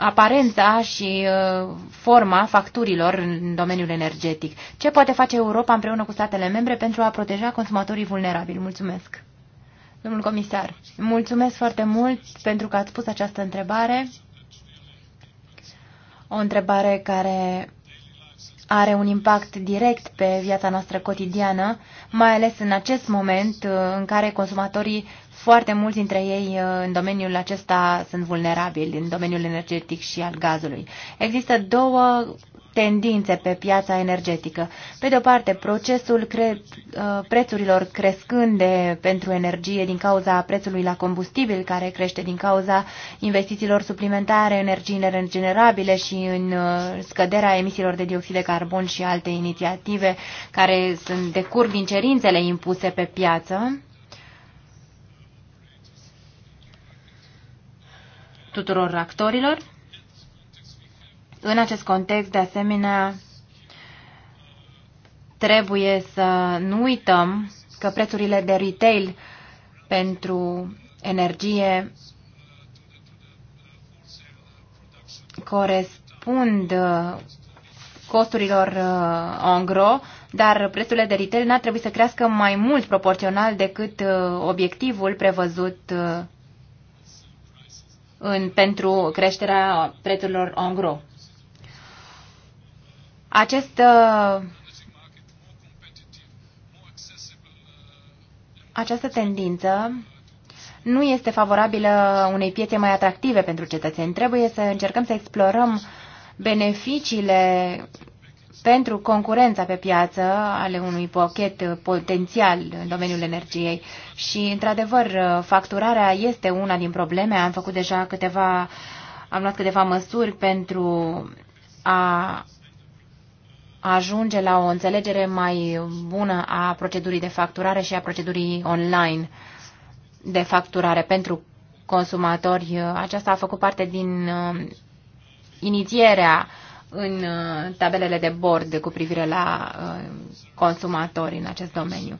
aparența și uh, forma facturilor în domeniul energetic. Ce poate face Europa împreună cu statele membre pentru a proteja consumatorii vulnerabili? Mulțumesc! Domnul comisar, mulțumesc foarte mult pentru că ați pus această întrebare. O întrebare care are un impact direct pe viața noastră cotidiană, mai ales în acest moment uh, în care consumatorii foarte mulți dintre ei uh, în domeniul acesta sunt vulnerabili, în domeniul energetic și al gazului. Există două tendințe pe piața energetică. Pe de o parte, procesul cre uh, prețurilor crescânde pentru energie din cauza prețului la combustibil, care crește din cauza investițiilor suplimentare, energiile regenerabile și în uh, scăderea emisiilor de dioxid de carbon și alte inițiative care sunt decurg din cerințele impuse pe piață tuturor actorilor. În acest context, de asemenea, trebuie să nu uităm că prețurile de retail pentru energie corespund uh, costurilor ongro, uh, dar prețurile de retail n-ar trebui să crească mai mult proporțional decât uh, obiectivul prevăzut în, pentru creșterea prețurilor ongro. Acest, uh, această tendință nu este favorabilă unei piețe mai atractive pentru cetățeni. Trebuie să încercăm să explorăm beneficiile pentru concurența pe piață ale unui pochet potențial în domeniul energiei. Și, într-adevăr, facturarea este una din probleme. Am făcut deja câteva, am luat câteva măsuri pentru a ajunge la o înțelegere mai bună a procedurii de facturare și a procedurii online de facturare pentru consumatori. Aceasta a făcut parte din uh, inițierea uh, în uh, tabelele de bord cu privire la uh, consumatori în acest domeniu.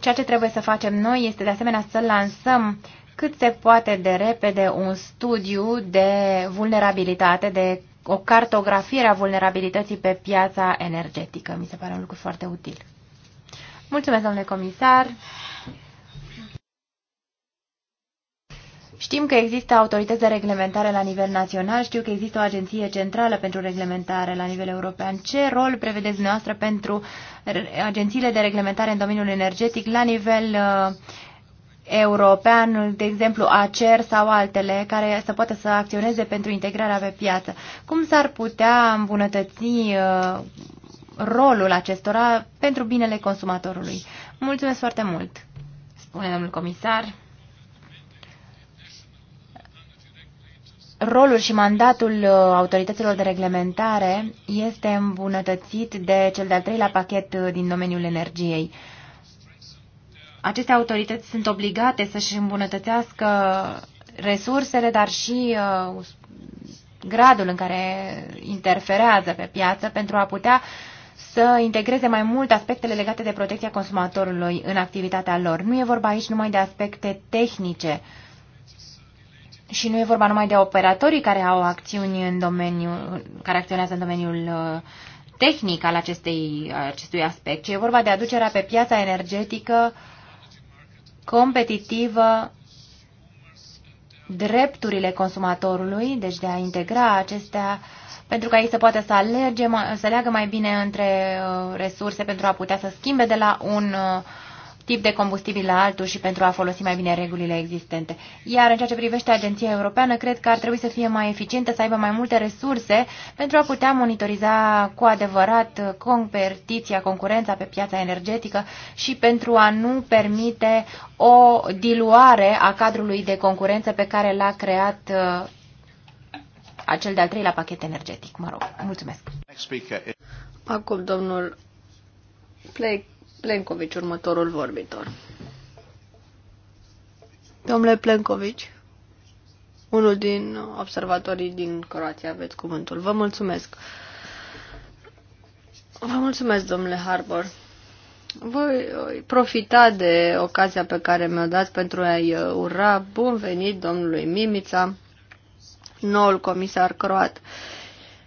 Ceea ce trebuie să facem noi este de asemenea să lansăm cât se poate de repede un studiu de vulnerabilitate, de o cartografiere a vulnerabilității pe piața energetică. Mi se pare un lucru foarte util. Mulțumesc, domnule comisar. Știm că există autorități de reglementare la nivel național, știu că există o agenție centrală pentru reglementare la nivel european. Ce rol prevedeți noastră pentru agențiile de reglementare în domeniul energetic la nivel uh, european, de exemplu ACER sau altele, care să poată să acționeze pentru integrarea pe piață? Cum s-ar putea îmbunătăți uh, rolul acestora pentru binele consumatorului? Mulțumesc foarte mult, spune domnul comisar. rolul și mandatul uh, autorităților de reglementare este îmbunătățit de cel de-al treilea pachet uh, din domeniul energiei. Aceste autorități sunt obligate să-și îmbunătățească resursele, dar și uh, gradul în care interferează pe piață pentru a putea să integreze mai mult aspectele legate de protecția consumatorului în activitatea lor. Nu e vorba aici numai de aspecte tehnice, uh, și nu e vorba numai de operatorii care au acțiuni în domeniul, care acționează în domeniul uh, tehnic al acestei, acestui aspect, ci e vorba de aducerea pe piața energetică competitivă drepturile consumatorului, deci de a integra acestea pentru ca ei să poată să, alerge, să leagă mai bine între uh, resurse pentru a putea să schimbe de la un uh, tip de combustibil la altul și pentru a folosi mai bine regulile existente. Iar în ceea ce privește Agenția Europeană, cred că ar trebui să fie mai eficientă, să aibă mai multe resurse pentru a putea monitoriza cu adevărat competiția, concurența pe piața energetică și pentru a nu permite o diluare a cadrului de concurență pe care l-a creat uh, acel de-al treilea pachet energetic. Mă rog, mulțumesc. Acum, domnul
Plec Plenković următorul vorbitor. Domnule Plenković, unul din observatorii din Croația, aveți cuvântul. Vă mulțumesc. Vă mulțumesc, domnule Harbor. Voi profita de ocazia pe care mi-o dați pentru a-i uh, ura bun venit domnului Mimița, noul comisar croat.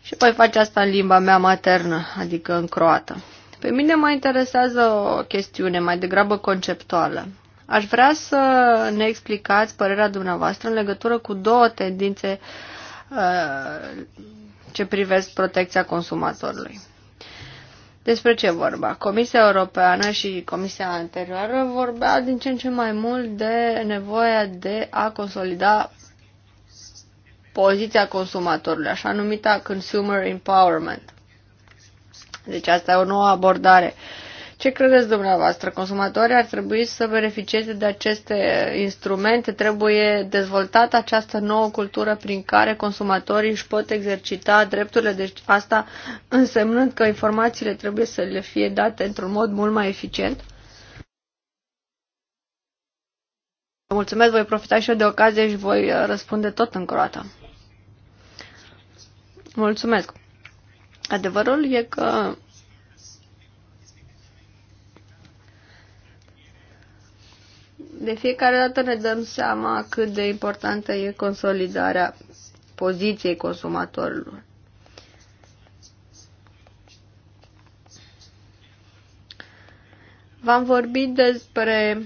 Și voi face asta în limba mea maternă, adică în croată. Pe mine mă interesează o chestiune mai degrabă conceptuală. Aș vrea să ne explicați părerea dumneavoastră în legătură cu două tendințe uh, ce privesc protecția consumatorului. Despre ce vorba? Comisia Europeană și Comisia anterioară vorbea din ce în ce mai mult de nevoia de a consolida poziția consumatorului, așa numita consumer empowerment. Deci asta e o nouă abordare. Ce credeți dumneavoastră? Consumatorii ar trebui să beneficieze de aceste instrumente? Trebuie dezvoltată această nouă cultură prin care consumatorii își pot exercita drepturile? Deci asta însemnând că informațiile trebuie să le fie date într-un mod mult mai eficient? Mulțumesc, voi profita și eu de ocazie și voi uh, răspunde tot în croată. Mulțumesc. Adevărul e că de fiecare dată ne dăm seama cât de importantă e consolidarea poziției consumatorilor. V-am vorbit despre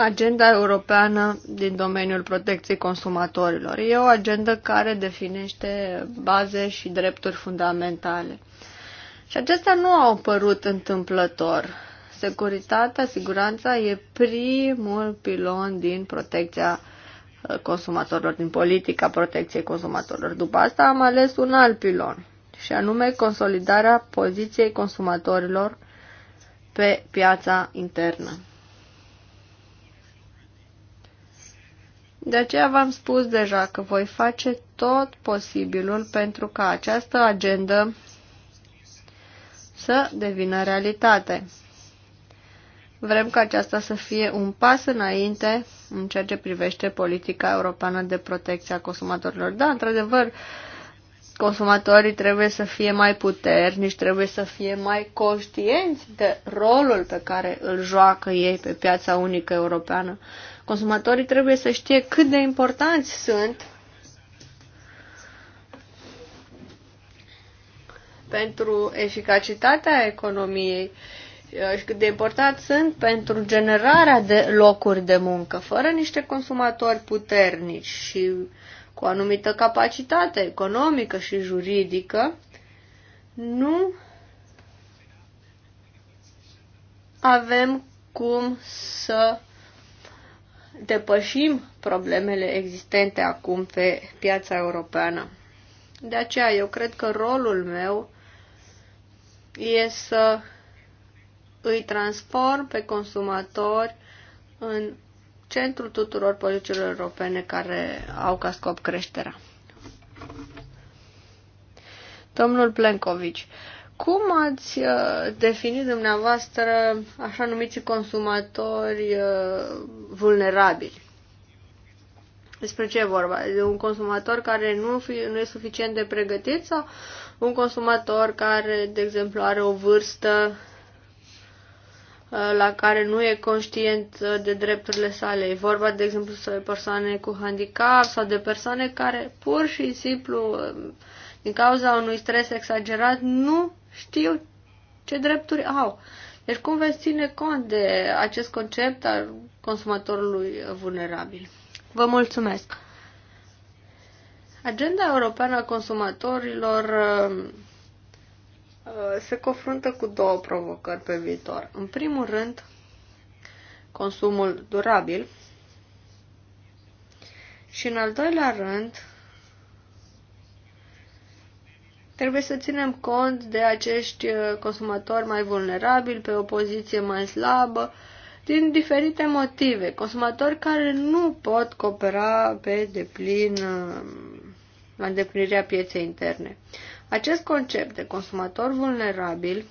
Agenda europeană din domeniul protecției consumatorilor. E o agendă care definește baze și drepturi fundamentale. Și acestea nu au apărut întâmplător. Securitatea, siguranța e primul pilon din protecția uh, consumatorilor, din politica protecției consumatorilor. După asta am ales un alt pilon, și anume consolidarea poziției consumatorilor pe piața internă. De aceea v-am spus deja că voi face tot posibilul pentru ca această agendă să devină realitate. Vrem ca aceasta să fie un pas înainte în ceea ce privește politica europeană de protecție a consumatorilor. Da, într-adevăr, consumatorii trebuie să fie mai puternici, trebuie să fie mai conștienți de rolul pe care îl joacă ei pe piața unică europeană. Consumatorii trebuie să știe cât de importanți sunt pentru eficacitatea economiei și cât de important sunt pentru generarea de locuri de muncă. Fără niște consumatori puternici și cu anumită capacitate economică și juridică, nu avem cum să depășim problemele existente acum pe piața europeană. De aceea eu cred că rolul meu e să îi transform pe consumatori în centrul tuturor politicilor europene care au ca scop creșterea. Domnul Plenković cum ați uh, definit dumneavoastră așa numiți consumatori uh, vulnerabili? Despre ce e vorba? De un consumator care nu, fi, nu e suficient de pregătit sau un consumator care, de exemplu, are o vârstă uh, la care nu e conștient de drepturile sale. E vorba, de exemplu, de persoane cu handicap sau de persoane care pur și simplu, din cauza unui stres exagerat, nu știu ce drepturi au. Deci cum veți ține cont de acest concept al consumatorului vulnerabil? Vă mulțumesc! Agenda europeană a consumatorilor um, uh, se confruntă cu două provocări pe viitor. În primul rând, consumul durabil și în al doilea rând, Trebuie să ținem cont de acești uh, consumatori mai vulnerabili, pe o poziție mai slabă, din diferite motive. Consumatori care nu pot coopera pe deplin uh, la îndeplinirea pieței interne. Acest concept de consumator vulnerabil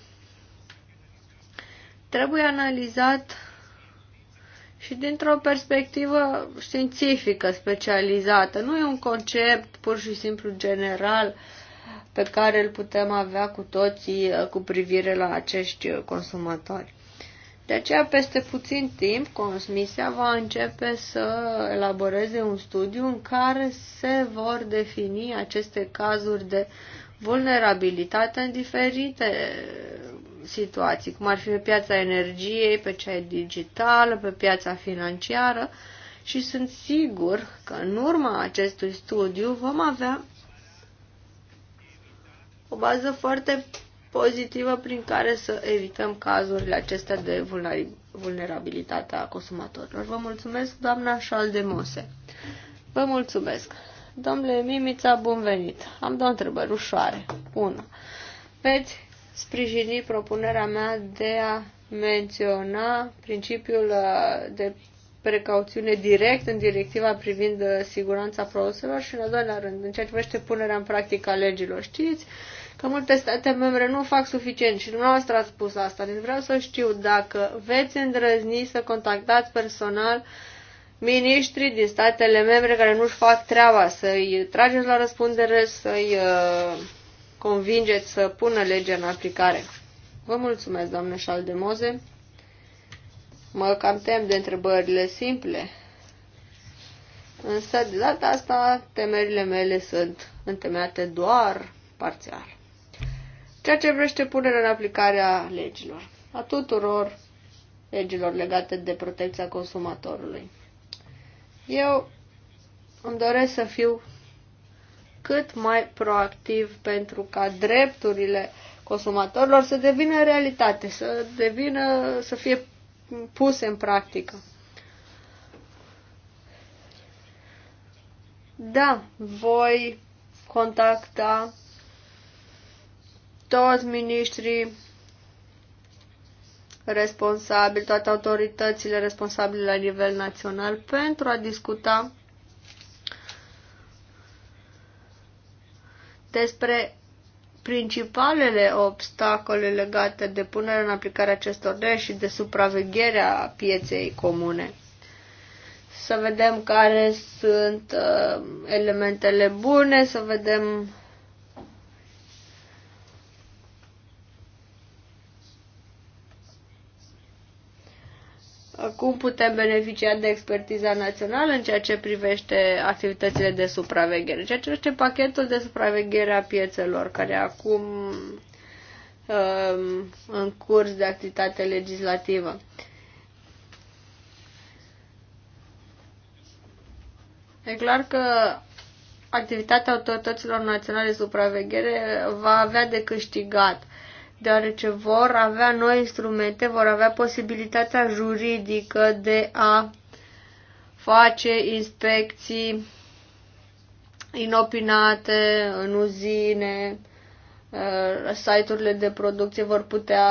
trebuie analizat și dintr-o perspectivă științifică specializată. Nu e un concept pur și simplu general uh, pe care îl putem avea cu toții uh, cu privire la acești uh, consumatori. De aceea, peste puțin timp, Comisia va începe să elaboreze un studiu în care se vor defini aceste cazuri de vulnerabilitate în diferite uh, situații, cum ar fi pe piața energiei, pe cea digitală, pe piața financiară și sunt sigur că în urma acestui studiu vom avea o bază foarte pozitivă prin care să evităm cazurile acestea de vulnerabilitate a consumatorilor. Vă mulțumesc, doamna Șaldemose. Vă mulțumesc. Domnule Mimița, bun venit. Am două întrebări ușoare. 1. Veți sprijini propunerea mea de a menționa principiul uh, de precauțiune direct în directiva privind uh, siguranța produselor și, în al doilea rând, în ceea ce privește punerea în practică a legilor. Știți că multe state membre nu fac suficient și dumneavoastră ați spus asta. Deci vreau să știu dacă veți îndrăzni să contactați personal miniștrii din statele membre care nu-și fac treaba, să-i trageți la răspundere, să-i uh, convingeți să pună legea în aplicare. Vă mulțumesc, doamnă Șaldemoze. Mă cam tem de întrebările simple. Însă, de data asta, temerile mele sunt întemeiate doar parțial ceea ce vrește punerea în aplicare a legilor, a tuturor legilor legate de protecția consumatorului. Eu îmi doresc să fiu cât mai proactiv pentru ca drepturile consumatorilor să devină realitate, să devină, să fie puse în practică. Da, voi contacta toți miniștrii responsabili, toate autoritățile responsabile la nivel național pentru a discuta despre principalele obstacole legate de punerea în aplicare acestor legi și de supravegherea pieței comune. Să vedem care sunt uh, elementele bune, să vedem cum putem beneficia de expertiza națională în ceea ce privește activitățile de supraveghere, în ceea ce privește pachetul de supraveghere a piețelor, care acum um, în curs de activitate legislativă. E clar că activitatea autorităților naționale de supraveghere va avea de câștigat deoarece vor avea noi instrumente, vor avea posibilitatea juridică de a face inspecții inopinate în uzine, uh, site-urile de producție vor putea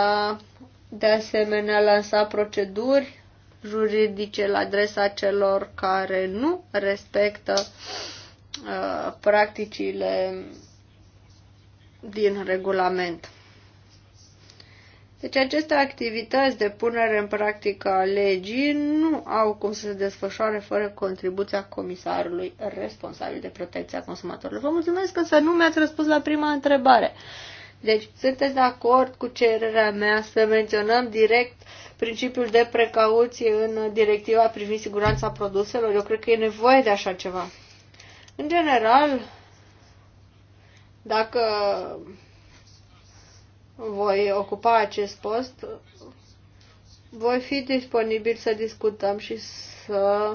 de asemenea lansa proceduri juridice la adresa celor care nu respectă uh, practicile din regulament. Deci aceste activități de punere în practică a legii nu au cum să se desfășoare fără contribuția comisarului responsabil de protecția consumatorilor. Vă mulțumesc că să nu mi-ați răspuns la prima întrebare. Deci, sunteți de acord cu cererea mea să menționăm direct principiul de precauție în directiva privind siguranța produselor? Eu cred că e nevoie de așa ceva. În general, dacă voi ocupa acest post, voi fi disponibil să discutăm și să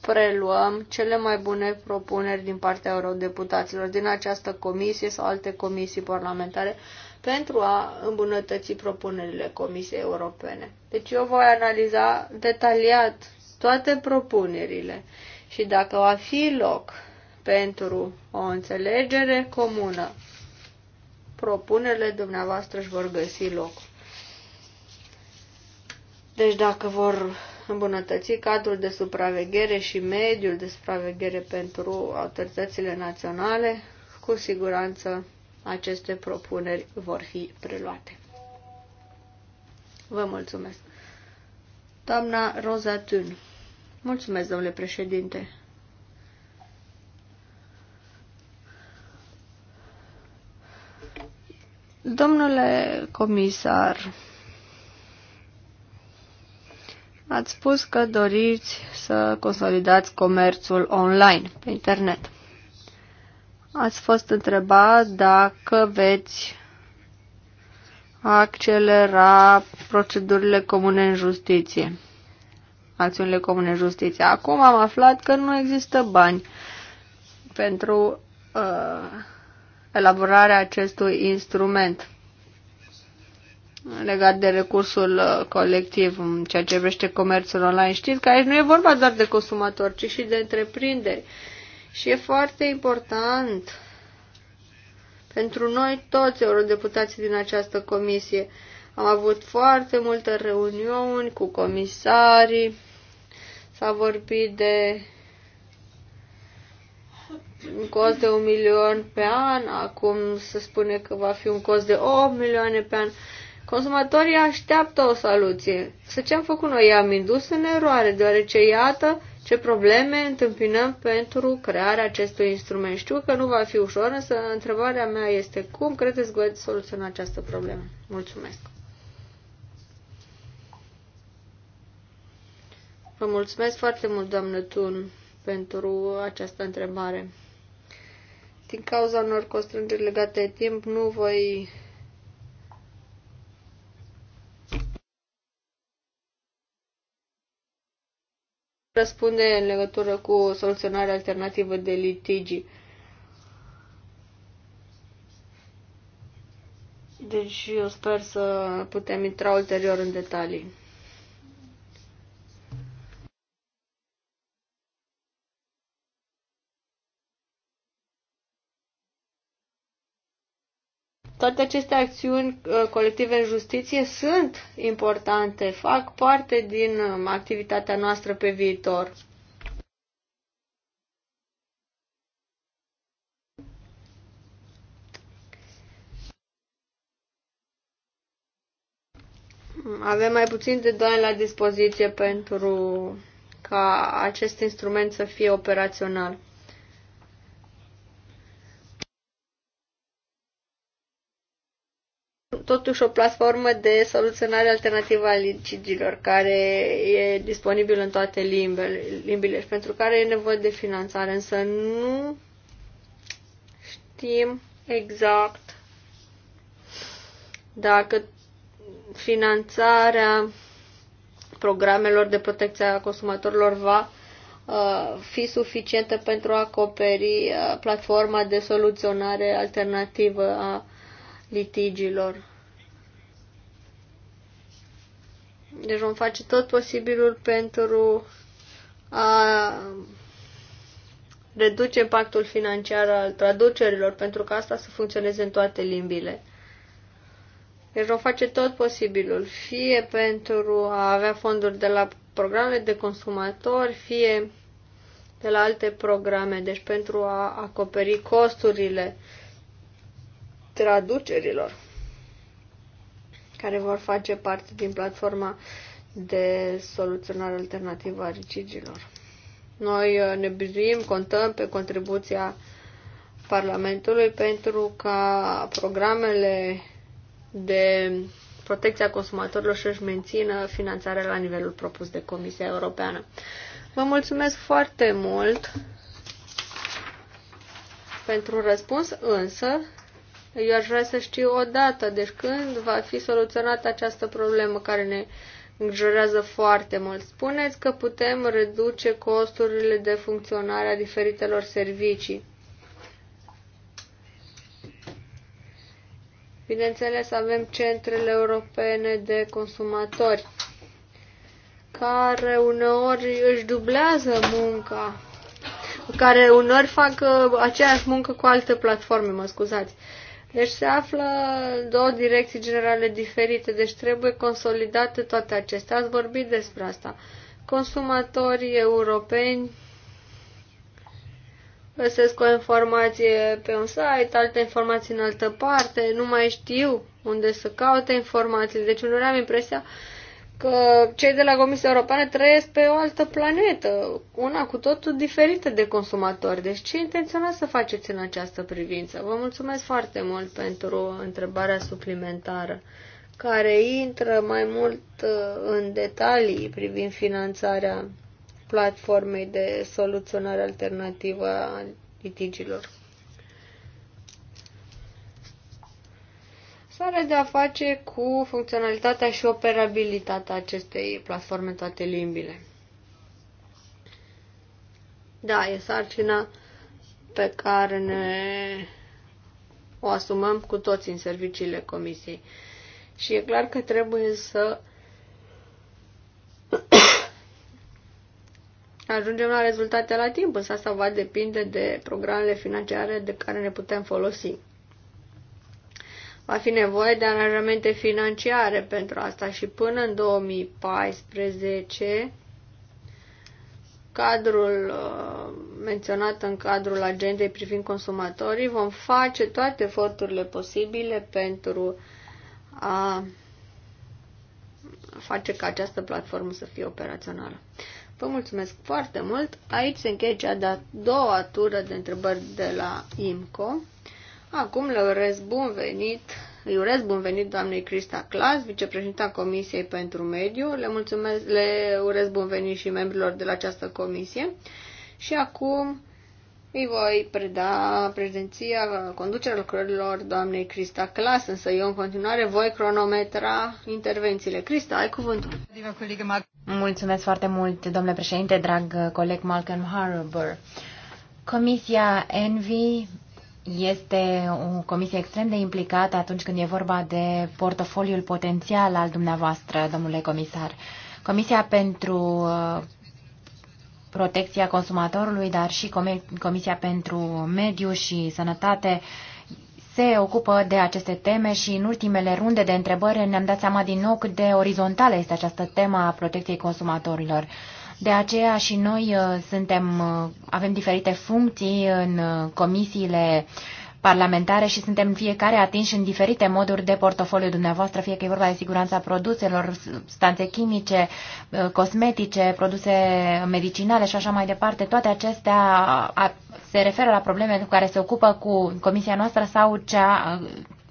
preluăm cele mai bune propuneri din partea eurodeputaților din această comisie sau alte comisii parlamentare pentru a îmbunătăți propunerile Comisiei Europene. Deci eu voi analiza detaliat toate propunerile și dacă va fi loc pentru o înțelegere comună propunerile dumneavoastră își vor găsi loc. Deci dacă vor îmbunătăți cadrul de supraveghere și mediul de supraveghere pentru autoritățile naționale, cu siguranță aceste propuneri vor fi preluate. Vă mulțumesc. Doamna Roza Tun. Mulțumesc, domnule președinte. Domnule comisar, ați spus că doriți să consolidați comerțul online, pe internet. Ați fost întrebat dacă veți accelera procedurile comune în justiție, acțiunile comune în justiție. Acum am aflat că nu există bani pentru uh, elaborarea acestui instrument legat de recursul uh, colectiv în ceea ce vrește comerțul online. Știți că aici nu e vorba doar de consumatori, ci și de întreprinderi. Și e foarte important pentru noi toți eurodeputații din această comisie. Am avut foarte multe reuniuni cu comisarii, s-a vorbit de un cost de un milion pe an, acum se spune că va fi un cost de 8 milioane pe an. Consumatorii așteaptă o soluție. Să ce am făcut noi? I-am indus în eroare, deoarece iată ce probleme întâmpinăm pentru crearea acestui instrument. Știu că nu va fi ușor, însă întrebarea mea este cum credeți că soluționa această problemă? Mulțumesc! Vă mulțumesc foarte mult, doamnă Tun, pentru această întrebare. Din cauza unor constrângeri legate de timp, nu voi răspunde în legătură cu soluționarea alternativă de litigi. Deci eu sper să putem intra ulterior în detalii. Toate aceste acțiuni uh, colective în justiție sunt importante, fac parte din um, activitatea noastră pe viitor. Avem mai puțin de doi la dispoziție pentru ca acest instrument să fie operațional. totuși o platformă de soluționare alternativă a litigilor care e disponibil în toate limbele, limbile și pentru care e nevoie de finanțare, însă nu știm exact dacă finanțarea programelor de protecție a consumatorilor va uh, fi suficientă pentru a acoperi uh, platforma de soluționare alternativă a litigilor. Deci vom face tot posibilul pentru a reduce impactul financiar al traducerilor, pentru ca asta să funcționeze în toate limbile. Deci vom face tot posibilul, fie pentru a avea fonduri de la programele de consumatori, fie de la alte programe, deci pentru a acoperi costurile traducerilor care vor face parte din platforma de soluționare alternativă a ricigilor. Noi uh, ne bizuim, contăm pe contribuția Parlamentului pentru ca programele de protecția consumatorilor și își mențină finanțarea la nivelul propus de Comisia Europeană. Vă mulțumesc foarte mult pentru răspuns, însă eu aș vrea să știu o dată, deci când va fi soluționată această problemă care ne îngrijorează foarte mult. Spuneți că putem reduce costurile de funcționare a diferitelor servicii. Bineînțeles, avem centrele europene de consumatori, care uneori își dublează munca, care uneori fac uh, aceeași muncă cu alte platforme, mă scuzați. Uh, deci se află două direcții generale diferite, deci trebuie consolidate toate acestea. Ați vorbit despre asta. Consumatorii europeni găsesc o informație pe un site, alte informații în altă parte, nu mai știu unde să caute informații. Deci uneori am impresia că cei de la Comisia Europeană trăiesc pe o altă planetă, una cu totul diferită de consumatori. Deci ce intenționați să faceți în această privință? Vă mulțumesc foarte mult pentru întrebarea suplimentară care intră mai mult uh, în detalii privind finanțarea platformei de soluționare alternativă a litigilor. are de a face cu funcționalitatea și operabilitatea acestei platforme în toate limbile. Da, e sarcina pe care ne o asumăm cu toți în serviciile comisiei. Și e clar că trebuie să [COUGHS] ajungem la rezultate la timp, însă asta va depinde de programele financiare de care ne putem folosi va fi nevoie de aranjamente financiare pentru asta și până în 2014 cadrul uh, menționat în cadrul agendei privind consumatorii vom face toate eforturile posibile pentru a face ca această platformă să fie operațională. Vă mulțumesc foarte mult! Aici se încheie cea de-a doua tură de întrebări de la IMCO. Acum le urez bun venit, îi urez bun venit doamnei Crista Clas, vicepreședinta Comisiei pentru Mediu. Le, mulțumesc, le urez bun venit și membrilor de la această comisie. Și acum îi voi preda prezenția conducerea lucrărilor doamnei Crista Clas, însă eu în continuare voi cronometra intervențiile. Crista, ai cuvântul.
Mulțumesc foarte mult, domnule președinte, drag coleg Malcolm Harbour. Comisia Envy este o comisie extrem de implicată atunci când e vorba de portofoliul potențial al dumneavoastră, domnule comisar. Comisia pentru uh, protecția consumatorului, dar și Comisia pentru Mediu și Sănătate se ocupă de aceste teme și în ultimele runde de întrebări ne-am dat seama din nou cât de orizontală este această temă a protecției consumatorilor. De aceea și noi uh, suntem, uh, avem diferite funcții în uh, comisiile parlamentare și suntem fiecare atinși în diferite moduri de portofoliu dumneavoastră, fie că e vorba de siguranța produselor, substanțe chimice, cosmetice, produse medicinale și așa mai departe. Toate acestea se referă la probleme cu care se ocupă cu comisia noastră sau cea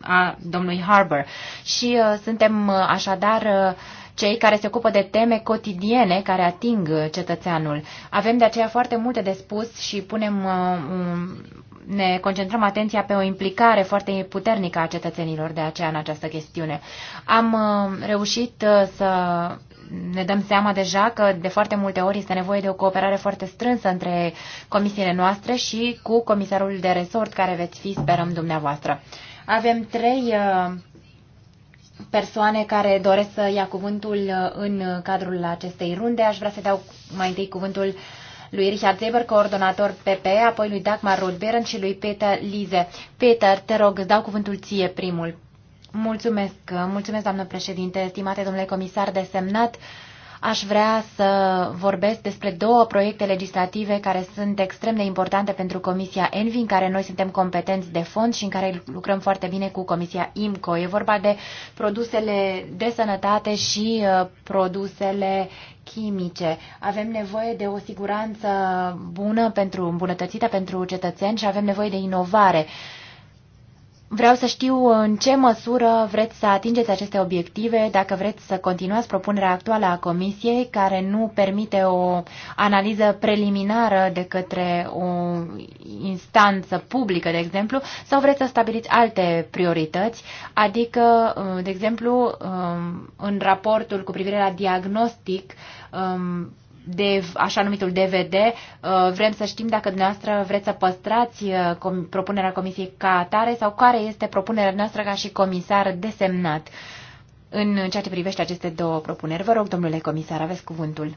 a domnului Harbour. Și suntem așadar uh, cei care se ocupă de teme cotidiene care ating uh, cetățeanul. Avem de aceea foarte multe de spus și punem, uh, ne concentrăm atenția pe o implicare foarte puternică a cetățenilor de aceea în această chestiune. Am uh, reușit să ne dăm seama deja că de foarte multe ori este nevoie de o cooperare foarte strânsă între comisiile noastre și cu comisarul de resort care veți fi, sperăm dumneavoastră. Avem trei uh, persoane care doresc să ia cuvântul uh, în uh, cadrul acestei runde. Aș vrea să dau mai întâi cuvântul lui Richard Zeber, coordonator PP, apoi lui Dagmar Rodberen și lui Peter Lize. Peter, te rog, îți dau cuvântul ție primul. Mulțumesc, uh, mulțumesc, doamnă președinte, stimate domnule comisar desemnat. semnat. Aș vrea să vorbesc despre două proiecte legislative care sunt extrem de importante pentru Comisia Envi, în care noi suntem competenți de fond și în care lucrăm foarte bine cu Comisia IMCO. E vorba de produsele de sănătate și uh, produsele chimice. Avem nevoie de o siguranță bună pentru îmbunătățită pentru cetățeni și avem nevoie de inovare. Uh, Vreau să știu în ce măsură vreți să atingeți aceste obiective, dacă vreți să continuați propunerea actuală a Comisiei, care nu permite o analiză preliminară de către o instanță publică, de exemplu, sau vreți să stabiliți alte priorități, adică, de exemplu, um, în raportul cu privire la diagnostic, um, de așa numitul DVD. Uh, vrem să știm dacă dumneavoastră vreți să păstrați uh, propunerea Comisiei ca atare sau care este propunerea noastră ca și comisar desemnat în ceea ce privește aceste două propuneri. Vă rog, domnule comisar, aveți cuvântul.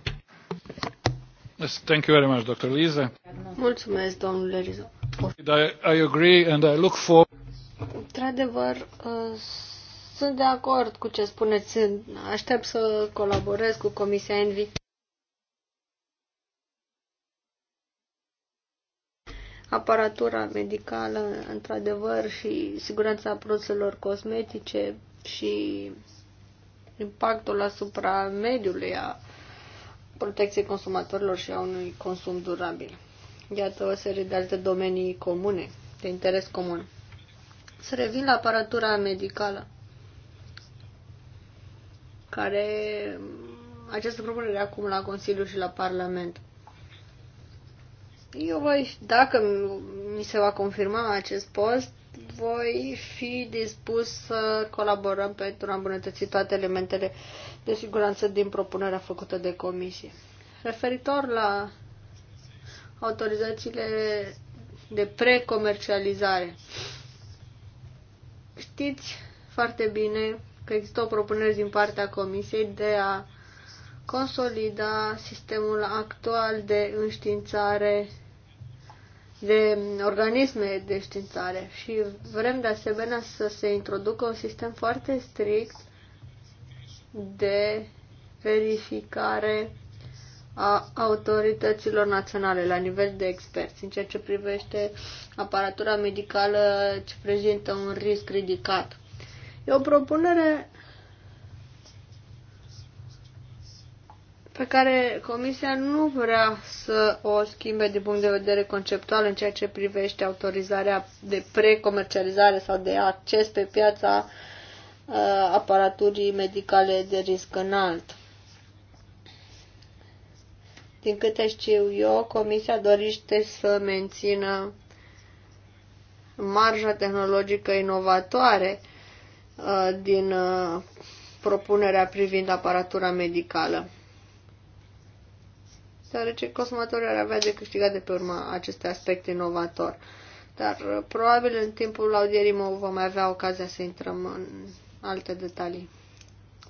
thank you very much, Dr. Lise.
Mulțumesc, domnule Rizo.
I, I agree and I look for...
Într-adevăr, uh, sunt de acord cu ce spuneți. Aștept să colaborez cu Comisia Envi. aparatura medicală, într-adevăr, și siguranța produselor cosmetice și impactul asupra mediului, a protecției consumatorilor și a unui consum durabil. Iată o serie de alte domenii comune, de interes comun. Să revin la aparatura medicală, care această propunere acum la Consiliu și la Parlament. Eu voi, dacă mi se va confirma acest post, voi fi dispus să colaborăm pentru a îmbunătăți toate elementele de siguranță din propunerea făcută de comisie. Referitor la autorizațiile de precomercializare, știți foarte bine că există o propunere din partea comisiei de a consolida sistemul actual de înștiințare de organisme de științare și vrem de asemenea să se introducă un sistem foarte strict de verificare a autorităților naționale la nivel de experți în ceea ce privește aparatura medicală ce prezintă un risc ridicat. E o propunere pe care Comisia nu vrea să o schimbe din punct de vedere conceptual în ceea ce privește autorizarea de precomercializare sau de acces pe piața uh, aparaturii medicale de risc înalt. Din câte știu eu, Comisia dorește să mențină marja tehnologică inovatoare uh, din uh, propunerea privind aparatura medicală deoarece consumatorul ar avea de câștigat de pe urmă acest aspect inovator. Dar uh, probabil în timpul audierii mă vom mai avea ocazia să intrăm în alte detalii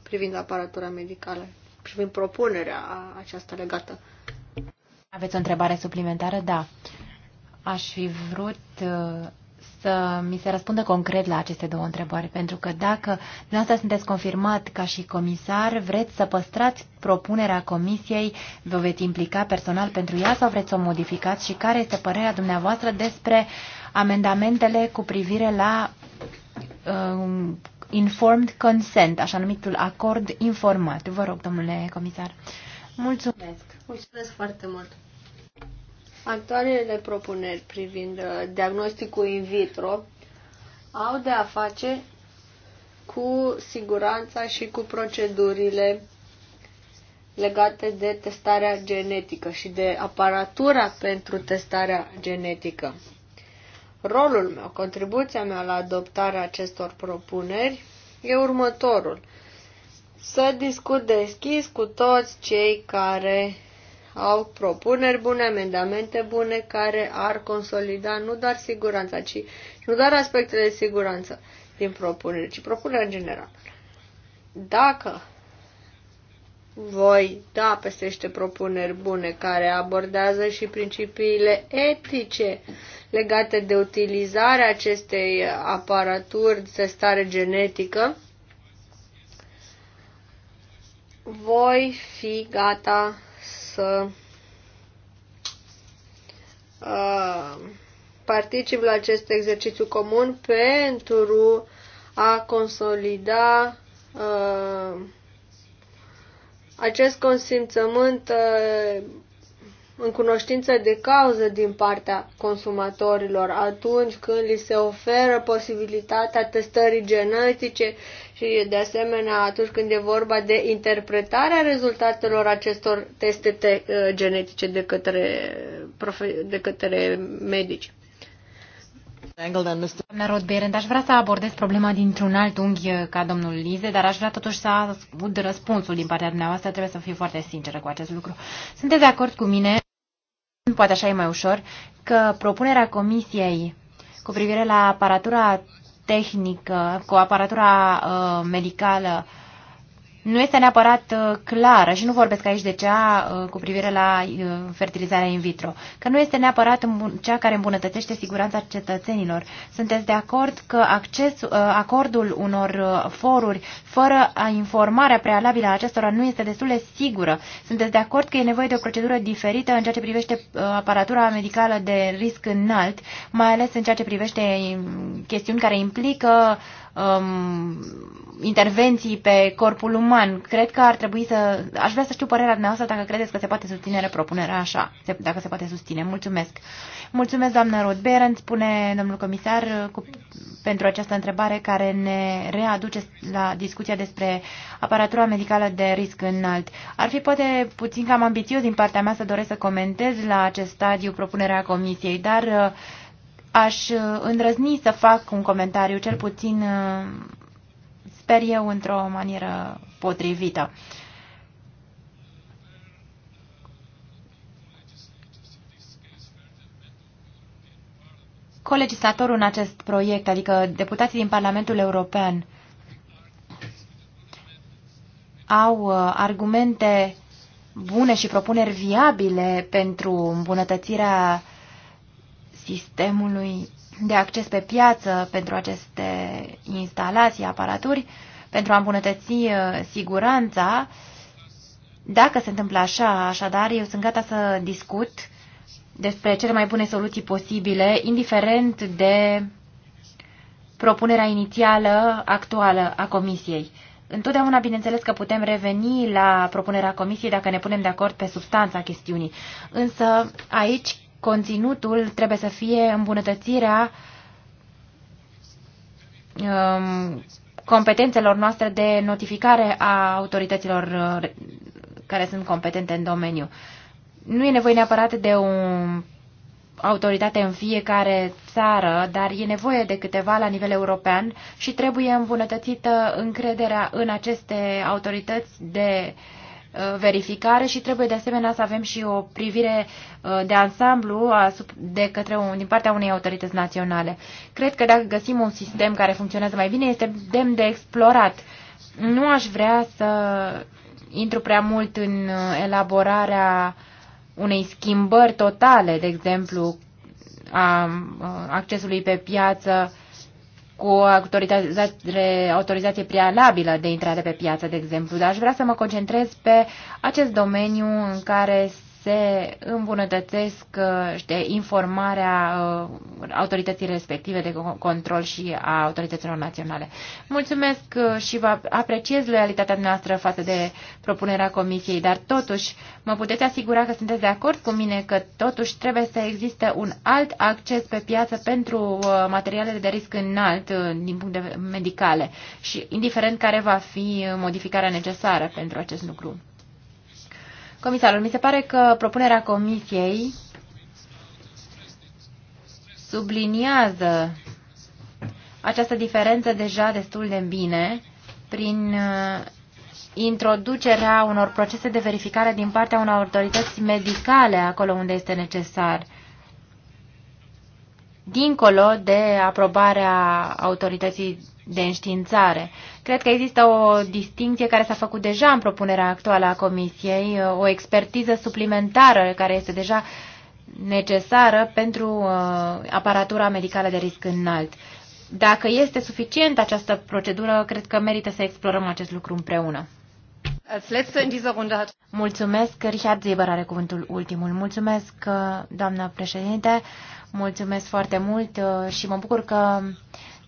privind aparatura medicală, privind propunerea aceasta legată.
Aveți o întrebare suplimentară? Da. Aș fi vrut uh, să mi se răspundă concret la aceste două întrebări, pentru că dacă dumneavoastră sunteți confirmat ca și comisar, vreți să păstrați propunerea comisiei, vă veți implica personal pentru ea sau vreți să o modificați și care este părerea dumneavoastră despre amendamentele cu privire la um, informed consent, așa numitul acord informat. Vă rog, domnule comisar. Mulțumesc.
Mulțumesc foarte mult. Actualele propuneri privind uh, diagnosticul in vitro au de a face cu siguranța și cu procedurile legate de testarea genetică și de aparatura pentru testarea genetică. Rolul meu, contribuția mea la adoptarea acestor propuneri e următorul. Să discut deschis cu toți cei care au propuneri bune, amendamente bune care ar consolida nu doar siguranța, ci nu doar aspectele de siguranță din propuneri, ci propuneri în general. Dacă voi da peste niște propuneri bune care abordează și principiile etice legate de utilizarea acestei aparaturi de stare genetică, voi fi gata să particip la acest exercițiu comun pentru a consolida uh, acest consimțământ uh, în cunoștință de cauză din partea consumatorilor atunci când li se oferă posibilitatea testării genetice și de asemenea atunci când e vorba de interpretarea rezultatelor acestor teste te- uh, genetice de către, profe- de către medici.
Doamna Rodberend, aș vrea să abordez problema dintr-un alt unghi uh, ca domnul Lize, dar aș vrea totuși să aud răspunsul din partea dumneavoastră. Trebuie să fiu foarte sinceră cu acest lucru. Sunteți de acord cu mine, poate așa e mai ușor, că propunerea comisiei cu privire la aparatura tehnică, cu aparatura uh, medicală nu este neapărat uh, clară și nu vorbesc aici de cea uh, cu privire la uh, fertilizarea in vitro, că nu este neapărat cea care îmbunătățește siguranța cetățenilor. Sunteți de acord că acces, acordul unor foruri fără informarea prealabilă a acestora nu este destul de sigură? Sunteți de acord că e nevoie de o procedură diferită în ceea ce privește aparatura medicală de risc înalt, mai ales în ceea ce privește mm, chestiuni care implică uh, um, intervenții pe corpul uman. Cred că ar trebui să... Aș vrea să știu părerea dumneavoastră dacă credeți că se poate susține propunerea așa, dacă se poate susține. Mulțumesc. Mulțumesc, doamnă Ruth Berend, spune domnul comisar, cu, pentru această întrebare care ne readuce la discuția despre aparatura medicală de risc înalt. Ar fi poate puțin cam ambițios din partea mea să doresc să comentez la acest stadiu propunerea comisiei, dar uh, aș uh, îndrăzni să fac un comentariu, cel puțin uh, sper eu, într-o manieră potrivită. Colegislatorul în acest proiect, adică deputații din Parlamentul European, au uh, argumente bune și propuneri viabile pentru îmbunătățirea uh, sistemului de acces pe piață pentru aceste instalații, aparaturi, pentru a îmbunătăți uh, siguranța. Dacă se întâmplă așa, așadar, eu sunt gata să discut despre cele mai bune soluții posibile, indiferent de propunerea inițială actuală a Comisiei. Întotdeauna, bineînțeles că putem reveni la propunerea Comisiei dacă ne punem de acord pe substanța chestiunii. Însă aici conținutul trebuie să fie îmbunătățirea um, competențelor noastre de notificare a autorităților uh, care sunt competente în domeniu. Nu e nevoie neapărat de o autoritate în fiecare țară, dar e nevoie de câteva la nivel european și trebuie îmbunătățită încrederea în aceste autorități de uh, Uh, verificare și trebuie de asemenea să avem și o privire uh, de ansamblu de către un, din partea unei autorități naționale. Cred că dacă găsim un sistem care funcționează mai bine, este demn de explorat. Nu aș vrea să intru prea mult în uh, elaborarea unei schimbări totale, de exemplu, a accesului pe piață cu autorizație, autorizație prealabilă de intrare pe piață, de exemplu, dar aș vrea să mă concentrez pe acest domeniu în care se îmbunătățesc de uh, informarea uh, autorității respective de control și a autorităților naționale. Mulțumesc uh, și vă apreciez loialitatea noastră față de propunerea Comisiei, dar totuși mă puteți asigura că sunteți de acord cu mine că totuși trebuie să existe un alt acces pe piață pentru materialele de risc înalt din punct de medicale și indiferent care va fi modificarea necesară pentru acest lucru. Comisarul, mi se pare că propunerea Comisiei subliniază această diferență deja destul de bine prin uh, introducerea unor procese de verificare din partea unor autorități medicale acolo unde este necesar, dincolo de aprobarea autorității de înștiințare. Cred că există o distinție care s-a făcut deja în propunerea actuală a Comisiei, uh, o expertiză suplimentară care este deja necesară pentru uh, aparatura medicală de risc înalt. Dacă este suficient această procedură, cred că merită să explorăm acest lucru împreună. Mulțumesc, Richard Zeber are cuvântul ultimul. Mulțumesc, uh, doamnă președinte, mulțumesc foarte mult uh, și mă bucur că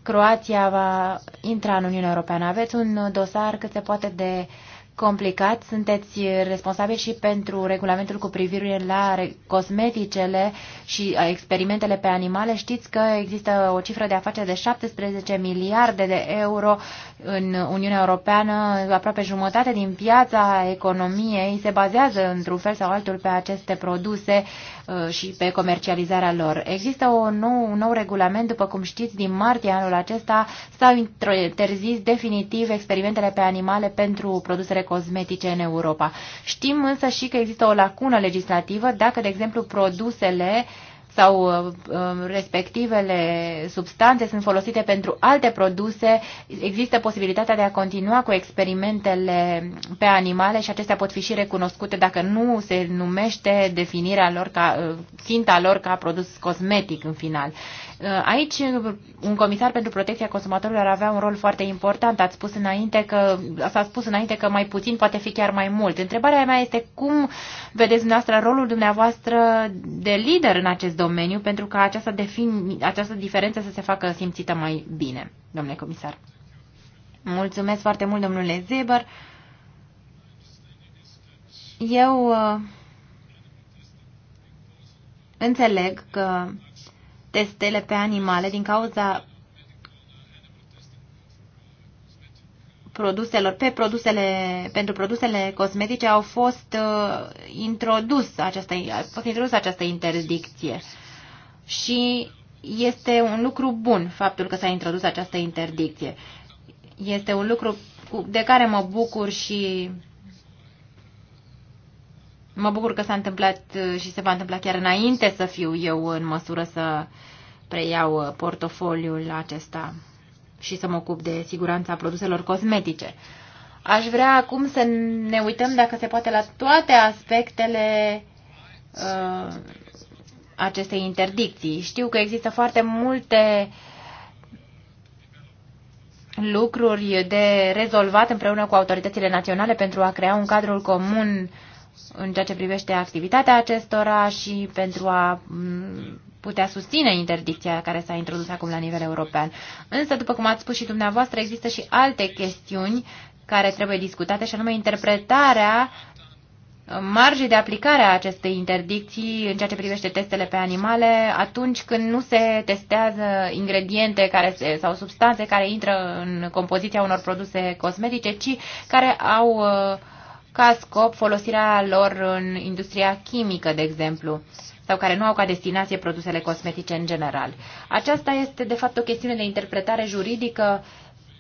Croația va intra în Uniunea Europeană. Aveți un dosar cât se poate de complicat. Sunteți responsabili și pentru regulamentul cu privire la cosmeticele și experimentele pe animale. Știți că există o cifră de afaceri de 17 miliarde de euro în Uniunea Europeană. Aproape jumătate din piața economiei se bazează într-un fel sau altul pe aceste produse Uh, și pe comercializarea lor. Există o nou, un nou regulament, după cum știți, din martie anul acesta s-au interzis definitiv experimentele pe animale pentru produsele cosmetice în Europa. Știm însă și că există o lacună legislativă dacă, de exemplu, produsele uh, sau uh, uh, respectivele substanțe sunt folosite pentru alte produse, există posibilitatea de a continua cu experimentele pe animale și acestea pot fi și recunoscute dacă nu se numește definirea lor ca, uh, ținta lor ca produs cosmetic în final. Uh, aici un comisar pentru protecția consumatorilor ar avea un rol foarte important. Ați spus înainte că, s-a spus înainte că mai puțin poate fi chiar mai mult. Întrebarea mea este cum vedeți dumneavoastră rolul dumneavoastră de lider în acest domeniu pentru ca această, această diferență să se facă simțită mai bine, domnule comisar. Mulțumesc foarte mult, domnule Zeber. Eu uh, înțeleg că testele pe animale din cauza produselor, pe produsele, pentru produsele cosmetice au fost uh, introdus această, a fost introdus această interdicție. Și este un lucru bun faptul că s-a introdus această interdicție. Este un lucru de care mă bucur și Mă bucur că s-a întâmplat uh, și se va întâmpla chiar înainte să fiu eu în măsură să preiau uh, portofoliul acesta și să mă ocup de siguranța produselor cosmetice. Aș vrea acum să ne uităm dacă se poate la toate aspectele uh, acestei interdicții. Știu că există foarte multe lucruri de rezolvat împreună cu autoritățile naționale pentru a crea un cadru comun uh, în ceea ce privește activitatea acestora și pentru a putea susține interdicția care s-a introdus acum la nivel european. Însă, după cum ați spus și dumneavoastră, există și alte chestiuni care trebuie discutate, și anume interpretarea marjei de aplicare a acestei interdicții în ceea ce privește testele pe animale atunci când nu se testează ingrediente care se, sau substanțe care intră în compoziția unor produse cosmetice, ci care au uh, ca scop folosirea lor în industria chimică, de exemplu, sau care nu au ca destinație produsele cosmetice în general. Aceasta este, de fapt, o chestiune de interpretare juridică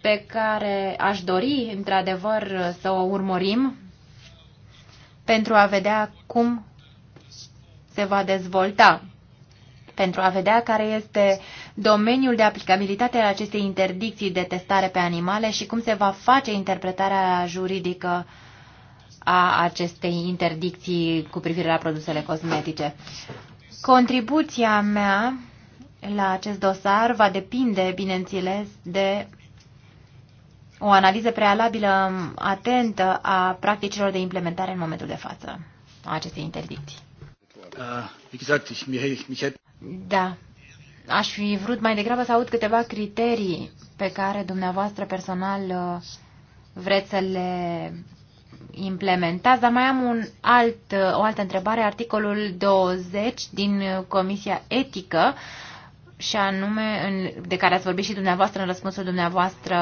pe care aș dori, într-adevăr, să o urmărim pentru a vedea cum se va dezvolta, pentru a vedea care este domeniul de aplicabilitate al acestei interdicții de testare pe animale și cum se va face interpretarea juridică uh, a acestei interdicții cu privire la produsele cosmetice. Contribuția mea la acest dosar va depinde, bineînțeles, de o analiză prealabilă atentă a practicilor de implementare în momentul de față a acestei interdicții. Uh, da. Aș fi vrut mai degrabă să aud câteva criterii pe care dumneavoastră personal uh, vreți să le implementați, dar mai am un alt, o altă întrebare, articolul 20 din Comisia Etică, și anume, în, de care ați vorbit și dumneavoastră în răspunsul dumneavoastră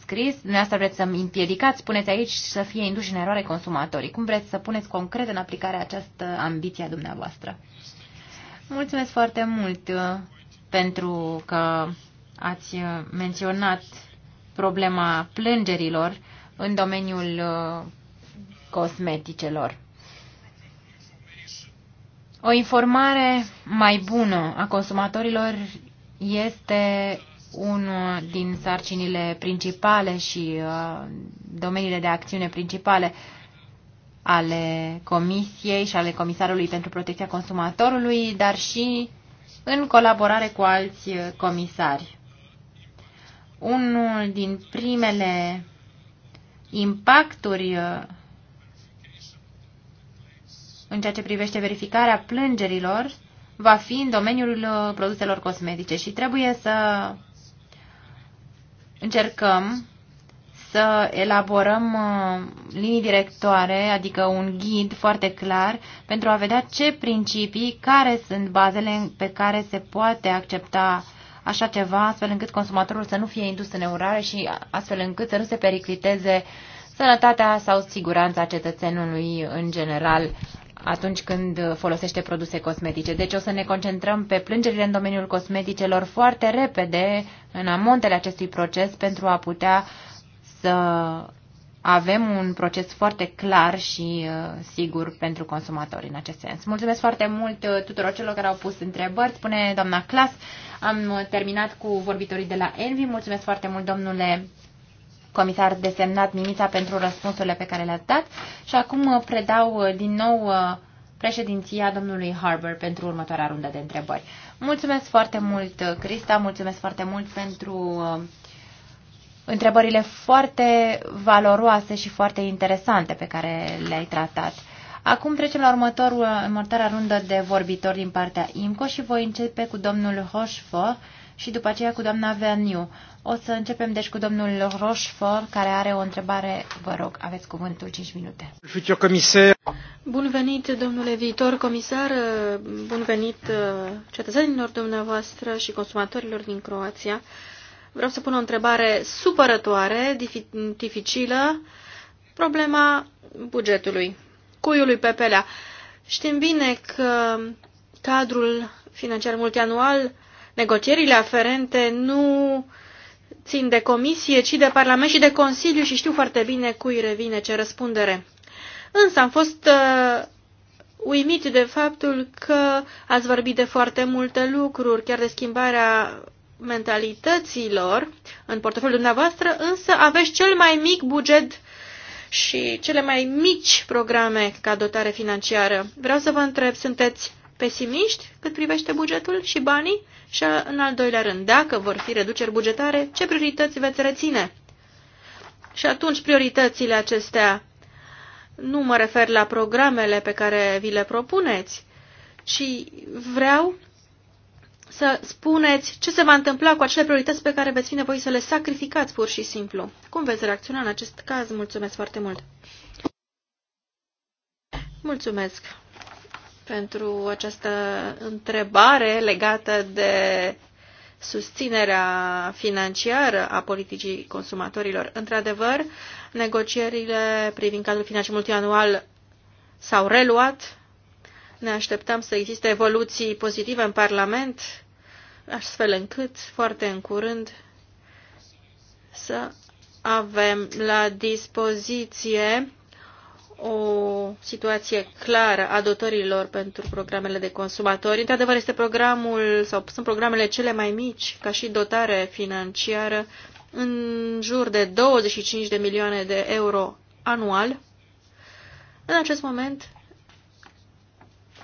scris, dumneavoastră vreți să împiedicați, spuneți aici să fie induși în eroare consumatorii. Cum vreți să puneți concret în aplicare această ambiție a dumneavoastră? Mulțumesc foarte mult uh, pentru că ați uh, menționat problema plângerilor în domeniul uh, cosmeticelor. O informare mai bună a consumatorilor este unul din sarcinile principale și uh, domeniile de acțiune principale ale Comisiei și ale Comisarului pentru Protecția Consumatorului, dar și în colaborare cu alți uh, comisari. Unul din primele impacturi uh, în ceea ce privește verificarea plângerilor va fi în domeniul uh, produselor cosmetice și trebuie să încercăm să elaborăm uh, linii directoare, adică un ghid foarte clar, pentru a vedea ce principii, care sunt bazele pe care se poate accepta așa ceva, astfel încât consumatorul să nu fie indus în eurare și astfel încât să nu se pericliteze sănătatea sau siguranța cetățenului în general atunci când folosește produse cosmetice. Deci o să ne concentrăm pe plângerile în domeniul cosmeticelor foarte repede, în amontele acestui proces, pentru a putea să avem un proces foarte clar și uh, sigur pentru consumatori în acest sens. Mulțumesc foarte mult uh, tuturor celor care au pus întrebări. Spune doamna Clas, am terminat cu vorbitorii de la Envi. Mulțumesc foarte mult, domnule comisar desemnat Mimița pentru răspunsurile pe care le-ați dat și acum uh, predau uh, din nou uh, președinția domnului Harbour pentru următoarea rundă de întrebări. Mulțumesc foarte mult, Crista, mulțumesc foarte mult pentru întrebările foarte valoroase și foarte interesante pe care le-ai tratat. Acum trecem la următorul, următoarea rundă de vorbitori din partea IMCO și voi începe cu domnul Hoșfo și după aceea cu doamna Verniu. O să începem deci cu domnul Rochefort, care are o întrebare. Vă rog, aveți cuvântul 5 minute. Bun venit, domnule viitor
comisar, bun venit uh, cetățenilor dumneavoastră și consumatorilor din Croația. Vreau să pun o întrebare supărătoare, dificilă, problema bugetului, cuiului pe pelea. Știm bine că cadrul financiar multianual, negocierile aferente nu uh, țin de comisie, ci de Parlament și de Consiliu și știu foarte bine cui revine ce răspundere. Însă am fost uh, uimit de faptul că ați vorbit de foarte multe lucruri, chiar de schimbarea mentalităților în portofoliul dumneavoastră, însă aveți cel mai mic buget și cele mai mici programe ca dotare financiară. Vreau să vă întreb, sunteți pesimiști cât privește bugetul și banii și în al doilea rând, dacă vor fi reduceri bugetare, ce priorități veți reține? Și atunci prioritățile acestea, nu mă refer la programele pe care vi le propuneți, ci vreau să spuneți ce se va întâmpla cu acele priorități pe care veți fi nevoiți să le sacrificați pur și simplu. Cum veți reacționa în acest caz? Mulțumesc foarte mult! Mulțumesc! pentru această întrebare legată de susținerea financiară a politicii consumatorilor. Într-adevăr, negocierile privind cadrul financiar multianual s-au reluat. Ne așteptăm să existe evoluții pozitive în Parlament, astfel încât foarte în curând să avem la dispoziție o situație clară a dotărilor pentru programele de consumatori. Într-adevăr, este programul sau sunt programele cele mai mici ca și dotare financiară în jur de 25 de milioane de euro anual. În acest moment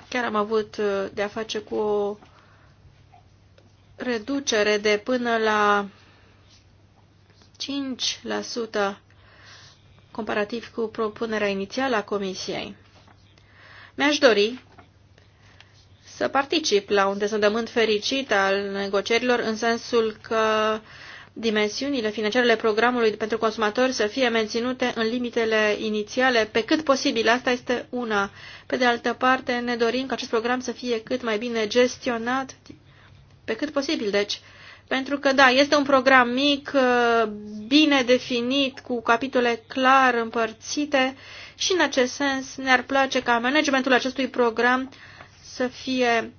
chiar am avut uh, de a face cu o reducere de până la 5% comparativ cu propunerea inițială a Comisiei. Mi-aș dori să particip la un deznodământ fericit al negocierilor în sensul că dimensiunile financiare ale programului pentru consumatori să fie menținute în limitele inițiale pe cât posibil. Asta este una. Pe de altă parte, ne dorim ca acest program să fie cât mai bine gestionat pe cât posibil. Deci, pentru că, da, este un program mic, uh, bine definit, cu capitole clar împărțite și, în acest sens, ne-ar place ca managementul acestui program să fie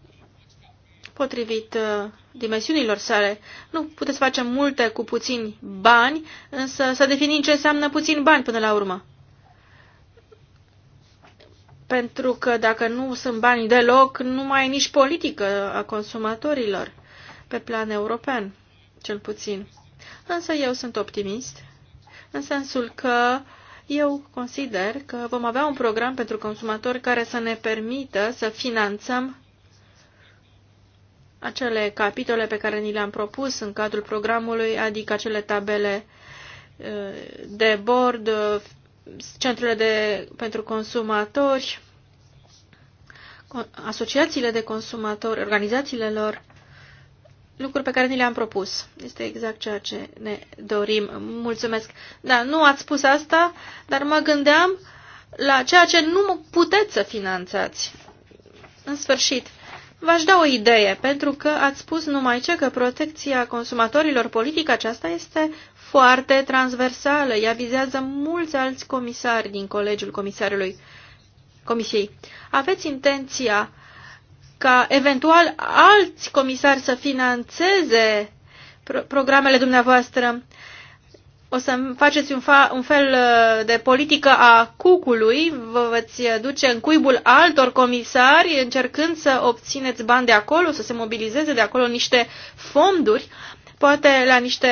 potrivit uh, dimensiunilor sale. Nu puteți face multe cu puțini bani, însă să definim ce înseamnă puțin bani până la urmă. Pentru că dacă nu sunt bani deloc, nu mai e nici politică a consumatorilor pe plan european, cel puțin. Însă eu sunt optimist, în sensul că eu consider că vom avea un program pentru consumatori care să ne permită să finanțăm acele capitole pe care ni le-am propus în cadrul programului, adică acele tabele uh, de bord, uh, centrele de, pentru consumatori, asociațiile de consumatori, organizațiile lor lucruri pe care ni le-am propus. Este exact ceea ce ne dorim. Mulțumesc. Da, nu ați spus asta, dar mă gândeam la ceea ce nu puteți să finanțați. În sfârșit, v-aș da o idee, pentru că ați spus numai ce că protecția consumatorilor politică aceasta este foarte transversală. Ea vizează mulți alți comisari din Colegiul Comisarului Comisiei. Aveți intenția ca eventual alți comisari să financeze programele dumneavoastră. O să faceți un, fa un fel uh, de politică a cucului, vă veți duce în cuibul altor comisari încercând să obțineți bani de acolo, să se mobilizeze de acolo niște fonduri, poate la niște,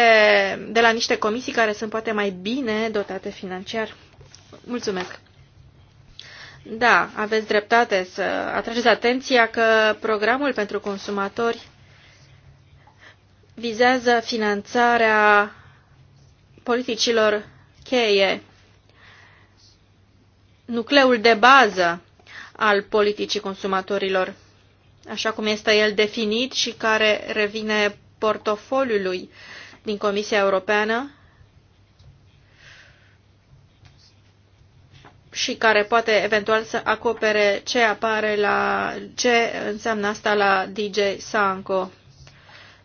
de la niște comisii care sunt poate mai bine dotate financiar. Mulțumesc! Da, aveți dreptate să atrageți atenția că programul pentru consumatori vizează finanțarea politicilor cheie, nucleul de bază al politicii consumatorilor, așa cum este el definit și care revine portofoliului din Comisia Europeană și care poate eventual să acopere ce apare la ce înseamnă asta la DJ Sanco.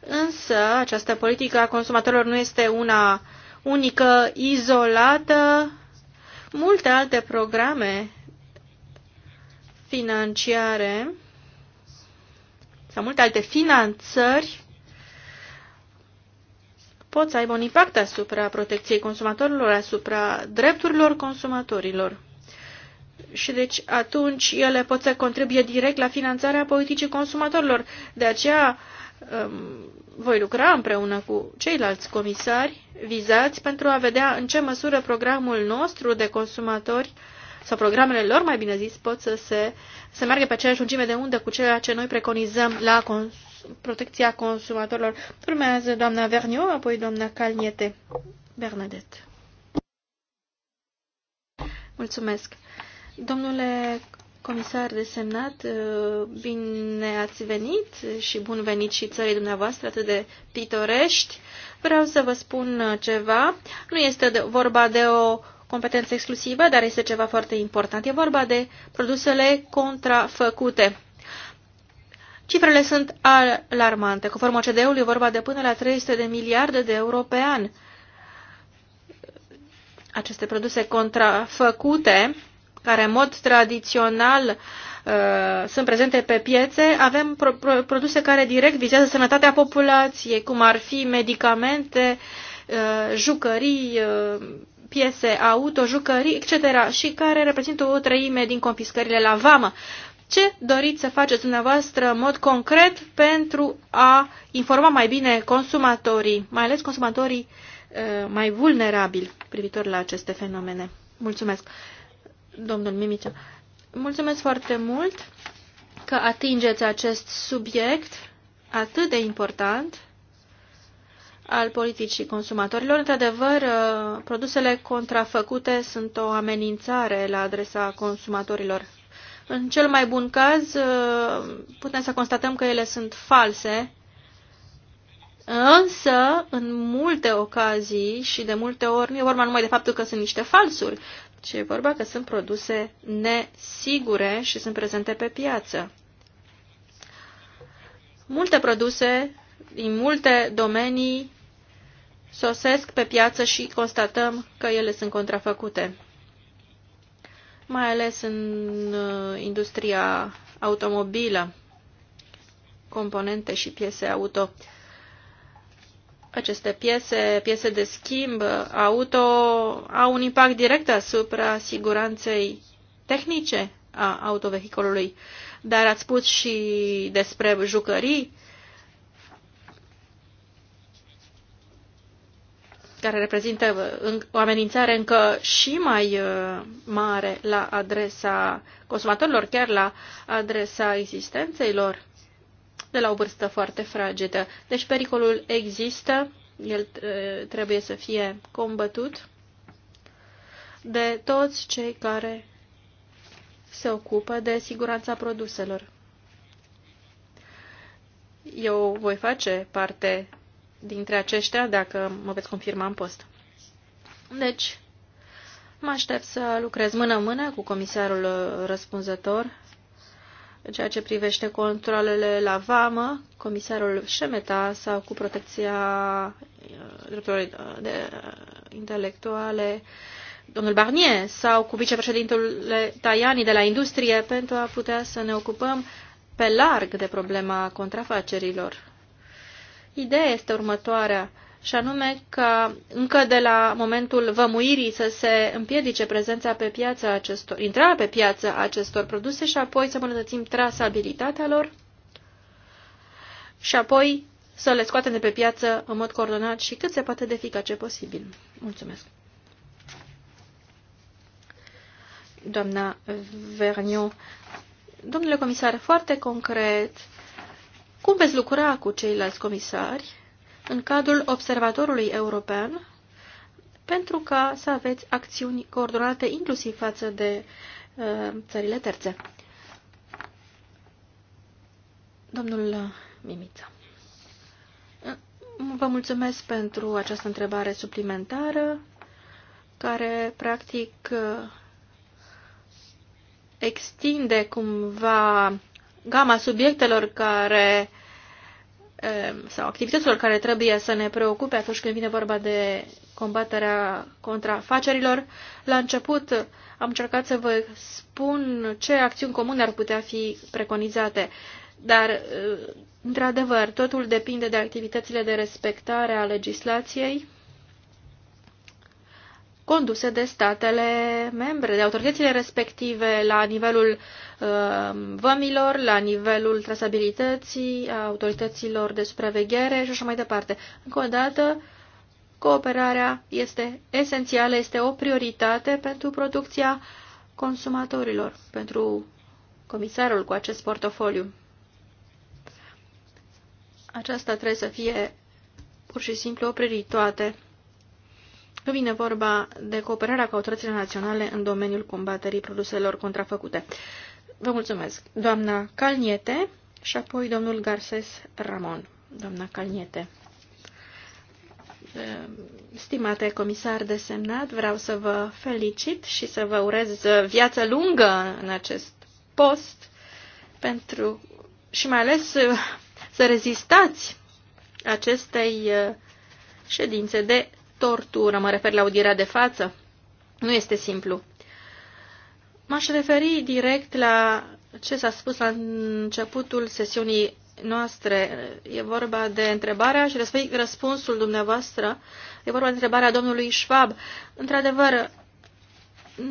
Însă această politică a consumatorilor nu este una unică, izolată. Multe alte programe financiare sau multe alte finanțări pot să aibă un impact asupra protecției consumatorilor, asupra drepturilor consumatorilor și deci atunci ele pot să contribuie direct la finanțarea politicii consumatorilor. De aceea um, voi lucra împreună cu ceilalți comisari vizați pentru a vedea în ce măsură programul nostru de consumatori sau programele lor, mai bine zis, pot să se să meargă pe aceeași lungime de undă cu ceea ce noi preconizăm la cons protecția consumatorilor. Urmează doamna Verniu, apoi doamna Calniete. Bernadette. Mulțumesc. Domnule comisar desemnat, bine ați venit și bun venit și țării dumneavoastră atât de pitorești. Vreau să vă spun ceva. Nu este de, vorba de o competență exclusivă, dar este ceva foarte important. E vorba de produsele contrafăcute. Cifrele sunt alarmante. Conform OCDE-ului, e vorba de până la 300 de miliarde de euro pe an. Aceste produse contrafăcute care în mod tradițional uh, sunt prezente pe piețe, avem pro pro produse care direct vizează sănătatea populației, cum ar fi medicamente, uh, jucării, uh, piese auto, jucării, etc. și care reprezintă o treime din confiscările la vamă. Ce doriți să faceți dumneavoastră în mod concret pentru a informa mai bine consumatorii, mai ales consumatorii mai vulnerabili privitor la aceste fenomene? Mulțumesc! domnul Mimicea. Mulțumesc foarte mult că atingeți acest subiect atât de important al politicii consumatorilor. Într-adevăr, uh, produsele contrafăcute sunt o amenințare la adresa consumatorilor. În cel mai bun caz, uh, putem să constatăm că ele sunt false, însă, în multe ocazii și de multe ori, nu e vorba numai de faptul că sunt niște falsuri, ci e vorba că sunt produse nesigure și sunt prezente pe piață. Multe produse din multe domenii sosesc pe piață și constatăm că ele sunt contrafăcute, mai ales în uh, industria automobilă, componente și piese auto aceste piese, piese de schimb auto, au un impact direct asupra siguranței tehnice a autovehicolului. Dar ați spus și despre jucării care reprezintă o amenințare încă și mai uh, mare la adresa consumatorilor, chiar la adresa existenței lor de la o vârstă foarte fragedă. Deci pericolul există, el ă, trebuie să fie combătut de toți cei care se ocupă de siguranța produselor. Eu voi face parte dintre aceștia dacă mă veți confirma în post. Deci, mă aștept să lucrez mână-mână cu comisarul răspunzător în ceea ce privește controlele la vamă, comisarul Șemeta sau cu protecția uh, drepturilor uh, uh, intelectuale, domnul Barnier sau cu vicepreședintul Tajani de la industrie pentru a putea să ne ocupăm pe larg de problema contrafacerilor. Ideea este următoarea și anume că încă de la momentul vămuirii să se împiedice prezența pe piață acestor, intrarea pe piață a acestor produse și apoi să îmbunătățim trasabilitatea lor și apoi să le scoatem de pe piață în mod coordonat și cât se poate de eficace posibil. Mulțumesc! Doamna Verniu, domnule comisar, foarte concret, cum veți lucra cu ceilalți comisari în cadrul Observatorului European pentru ca să aveți acțiuni coordonate inclusiv față de uh, țările terțe. Domnul Mimița. Vă mulțumesc pentru această întrebare suplimentară care practic extinde cumva gama subiectelor care uh, Um, sau activităților care trebuie să ne preocupe atunci când vine vorba de combaterea contrafacerilor. La început am încercat să vă spun ce acțiuni comune ar putea fi preconizate, dar, uh, într-adevăr, totul depinde de activitățile de respectare a legislației conduse de statele membre, de autoritățile respective la nivelul uh, vămilor, la nivelul trasabilității, a autorităților de supraveghere și așa mai departe. Încă o dată, cooperarea este esențială, este o prioritate pentru producția consumatorilor, pentru comisarul cu acest portofoliu. Aceasta trebuie să fie pur și simplu o prioritate nu vine vorba de cooperarea cu autoritățile naționale în domeniul combaterii produselor contrafăcute. Vă mulțumesc. Doamna Calniete și apoi domnul Garces Ramon. Doamna Calniete. Eh, stimate comisar desemnat, vreau să vă felicit și să vă urez viață lungă în acest post pentru și mai ales eh, să rezistați acestei eh, ședințe de tortură, mă refer la audierea de față, nu este simplu. M-aș referi direct la ce s-a spus la începutul sesiunii noastre. E vorba de întrebarea și răspunsul dumneavoastră. E vorba de întrebarea domnului Schwab. Într-adevăr,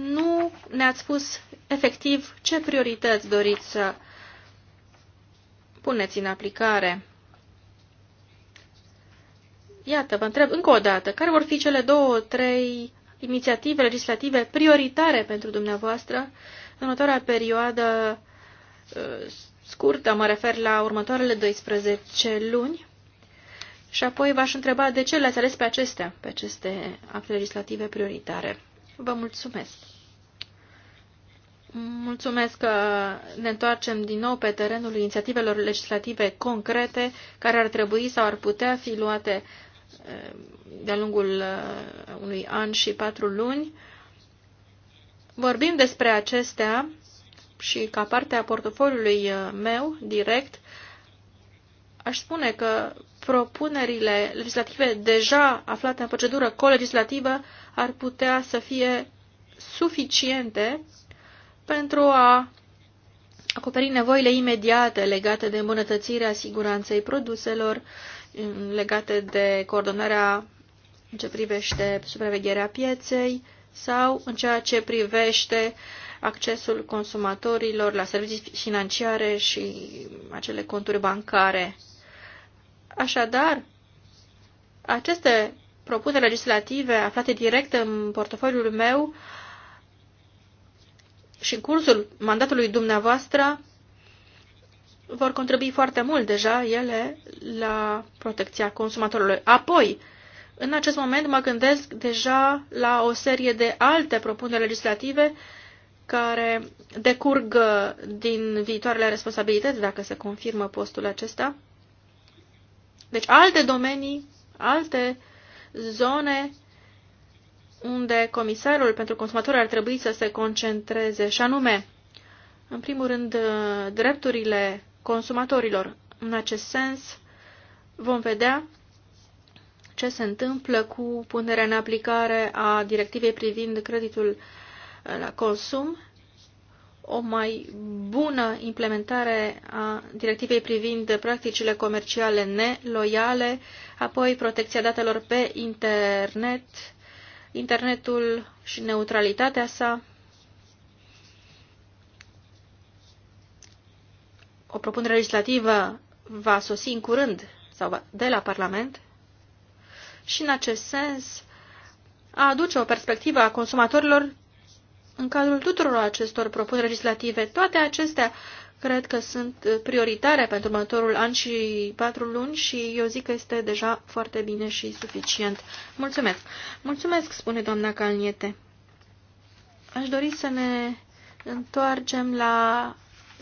nu ne-ați spus efectiv ce priorități doriți să puneți în aplicare. Iată, vă întreb încă o dată, care vor fi cele două, trei inițiative legislative prioritare pentru dumneavoastră în următoarea perioadă uh, scurtă, mă refer la următoarele 12 luni, și apoi v-aș întreba de ce le-ați ales pe acestea, pe aceste acte legislative prioritare. Vă mulțumesc! Mulțumesc că ne întoarcem din nou pe terenul inițiativelor legislative concrete care ar trebui sau ar putea fi luate de-a lungul uh, unui an și patru luni. Vorbim despre acestea și ca parte a portofoliului uh, meu direct, aș spune că propunerile legislative deja aflate în procedură colegislativă ar putea să fie suficiente pentru a acoperi nevoile imediate legate de îmbunătățirea siguranței produselor, legate de coordonarea în ce privește supravegherea pieței sau în ceea ce privește accesul consumatorilor la servicii financiare și acele conturi bancare. Așadar, aceste propuneri legislative aflate direct în portofoliul meu și în cursul mandatului dumneavoastră vor contribui foarte mult deja ele la protecția consumatorului. Apoi, în acest moment mă gândesc deja la o serie de alte propuneri legislative care decurg din viitoarele responsabilități dacă se confirmă postul acesta. Deci alte domenii, alte zone unde comisarul pentru consumatori ar trebui să se concentreze, și anume, în primul rând, drepturile consumatorilor. În acest sens, vom vedea ce se întâmplă cu punerea în aplicare a directivei privind creditul uh, la consum, o mai bună implementare a directivei privind practicile comerciale neloiale, apoi protecția datelor pe internet, internetul și neutralitatea sa, propunere legislativă va sosi în curând sau de la Parlament și în acest sens a aduce o perspectivă a consumatorilor în cadrul tuturor acestor propuneri legislative. Toate acestea cred că sunt prioritare pentru următorul an și patru luni și eu zic că este deja foarte bine și suficient. Mulțumesc! Mulțumesc, spune doamna Calniete. Aș dori să ne întoarcem la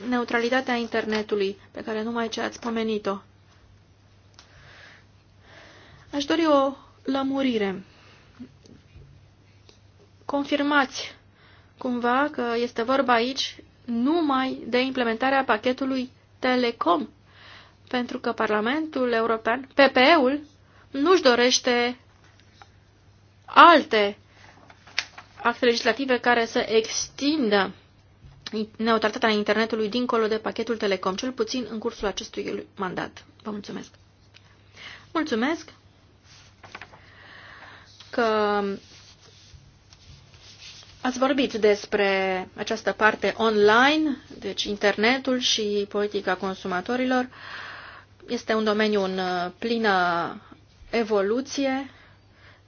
neutralitatea internetului, pe care numai ce ați pomenit-o. Aș dori o lămurire. Confirmați cumva că este vorba aici numai de implementarea pachetului Telecom, pentru că Parlamentul European, PPE-ul, nu-și dorește alte acte legislative care să extindă neutralitatea internetului dincolo de pachetul Telecom, cel puțin în cursul acestui mandat. Vă mulțumesc! Mulțumesc că ați vorbit despre această parte online, deci internetul și politica consumatorilor. Este un domeniu în plină evoluție.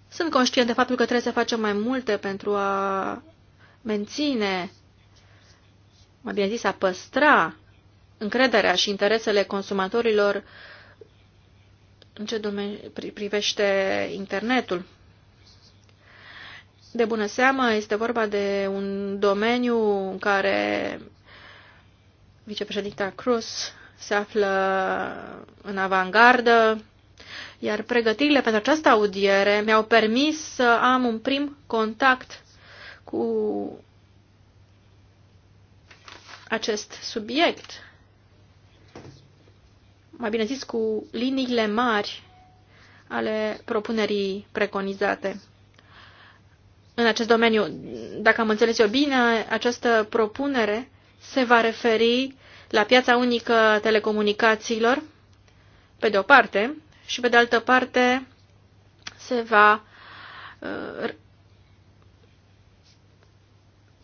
Sunt conștient de faptul că trebuie să facem mai multe pentru a menține mai bine zis, a păstra încrederea și interesele consumatorilor în ce privește internetul. De bună seamă, este vorba de un domeniu în care vicepreședinta Cruz se află în avangardă, iar pregătirile pentru această audiere mi-au permis să am un prim contact cu acest subiect, mai bine zis cu liniile mari ale propunerii preconizate. În acest domeniu, dacă am înțeles eu bine, această propunere se va referi la piața unică telecomunicațiilor, pe de o parte, și pe de altă parte se va uh,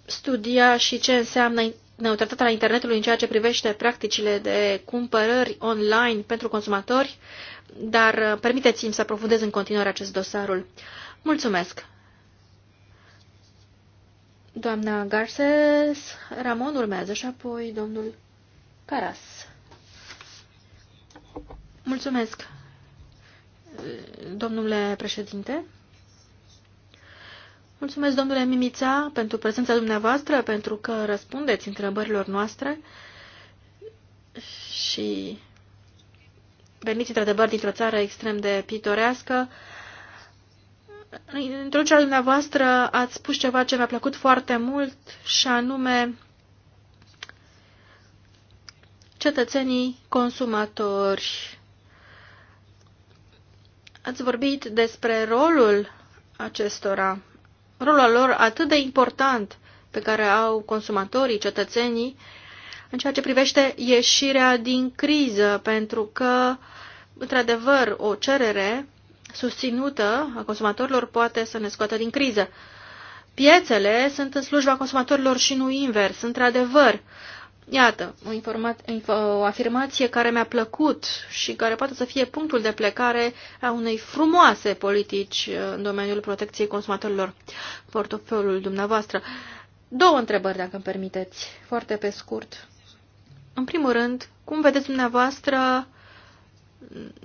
studia și ce înseamnă neutralitatea internetului în ceea ce privește practicile de cumpărări online pentru consumatori, dar uh, permiteți-mi să aprofundez în continuare acest dosarul. Mulțumesc! Doamna Garces, Ramon urmează și apoi domnul Caras. Mulțumesc, domnule președinte. Mulțumesc, domnule Mimița, pentru prezența dumneavoastră, pentru că răspundeți întrebărilor noastre și veniți într-adevăr dintr-o țară extrem de pitorească. Într-o cea dumneavoastră ați spus ceva ce mi-a plăcut foarte mult și anume cetățenii consumatori. Ați vorbit despre rolul acestora rolul lor atât de important pe care au consumatorii, cetățenii, în ceea ce privește ieșirea din criză, pentru că, într-adevăr, o cerere susținută a consumatorilor poate să ne scoată din criză. Piețele sunt în slujba consumatorilor și nu invers, într-adevăr, Iată, o, o afirmație care mi-a plăcut și care poate să fie punctul de plecare a unei frumoase politici în domeniul protecției consumatorilor, portofelul dumneavoastră. Două întrebări, dacă îmi permiteți, foarte pe scurt. În primul rând, cum vedeți dumneavoastră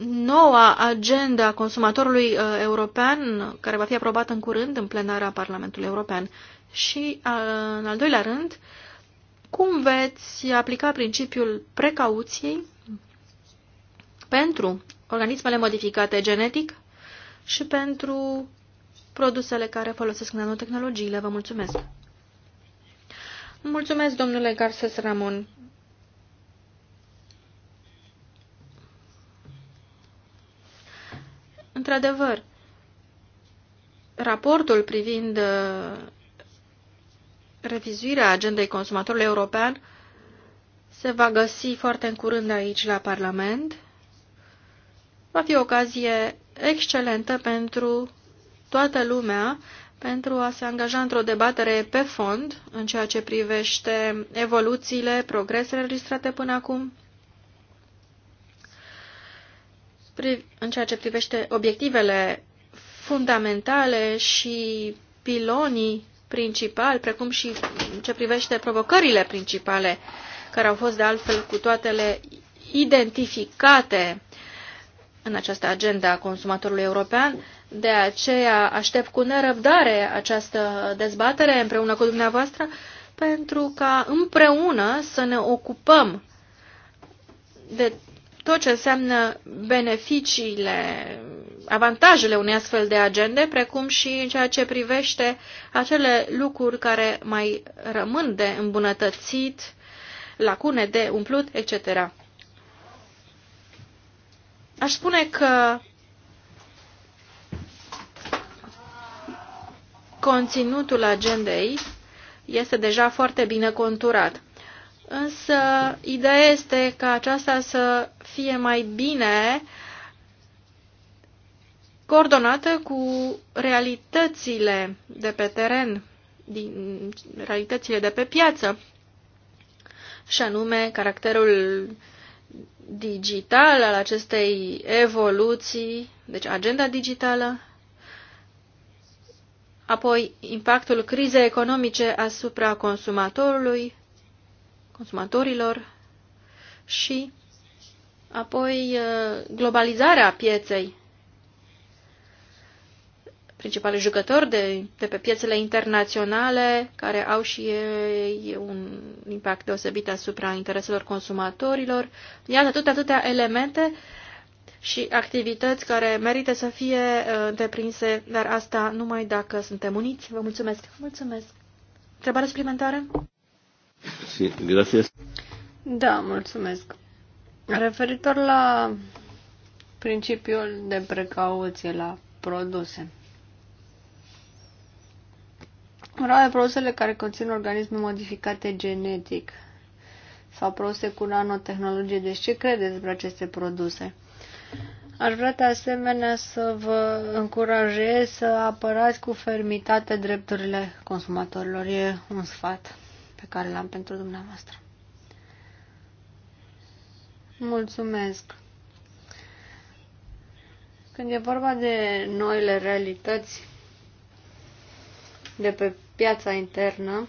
noua agenda consumatorului uh, european, care va fi aprobată în curând în plenara Parlamentului European? Și, uh, în al doilea rând, cum veți aplica principiul precauției pentru organismele modificate genetic și pentru produsele care folosesc nanotehnologiile? Vă mulțumesc! Mulțumesc, domnule Garces Ramon. Într-adevăr, raportul privind revizuirea agendei consumatorului european se va găsi foarte în curând aici la Parlament. Va fi o ocazie excelentă pentru toată lumea pentru a se angaja într-o debatere pe fond în ceea ce privește evoluțiile, progresele înregistrate până acum, în ceea ce privește obiectivele fundamentale și pilonii principal, precum și în ce privește provocările principale, care au fost de altfel cu toatele identificate în această agenda a consumatorului european. De aceea aștept cu nerăbdare această dezbatere împreună cu dumneavoastră pentru ca împreună să ne ocupăm de tot ce înseamnă beneficiile avantajele unei astfel de agende, precum și în ceea ce privește acele lucruri care mai rămân de îmbunătățit, lacune de umplut, etc. Aș spune că conținutul agendei este deja foarte bine conturat. Însă, ideea este ca aceasta să fie mai bine uh, coordonată cu realitățile de pe teren, din realitățile de pe piață, și anume caracterul digital al acestei evoluții, deci agenda digitală, apoi impactul crizei economice asupra consumatorului, consumatorilor și apoi uh, globalizarea pieței principale jucători de, de pe piețele internaționale, care au și ei un impact deosebit asupra intereselor consumatorilor. Iată atâtea, atâtea elemente și activități care merită să fie uh, întreprinse, dar asta numai dacă suntem uniți. Vă mulțumesc! Mulțumesc! Întrebare suplimentară?
Sí, gracias.
Da, mulțumesc.
Referitor la principiul de precauție la produse. Rău produsele care conțin organisme modificate genetic sau produse cu nanotehnologie. Deci ce credeți despre aceste produse? Aș vrea de asemenea să vă încurajez să apărați cu fermitate drepturile consumatorilor. E un sfat pe care l-am pentru dumneavoastră. Mulțumesc! Când e vorba de noile realități de pe piața internă,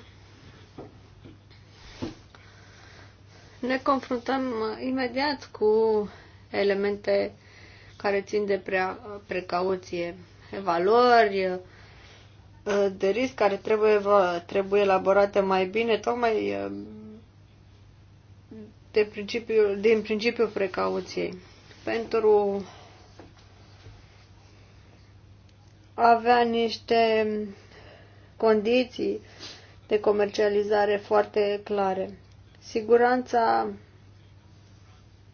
ne confruntăm uh, imediat cu elemente care țin de prea, uh, precauție, evaluări uh, de risc care trebuie, trebuie elaborate mai bine, tocmai de principiu, din principiul precauției. Pentru a avea niște condiții de comercializare foarte clare. Siguranța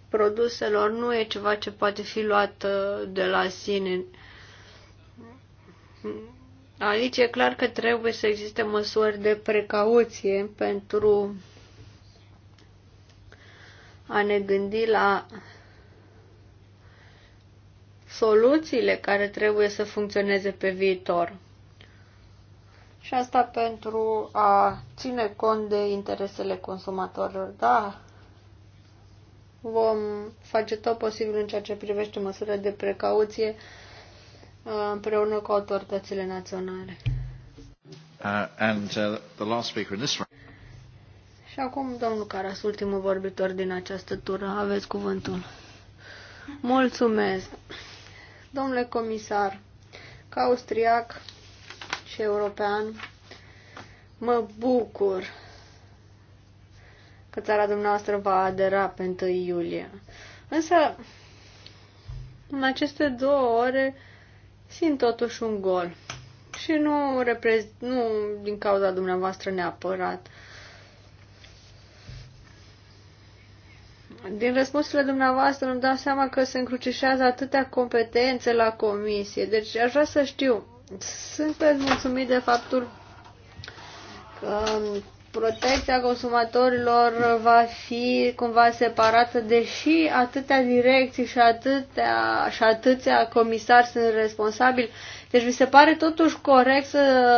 produselor nu e ceva ce poate fi luat uh, de la sine. Aici e clar că trebuie să existe măsuri de precauție pentru a ne gândi la soluțiile care trebuie să funcționeze pe viitor. Și asta pentru a ține cont de interesele consumatorilor. Da, vom face tot posibil în ceea ce privește măsurile de precauție uh, împreună cu autoritățile naționale.
Uh, and, uh, the last
speaker in this round.
Și acum, domnul Caras, ultimul vorbitor din această tură, aveți cuvântul. Mulțumesc! Domnule comisar, ca austriac, și european. Mă bucur că țara dumneavoastră va adera pe 1 iulie. Însă, în aceste două ore, simt totuși un gol. Și nu, reprez- nu din cauza dumneavoastră neapărat. Din răspunsurile dumneavoastră îmi dau seama că se încrucișează atâtea competențe la comisie. Deci aș vrea să știu sunt mulțumit de faptul că protecția consumatorilor va fi cumva separată, deși atâtea direcții și atâtea, și atâția comisari sunt responsabili. Deci mi se pare totuși corect să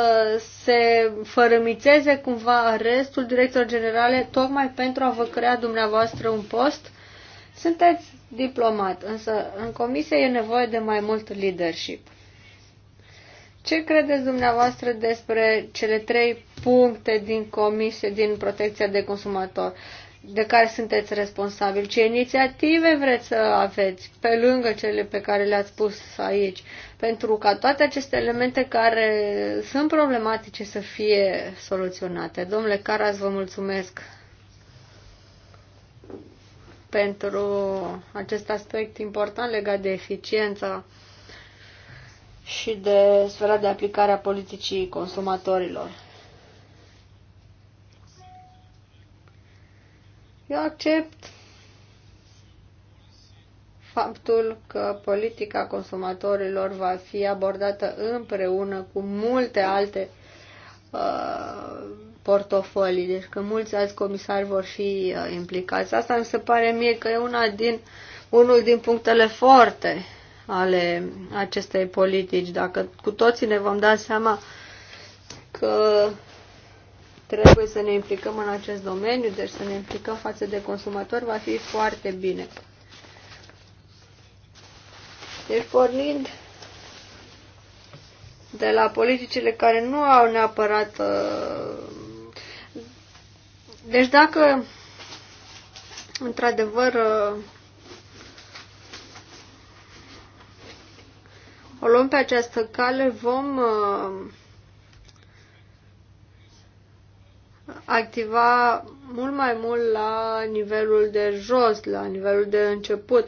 se fărămițeze cumva restul direcțiilor generale tocmai pentru a vă crea dumneavoastră un post. Sunteți diplomat, însă în comisie e nevoie de mai mult leadership. Ce credeți dumneavoastră despre cele trei puncte din comisie, din protecția de consumator, de care sunteți responsabili? Ce inițiative vreți să aveți pe lângă cele pe care le-ați pus aici? Pentru ca toate aceste elemente care sunt problematice să fie soluționate. Domnule Caras, vă mulțumesc pentru acest aspect important legat de eficiența și de sfera de aplicare a politicii consumatorilor. Eu accept faptul că politica consumatorilor va fi abordată împreună cu multe alte uh, portofolii, deci că mulți alți comisari vor fi uh, implicați. Asta îmi se pare mie că e una din, unul din punctele forte ale acestei politici. Dacă cu toții ne vom da seama că trebuie să ne implicăm în acest domeniu, deci să ne implicăm față de consumatori, va fi foarte bine. Deci pornind de la politicile care nu au neapărat. Uh, deci dacă într-adevăr uh, o luăm pe această cale, vom uh, activa mult mai mult la nivelul de jos, la nivelul de început,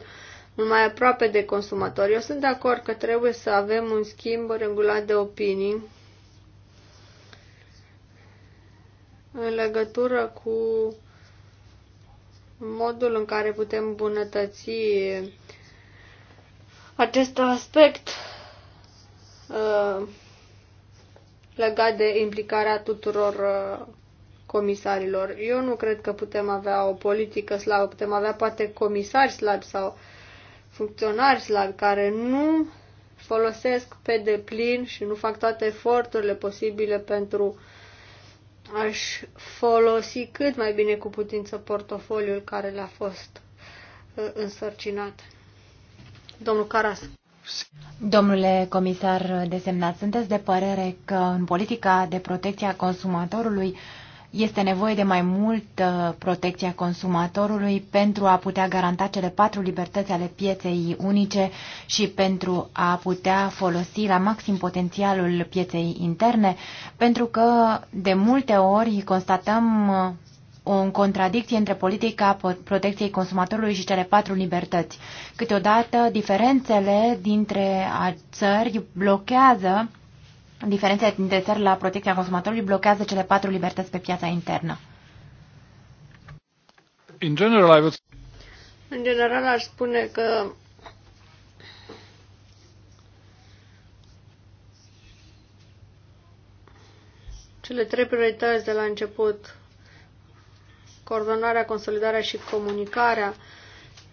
mult mai aproape de consumatori. Eu sunt de acord că trebuie să avem un schimb regulat de opinii în legătură cu modul în care putem îmbunătăți acest aspect Uh, legat de implicarea tuturor uh, comisarilor. Eu nu cred că putem avea o politică slabă, putem avea poate comisari slabi sau funcționari slabi care nu folosesc pe deplin și nu fac toate eforturile posibile pentru a-și folosi cât mai bine cu putință portofoliul care le-a fost uh, însărcinat. Domnul Caras.
Domnule comisar desemnat, sunteți de părere că în politica de protecție a consumatorului este nevoie de mai multă uh, protecție a consumatorului pentru a putea garanta cele patru libertăți ale pieței unice și pentru a putea folosi la maxim potențialul pieței interne, pentru că de multe ori constatăm uh, o contradicție între politica protecției consumatorului și cele patru libertăți. Câteodată, diferențele dintre țări blochează diferențele dintre țări la protecția consumatorului blochează cele patru libertăți pe piața internă. In general, I would... În
general, aș spune că cele trei priorități de la început coordonarea, consolidarea și comunicarea,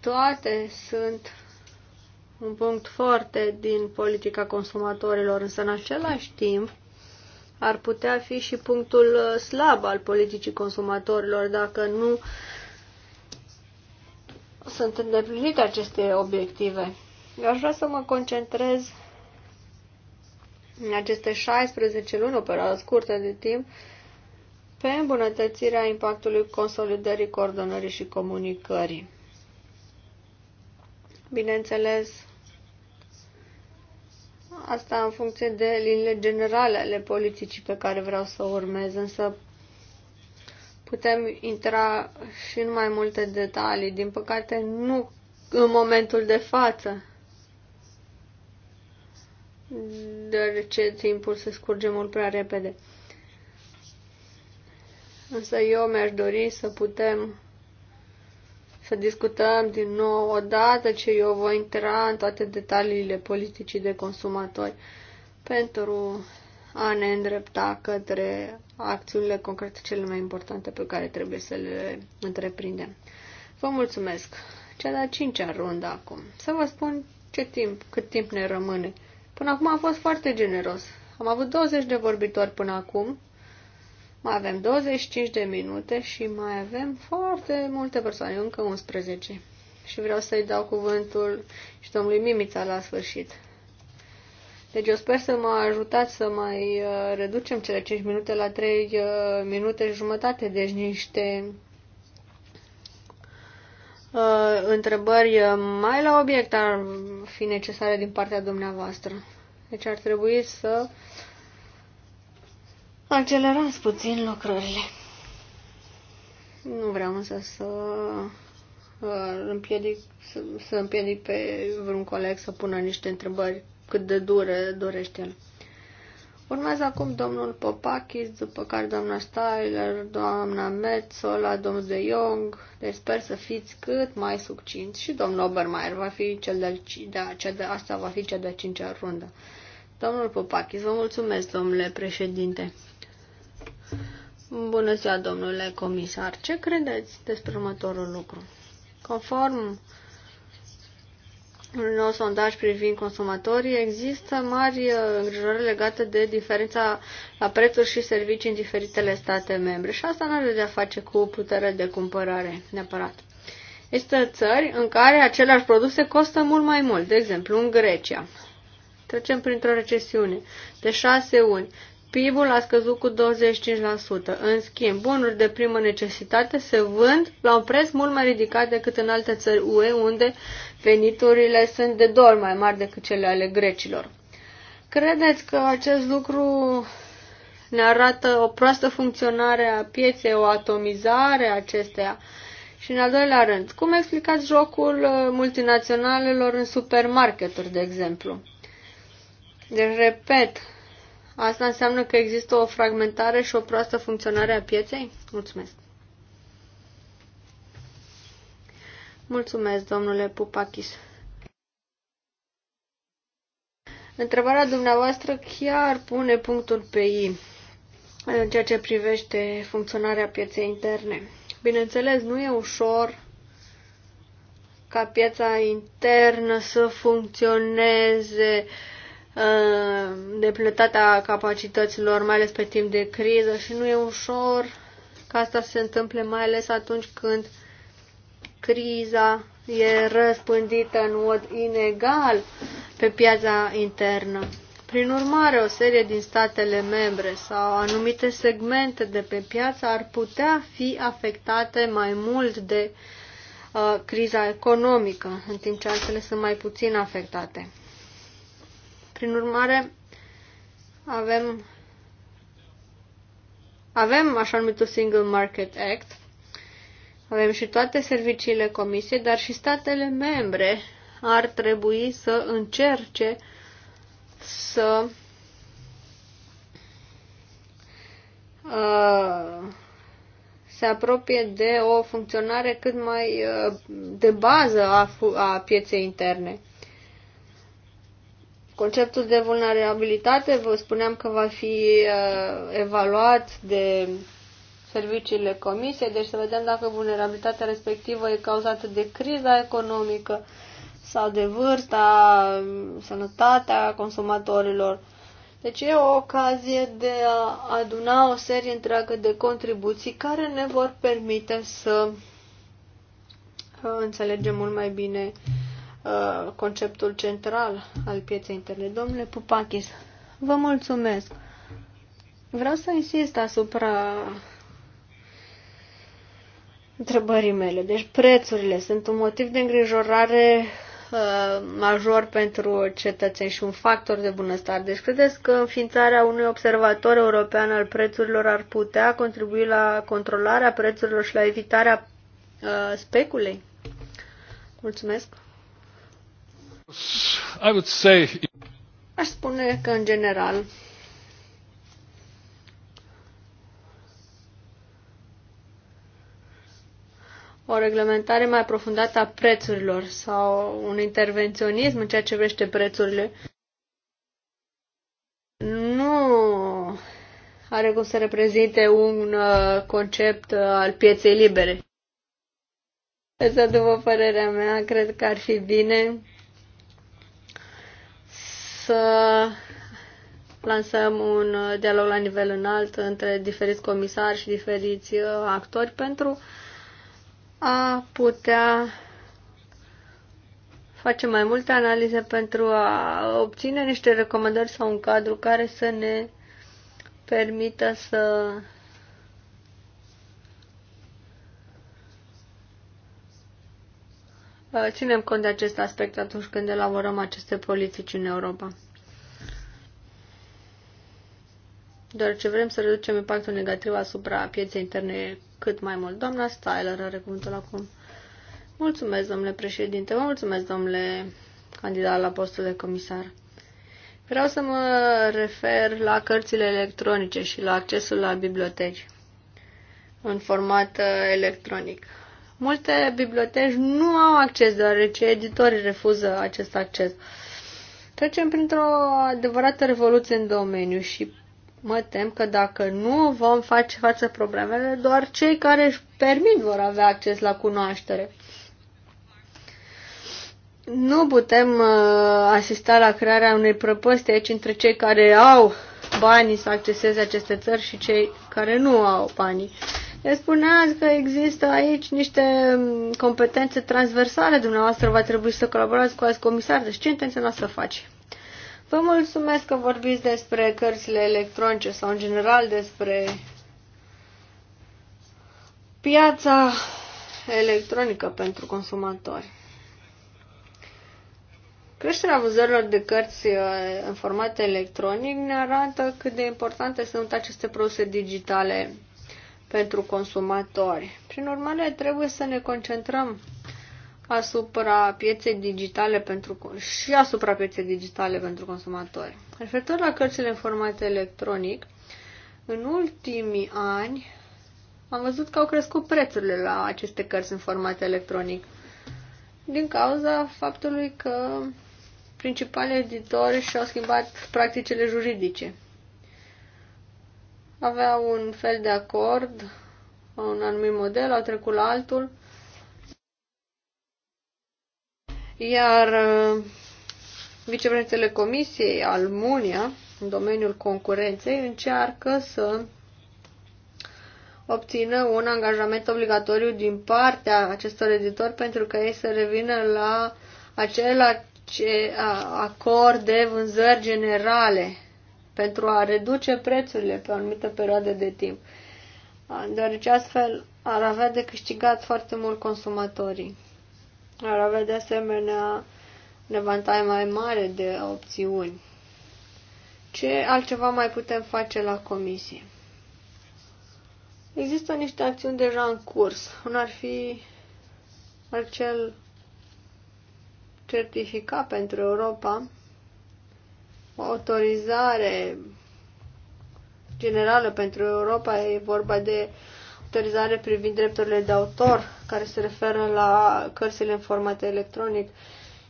toate sunt un punct foarte din politica consumatorilor, însă în același timp ar putea fi și punctul uh, slab al politicii consumatorilor dacă nu sunt îndeplinite aceste obiective. Eu aș vrea să mă concentrez în aceste 16 luni, o perioadă scurtă de timp, pe îmbunătățirea impactului consolidării, coordonării și comunicării. Bineînțeles, asta în funcție de liniile generale ale politicii pe care vreau să o urmez, însă putem intra și în mai multe detalii. Din păcate, nu în momentul de față, deoarece timpul se scurge mult prea repede. Însă eu mi-aș dori să putem să discutăm din nou odată ce eu voi intra în toate detaliile politicii de consumatori pentru a ne îndrepta către acțiunile concrete cele mai importante pe care trebuie să le întreprindem. Vă mulțumesc! Cea de-a cincea rundă acum. Să vă spun ce timp, cât timp ne rămâne. Până acum a fost foarte generos. Am avut 20 de vorbitori până acum mai avem 25 de minute și mai avem foarte multe persoane, încă 11. Și vreau să-i dau cuvântul și domnului Mimița la sfârșit. Deci eu sper să mă ajutați să mai uh, reducem cele 5 minute la 3 uh, minute și jumătate, deci niște uh, întrebări uh, mai la obiect ar fi necesare din partea dumneavoastră. Deci ar trebui să uh, Accelerați puțin lucrurile. Nu vreau însă să uh, împiedic, să, să împiedic pe vreun coleg să pună niște întrebări cât de dure dorește el. Urmează acum domnul Popachis, după care doamna Styler, doamna Metzola, domnul De Jong. Deci sper să fiți cât mai succinți și domnul Obermeier va fi cel de, al cea de asta va fi cea de-a cincea rundă. Domnul Popachis, vă mulțumesc, domnule președinte. Bună ziua, domnule comisar. Ce credeți despre următorul lucru? Conform unui nou sondaj privind consumatorii, există mari uh, îngrijorări legate de diferența la prețuri și servicii în diferitele state membre și asta nu are de a face cu puterea de cumpărare neapărat. Există țări în care aceleași produse costă mult mai mult, de exemplu în Grecia. Trecem printr-o recesiune de șase luni. PIB-ul a scăzut cu 25%. În schimb, bunuri de primă necesitate se vând la un preț mult mai ridicat decât în alte țări UE, unde veniturile sunt de două ori mai mari decât cele ale grecilor. Credeți că acest lucru ne arată o proastă funcționare a pieței, o atomizare a acesteia? Și în al doilea rând, cum explicați jocul uh, multinaționalelor în supermarketuri, de exemplu? Deci, repet, Asta înseamnă că există o fragmentare și o proastă funcționare a pieței? Mulțumesc. Mulțumesc, domnule Pupachis. Întrebarea dumneavoastră chiar pune punctul pe I în ceea ce privește funcționarea pieței interne. Bineînțeles, nu e ușor ca piața internă să funcționeze uh, Uh, depletarea capacităților, mai ales pe timp de criză și nu e ușor ca asta să se întâmple, mai ales atunci când criza e răspândită în mod inegal pe piața internă. Prin urmare, o serie din statele membre sau anumite segmente de pe piață ar putea fi afectate mai mult de uh, criza economică, în timp ce altele sunt mai puțin afectate. Prin urmare, avem avem așa numitul Single Market Act, avem și toate serviciile comisiei, dar și statele membre ar trebui să încerce să uh, se apropie de o funcționare cât mai uh, de bază a, a pieței interne. Conceptul de vulnerabilitate, vă spuneam că va fi uh, evaluat de serviciile comisiei, deci să vedem dacă vulnerabilitatea respectivă e cauzată de criza economică sau de vârsta, sănătatea consumatorilor. Deci e o ocazie de a aduna o serie întreagă de contribuții care ne vor permite să uh, înțelegem mult mai bine uh, Uh, conceptul central al pieței interne. Domnule Pupachis, vă mulțumesc. Vreau să insist asupra întrebării mele. Deci prețurile sunt un motiv de îngrijorare uh, major pentru cetățeni și un factor de bunăstar. Deci credeți că înființarea unui observator european al prețurilor ar putea contribui la controlarea prețurilor și la evitarea uh, speculei? Mulțumesc!
I would say...
Aș spune că, în general, o reglementare mai aprofundată a prețurilor sau un intervenționism în ceea ce vrește prețurile nu are cum să reprezinte un uh, concept uh, al pieței libere. Însă, deci, după părerea mea, cred că ar fi bine să lansăm un dialog la nivel înalt între diferiți comisari și diferiți uh, actori pentru a putea face mai multe analize pentru a obține niște recomandări sau un cadru care să ne permită să Uh, ținem cont de acest aspect atunci când elaborăm aceste politici în Europa. Doar ce vrem să reducem impactul negativ asupra pieței interne cât mai mult. Doamna Styler are cuvântul acum. Mulțumesc, domnule președinte, vă mulțumesc, domnule candidat la postul de comisar. Vreau să mă refer la cărțile electronice și la accesul la biblioteci în format uh, electronic. Multe biblioteci nu au acces, deoarece editorii refuză acest acces. Trecem printr-o adevărată revoluție în domeniu și mă tem că dacă nu vom face față problemele, doar cei care își permit vor avea acces la cunoaștere. Nu putem uh, asista la crearea unei prăpăsti aici între cei care au banii să acceseze aceste țări și cei care nu au banii. Ne spuneați că există aici niște competențe transversale, dumneavoastră va trebui să colaborați cu alți comisari, deci ce intenționați să faci? Vă mulțumesc că vorbiți despre cărțile electronice sau în general despre piața electronică pentru consumatori. Creșterea vânzărilor de cărți uh, în format electronic ne arată cât de importante sunt aceste produse digitale pentru consumatori. Prin urmare, trebuie să ne concentrăm asupra pieței digitale pentru, și asupra pieței digitale pentru consumatori. Referitor la cărțile în format electronic, în ultimii ani am văzut că au crescut prețurile la aceste cărți în format electronic din cauza faptului că principalii editori și-au schimbat practicile juridice avea un fel de acord, un anumit model, a trecut la altul. Iar uh, vicepreședintele Comisiei Almunia, în domeniul concurenței, încearcă să obțină un angajament obligatoriu din partea acestor editori pentru că ei să revină la acel uh, acord de vânzări generale pentru a reduce prețurile pe o anumită perioadă de timp, deoarece astfel ar avea de câștigat foarte mult consumatorii. Ar avea de asemenea nevantai mai mare de opțiuni. Ce altceva mai putem face la comisie? Există niște acțiuni deja în curs. Un ar fi acel certificat pentru Europa o autorizare generală pentru Europa, e vorba de autorizare privind drepturile de autor, care se referă la cărțile în format electronic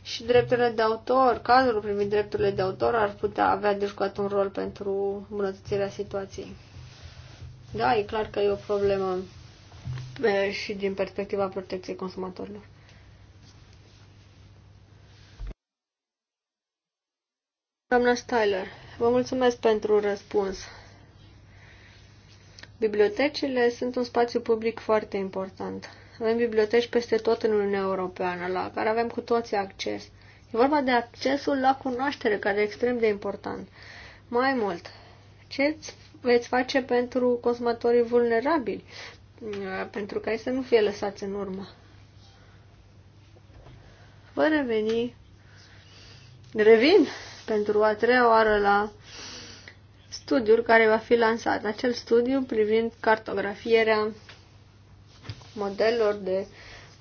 și drepturile de autor, cadrul privind drepturile de autor ar putea avea de jucat un rol pentru îmbunătățirea situației. Da, e clar că e o problemă și din perspectiva protecției consumatorilor. Doamna Styler, vă mulțumesc pentru răspuns. Bibliotecile sunt un spațiu public foarte important. Avem biblioteci peste tot în Uniunea Europeană, la care avem cu toții acces. E vorba de accesul la cunoaștere, care e extrem de important. Mai mult, ce veți face pentru consumatorii vulnerabili, pentru ca ei să nu fie lăsați în urmă? Vă reveni. Revin pentru a treia oară la studiul care va fi lansat. Acel studiu privind cartografierea modelor de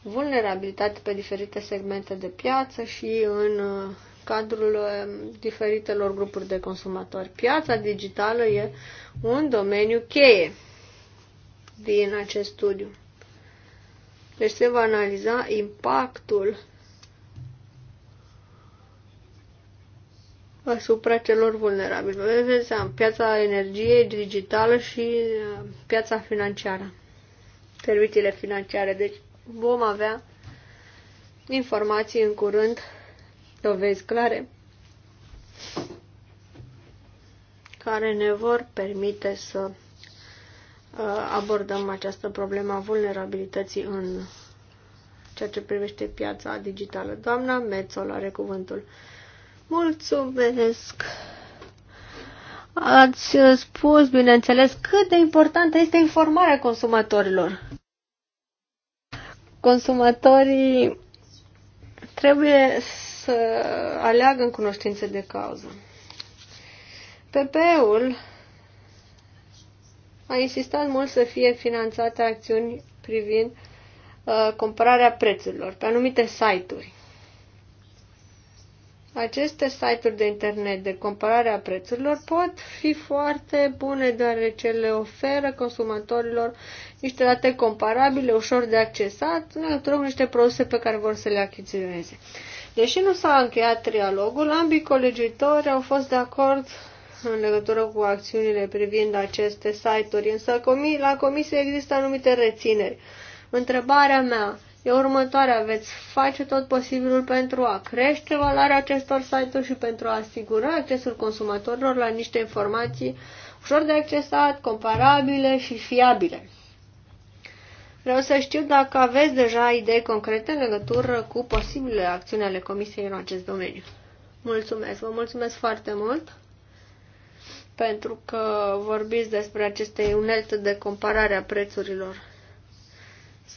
vulnerabilitate pe diferite segmente de piață și în uh, cadrul uh, diferitelor grupuri de consumatori. Piața digitală e un domeniu cheie din acest studiu. Deci se va analiza impactul asupra celor vulnerabili. Vedeți, am piața energiei digitală și uh, piața financiară, serviciile financiare. Deci vom avea informații în curând, dovezi clare, care ne vor permite să uh, abordăm această problemă a vulnerabilității în ceea ce privește piața digitală. Doamna Metzol are cuvântul. Mulțumesc! Ați spus, bineînțeles, cât de importantă este informarea consumatorilor. Consumatorii trebuie să aleagă în cunoștință de cauză. PP-ul a insistat mult să fie finanțate acțiuni privind uh, compararea prețurilor pe anumite site-uri. Aceste site-uri de internet de comparare a prețurilor pot fi foarte bune deoarece le oferă consumatorilor niște date comparabile, ușor de accesat, în legătură niște produse pe care vor să le achiziționeze. Deși nu s-a încheiat trialogul, ambii colegitori au fost de acord în legătură cu acțiunile privind aceste site-uri, însă la comisie există anumite rețineri. Întrebarea mea e următoarea. Veți face tot posibilul pentru a crește valoarea acestor site-uri și pentru a asigura accesul consumatorilor la niște informații ușor de accesat, comparabile și fiabile. Vreau să știu dacă aveți deja idei concrete în legătură cu posibile acțiuni ale Comisiei în acest domeniu. Mulțumesc, vă mulțumesc foarte mult pentru că vorbiți despre aceste unelte de comparare a prețurilor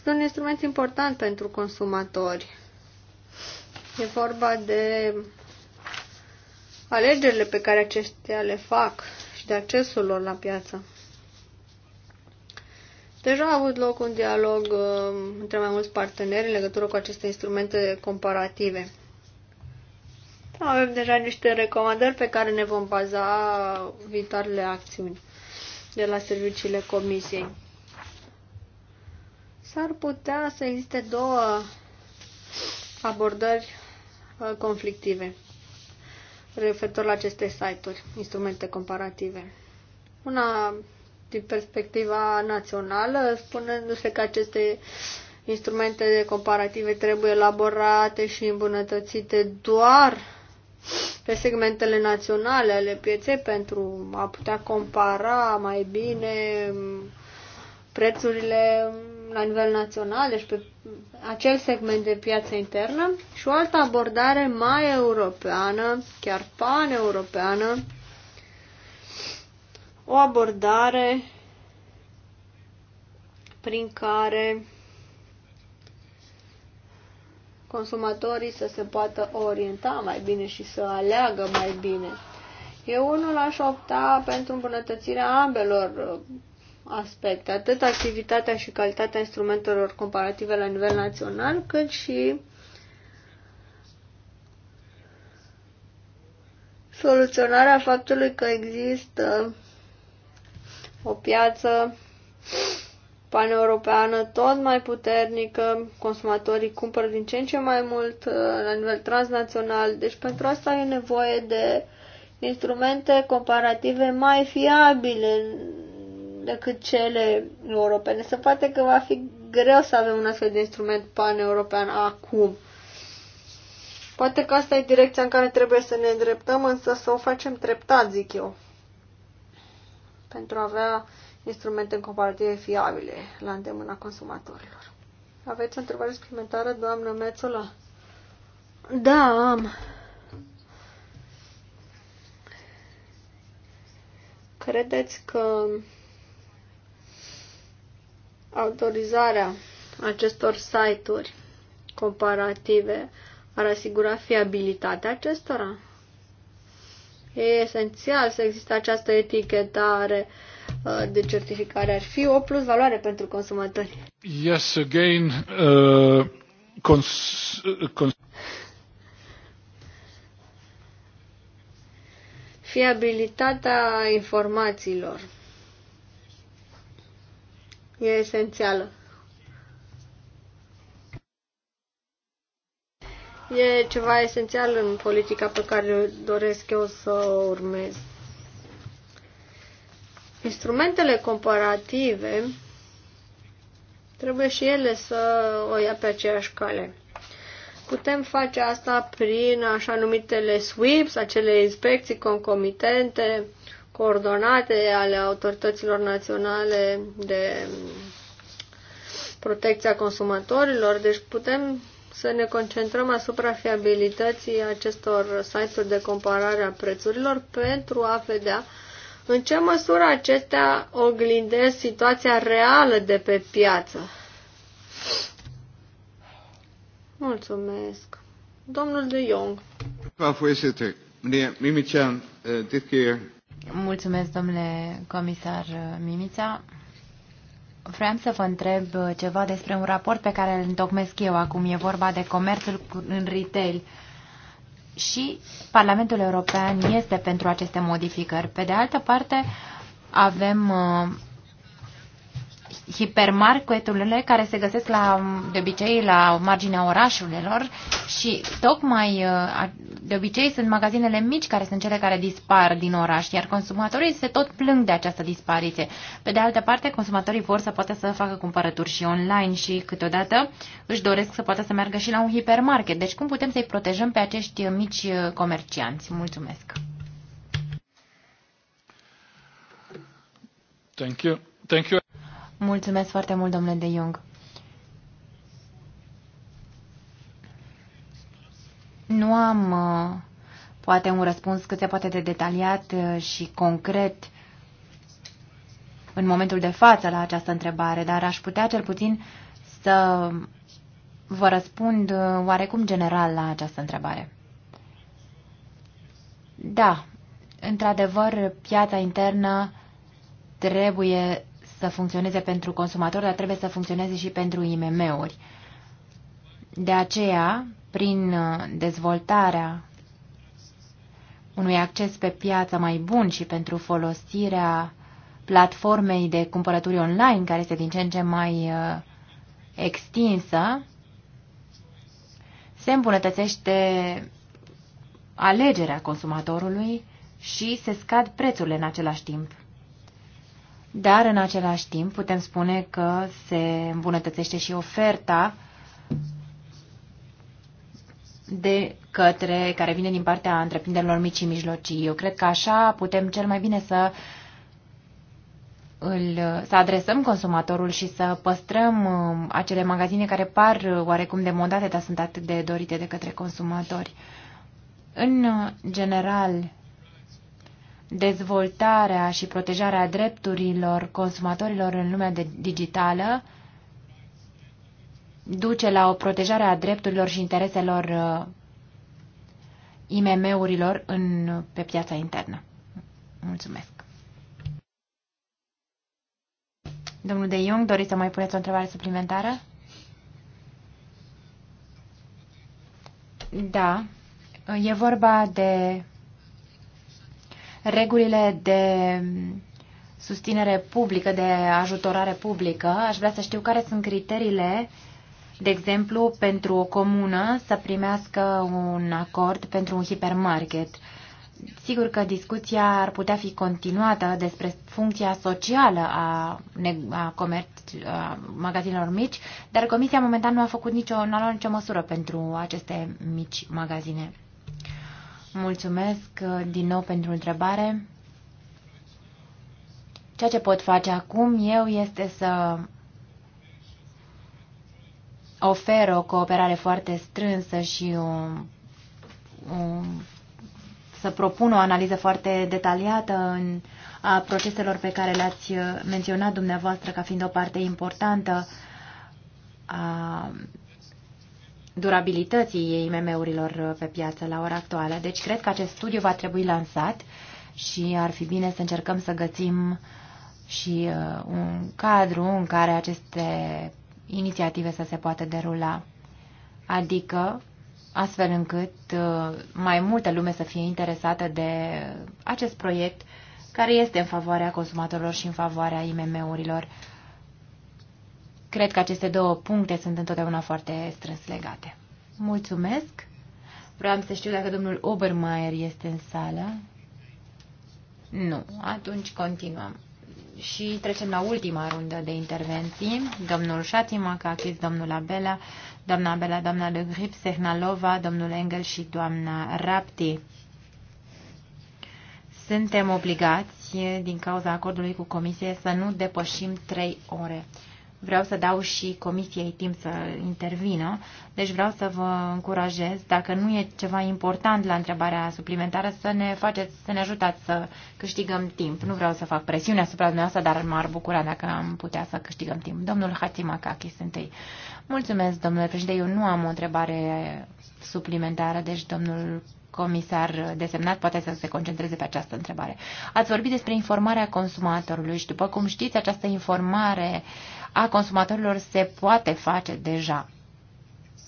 sunt un instrument important pentru consumatori. E vorba de alegerile pe care acestea le fac și de accesul lor la piață. Deja a avut loc un dialog uh, între mai mulți parteneri în legătură cu aceste instrumente comparative. Avem deja niște recomandări pe care ne vom baza viitoarele acțiuni de la serviciile comisiei. S-ar putea să existe două abordări uh, conflictive referitor la aceste site-uri, instrumente comparative. Una din perspectiva națională, spunându-se că aceste instrumente comparative trebuie elaborate și îmbunătățite doar pe segmentele naționale ale pieței pentru a putea compara mai bine mm, prețurile mm, la nivel național, deci pe acel segment de piață internă și o altă abordare mai europeană, chiar pan-europeană, o abordare prin care consumatorii să se poată orienta mai bine și să aleagă mai bine. Eu unul aș opta pentru îmbunătățirea ambelor aspecte, atât activitatea și calitatea instrumentelor comparative la nivel național, cât și soluționarea faptului că există o piață paneuropeană tot mai puternică, consumatorii cumpără din ce în ce mai mult uh, la nivel transnațional, deci pentru asta e nevoie de instrumente comparative mai fiabile, decât cele europene. Se poate că va fi greu să avem un astfel de instrument pan-european acum. Poate că asta e direcția în care trebuie să ne îndreptăm, însă să o facem treptat, zic eu, pentru a avea instrumente în comparativ fiabile la îndemâna consumatorilor. Aveți o întrebare suplimentară, doamnă Mețola? Da, am. Credeți că autorizarea acestor site-uri comparative ar asigura fiabilitatea acestora? E esențial să existe această etichetare uh, de certificare. Ar fi o plus valoare pentru consumatori.
Yes, again, uh, cons- uh, cons-
fiabilitatea informațiilor e esențială. E ceva esențial în politica pe care doresc eu să o urmez. Instrumentele comparative trebuie și ele să o ia pe aceeași cale. Putem face asta prin așa numitele sweeps, acele inspecții concomitente, coordonate ale autorităților naționale de protecția consumatorilor, deci putem să ne concentrăm asupra fiabilității acestor site-uri de comparare a prețurilor pentru a vedea în ce măsură acestea oglindesc situația reală de pe piață. Mulțumesc.
Domnul de Jong.
Mevrouw voorzitter, meneer Mimichan, dit keer
Mulțumesc, domnule comisar Mimița. Vreau să vă întreb ceva despre un raport pe care îl întocmesc eu acum. E vorba de comerțul în retail. Și Parlamentul European este pentru aceste modificări. Pe de altă parte, avem uh, hipermarketurile care se găsesc la, de obicei la marginea orașurilor și tocmai uh, de obicei sunt magazinele mici care sunt cele care dispar din oraș, iar consumatorii se tot plâng de această dispariție. Pe de altă parte, consumatorii vor să poată să facă cumpărături și online și câteodată își doresc să poată să meargă și la un hipermarket. Deci cum putem să-i protejăm pe acești mici uh, comercianți? Mulțumesc! Thank you. Thank you. Mulțumesc foarte mult, domnule de Jung. Nu am uh, poate un răspuns cât se poate de detaliat uh, și concret în momentul de față la această întrebare, dar aș putea cel puțin să vă răspund uh, oarecum general la această întrebare. Da, într-adevăr, piața internă trebuie să funcționeze pentru consumator, dar trebuie să funcționeze și pentru IMM-uri. De aceea, prin uh, dezvoltarea unui acces pe piață mai bun și pentru folosirea platformei de cumpărături online, care este din ce în ce mai uh, extinsă, se îmbunătățește alegerea consumatorului și se scad prețurile în același timp dar în același timp putem spune că se îmbunătățește și oferta de către, care vine din partea întreprinderilor mici și mijlocii. Eu cred că așa putem cel mai bine să îl, să adresăm consumatorul și să păstrăm um, acele magazine care par oarecum demodate, dar sunt atât de dorite de către consumatori. În uh, general, dezvoltarea și protejarea drepturilor consumatorilor în lumea digitală duce la o protejare a drepturilor și intereselor uh, IMM-urilor în, pe piața internă. Mulțumesc. Domnul De Jong, doriți să mai puneți o întrebare suplimentară? Da. E vorba de regulile de mm, susținere publică, de ajutorare publică. Aș vrea să știu care sunt criteriile, de exemplu, pentru o comună să primească un acord pentru un hipermarket. Sigur că discuția ar putea fi continuată despre funcția socială a, a, comerț, a magazinelor mici, dar Comisia momentan nu a făcut nicio, nu a luat nicio măsură pentru aceste mici magazine. Mulțumesc uh, din nou pentru întrebare. Ceea ce pot face acum eu este să ofer o cooperare foarte strânsă și o, o, să propun o analiză foarte detaliată în, a proceselor pe care le-ați menționat dumneavoastră ca fiind o parte importantă a durabilității IMM-urilor uh, pe piață la ora actuală. Deci cred că acest studiu va trebui lansat și ar fi bine să încercăm să găsim și uh, un cadru în care aceste inițiative să se poată derula. Adică astfel încât uh, mai multă lume să fie interesată de acest proiect care este în favoarea consumatorilor și în favoarea IMM-urilor. Cred că aceste două puncte sunt întotdeauna foarte strâns legate. Mulțumesc! Vreau să știu dacă domnul Obermeier este în sală. Nu. Atunci continuăm. Și trecem la ultima rundă de intervenții. Domnul Șatima, Kakis, domnul Abela, doamna Abela, doamna de Grip, Sehnalova, domnul Engel și doamna Rapti. Suntem obligați, din cauza acordului cu comisie, să nu depășim trei ore. Vreau să dau și comisiei timp să intervină, deci vreau să vă încurajez, dacă nu e ceva important la întrebarea suplimentară, să ne, faceți, să ne ajutați să câștigăm timp. Nu vreau să fac presiune asupra dumneavoastră, dar m-ar bucura dacă am putea să câștigăm timp. Domnul sunt ei. Mulțumesc, domnule președinte. Eu nu am o întrebare suplimentară, deci domnul comisar desemnat poate să se concentreze pe această întrebare. Ați vorbit despre informarea consumatorului și, după cum știți, această informare a consumatorilor se poate face deja.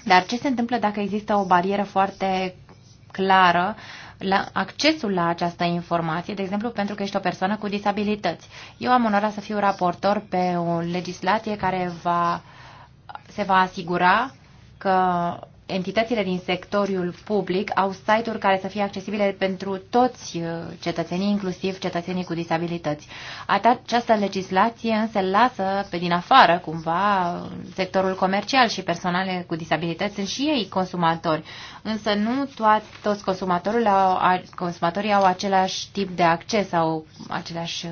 Dar ce se întâmplă dacă există o barieră foarte clară la accesul la această informație, de exemplu pentru că ești o persoană cu disabilități. Eu am onora să fiu raportor pe o legislație care va, se va asigura că entitățile din sectorul public au site-uri care să fie accesibile pentru toți uh, cetățenii, inclusiv cetățenii cu disabilități. Această legislație însă lasă pe din afară cumva sectorul comercial și personale cu disabilități sunt și ei consumatori, însă nu toți, toți consumatorii au, consumatorii au același tip de acces sau aceleași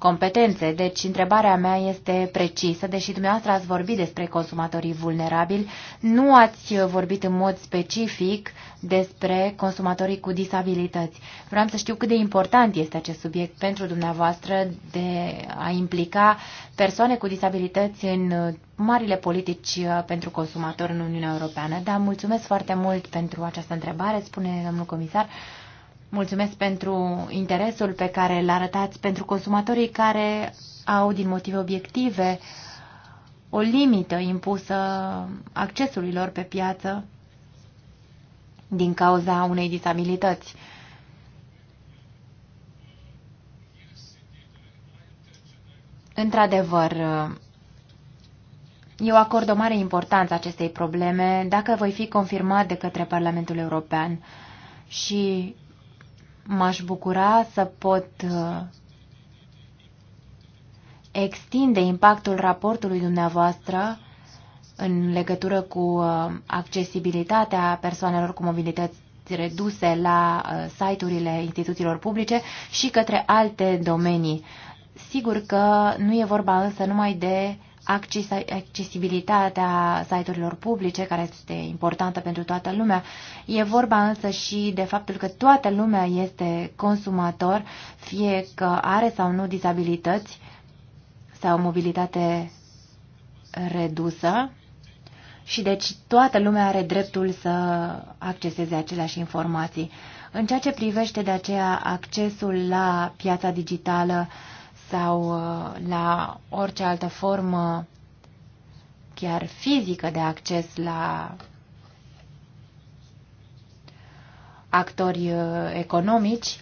competențe. Deci, întrebarea mea este precisă, deși dumneavoastră ați vorbit despre consumatorii vulnerabili, nu ați vorbit în mod specific despre consumatorii cu disabilități. Vreau să știu cât de important este acest subiect pentru dumneavoastră de a implica persoane cu disabilități în marile politici pentru consumatori în Uniunea Europeană. Dar mulțumesc foarte mult pentru această întrebare, spune domnul comisar. Mulțumesc pentru interesul pe care îl arătați pentru consumatorii care au, din motive obiective, o limită impusă accesului lor pe piață din cauza unei disabilități. Într-adevăr, eu acord o mare importanță acestei probleme dacă voi fi confirmat de către Parlamentul European și m-aș bucura să pot uh, extinde impactul raportului dumneavoastră în legătură cu uh, accesibilitatea persoanelor cu mobilități reduse la uh, site-urile instituțiilor publice și către alte domenii. Sigur că nu e vorba însă numai de uh, accesibilitatea site-urilor publice, care este importantă pentru toată lumea. E vorba însă și de faptul că toată lumea este consumator, fie că are sau nu dizabilități sau mobilitate redusă și deci toată lumea are dreptul să acceseze aceleași informații. În ceea ce privește de aceea accesul la piața digitală, uh, sau uh, la orice altă formă chiar fizică de acces la actori uh, economici,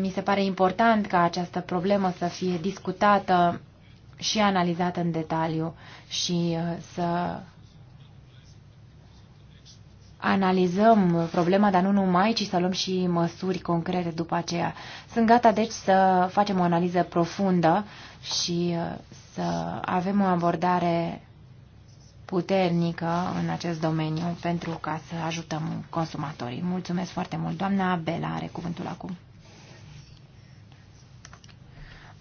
mi se pare important ca această problemă să fie discutată și analizată în detaliu și uh, să analizăm problema, dar nu numai, ci să luăm și măsuri concrete după aceea. Sunt gata, deci, să facem o analiză profundă și uh, să avem o abordare puternică în acest domeniu pentru ca să ajutăm consumatorii. Mulțumesc foarte mult. Doamna Bela are cuvântul acum.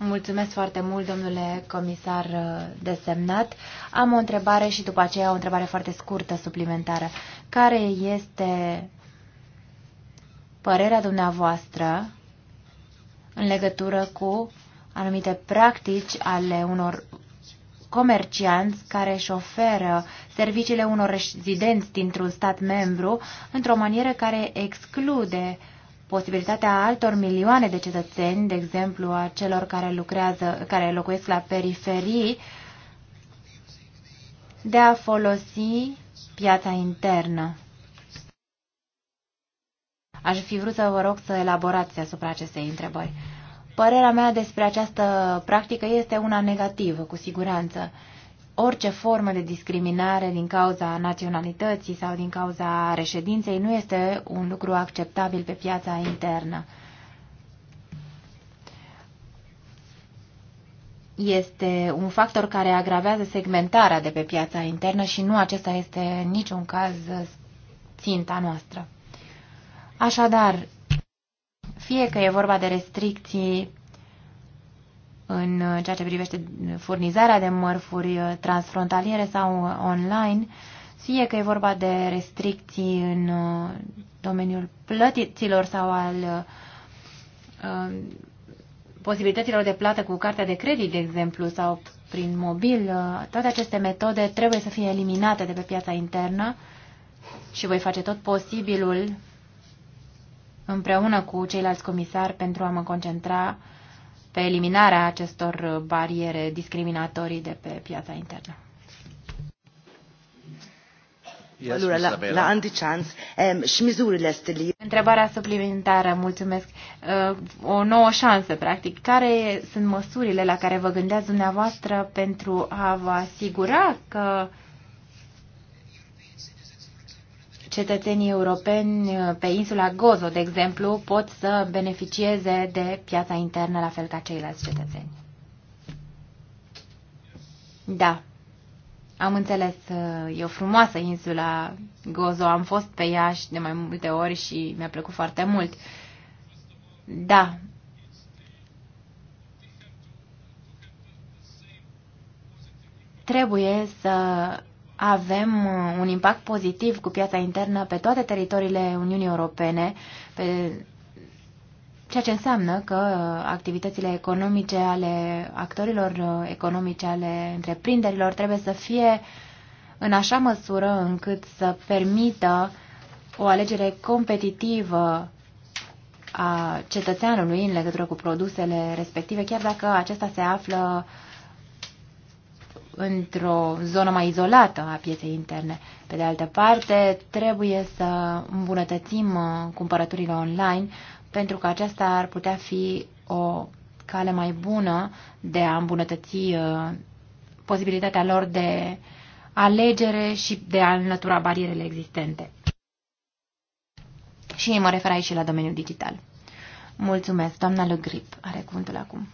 Mulțumesc foarte mult, domnule comisar uh, desemnat. Am o întrebare și după aceea o întrebare foarte scurtă, suplimentară. Care este părerea dumneavoastră în legătură cu anumite practici ale unor comercianți care își oferă serviciile unor rezidenți dintr-un stat membru într-o manieră care exclude posibilitatea altor milioane de cetățeni, de exemplu a celor care lucrează, care locuiesc la periferii, de a folosi piața internă. Aș fi vrut să vă rog să elaborați asupra acestei întrebări. Părerea mea despre această practică este una negativă, cu siguranță orice formă de discriminare din cauza naționalității sau din cauza reședinței nu este un lucru acceptabil pe piața internă. Este un factor care agravează segmentarea de pe piața internă și nu acesta este niciun caz ținta noastră. Așadar, fie că e vorba de restricții în uh, ceea ce privește furnizarea de mărfuri uh, transfrontaliere sau uh, online, fie că e vorba de restricții în domeniul plătiților sau al posibilităților de plată cu cartea de credit, de exemplu, sau prin mobil, toate aceste metode trebuie să fie eliminate de pe piața internă și voi face tot posibilul împreună cu ceilalți comisari pentru a mă concentra pe eliminarea acestor bariere discriminatorii de pe piața internă.
allora, la, la
chance um, ehm, și mizurile stilii. Întrebarea suplimentară, mulțumesc. Uh, o nouă șansă, practic. Care sunt măsurile la care vă gândeați dumneavoastră pentru a vă asigura că uh, cetățenii europeni uh, pe insula Gozo, de exemplu, pot să beneficieze de piața internă la fel ca ceilalți cetățeni. Da, am înțeles, uh, e o frumoasă insula Gozo, am fost pe ea și de mai multe ori și mi-a plăcut foarte mult. Da. Trebuie să avem uh, un impact pozitiv cu piața internă pe toate teritoriile Uniunii Europene, pe ceea ce înseamnă că activitățile economice ale actorilor uh, economice, ale întreprinderilor trebuie să fie în așa măsură încât să permită o alegere competitivă a cetățeanului în legătură cu produsele respective, chiar dacă acesta se află uh, într-o zonă mai izolată a pieței interne. Pe de altă parte, trebuie să îmbunătățim uh, cumpărăturile online pentru că aceasta ar putea fi o cale mai bună de a îmbunătăți uh, posibilitatea lor de alegere și de a înlătura barierele existente. Și mă refer aici și la domeniul digital. Mulțumesc, doamna Le Grip are cuvântul acum.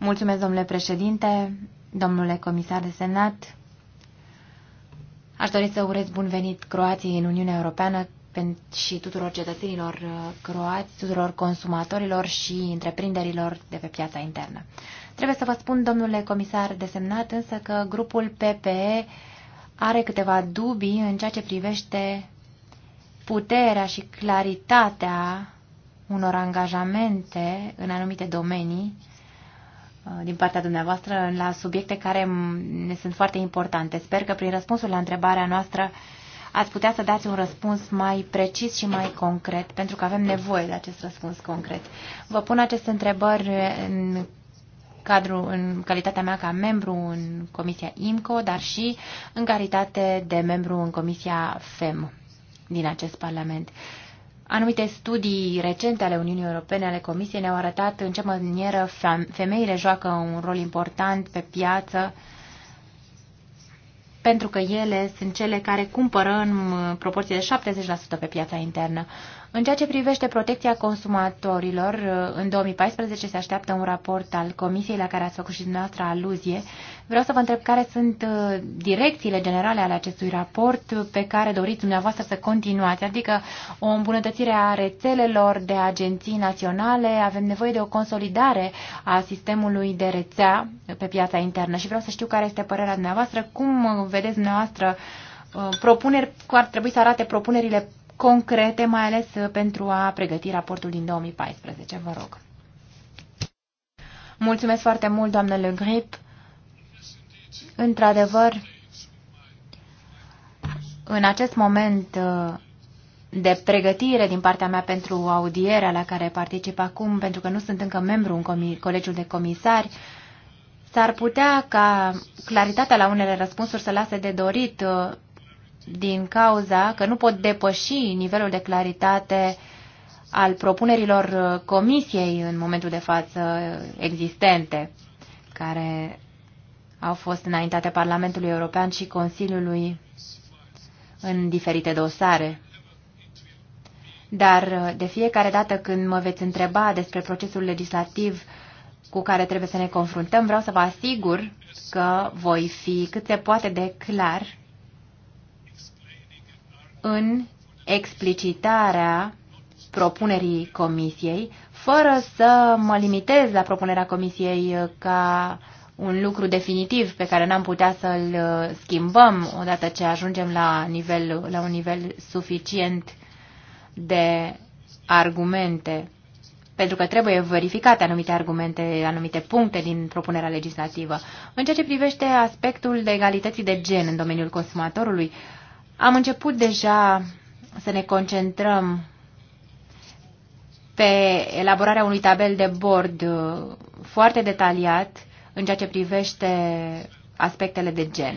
Mulțumesc, domnule președinte, domnule comisar de senat. Aș dori să urez bun venit Croației în Uniunea Europeană și tuturor cetățenilor uh, croați, tuturor consumatorilor și întreprinderilor de pe piața internă. Trebuie să vă spun, domnule comisar desemnat, însă că grupul PPE are câteva dubii în ceea ce privește puterea și claritatea unor angajamente în anumite domenii Uh, din partea dumneavoastră la subiecte care ne sunt foarte importante. Sper că prin răspunsul la întrebarea noastră ați putea să dați un răspuns mai precis și mai concret, pentru că avem nevoie de acest răspuns concret. Vă pun aceste întrebări în cadru, în calitatea mea ca membru în Comisia IMCO, dar și în calitate de membru în Comisia FEM din acest Parlament. Anumite studii recente ale Uniunii Europene, ale Comisiei, ne-au arătat în ce manieră femeile joacă un rol important pe piață, pentru că ele sunt cele care cumpără în uh, proporție de 70% pe piața internă. În ceea ce privește protecția consumatorilor, în 2014 se așteaptă un raport al Comisiei la care ați făcut și dumneavoastră aluzie. Vreau să vă întreb care sunt uh, direcțiile generale ale acestui raport pe care doriți dumneavoastră să continuați, adică o îmbunătățire a rețelelor de agenții naționale, avem nevoie de o consolidare a sistemului de rețea pe piața internă și vreau să știu care este părerea dumneavoastră, cum vedeți dumneavoastră uh, propuneri, cum ar trebui să arate propunerile concrete, mai ales uh, pentru a pregăti raportul din 2014. Vă rog. Mulțumesc foarte mult, doamnă Le Grip. Într-adevăr, în acest moment uh, de pregătire din partea mea pentru audierea la care particip acum, pentru că nu sunt încă membru în Colegiul de Comisari, s-ar putea ca claritatea la unele răspunsuri să lase de dorit uh, din cauza că nu pot depăși nivelul de claritate al propunerilor uh, comisiei în momentul de față uh, existente, care au fost înaintate Parlamentului European și Consiliului în diferite dosare. Dar uh, de fiecare dată când mă veți întreba despre procesul legislativ cu care trebuie să ne confruntăm, vreau să vă asigur că voi fi cât se poate de clar în explicitarea propunerii comisiei, fără să mă limitez la propunerea comisiei uh, ca un lucru definitiv pe care n-am putea să-l uh, schimbăm odată ce ajungem la, nivel, la un nivel suficient de argumente, pentru că trebuie verificate anumite argumente, anumite puncte din propunerea legislativă. În ceea ce privește aspectul de egalității de gen în domeniul consumatorului, uh, am început deja să ne concentrăm pe elaborarea unui tabel de bord uh, foarte detaliat în ceea ce privește aspectele de gen.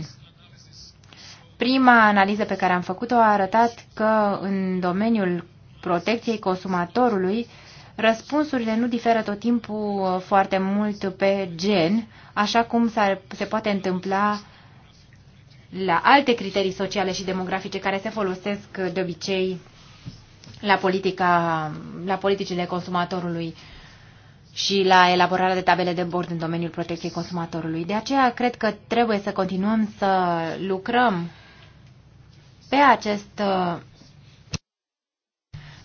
Prima analiză pe care am făcut-o a arătat că în domeniul protecției consumatorului, răspunsurile nu diferă tot timpul uh, foarte mult pe gen, așa cum se poate întâmpla la alte criterii sociale și demografice care se folosesc uh, de obicei la, politica, la politicile consumatorului și la elaborarea de tabele de bord în domeniul protecției consumatorului. De aceea cred că trebuie să continuăm să lucrăm pe acest uh,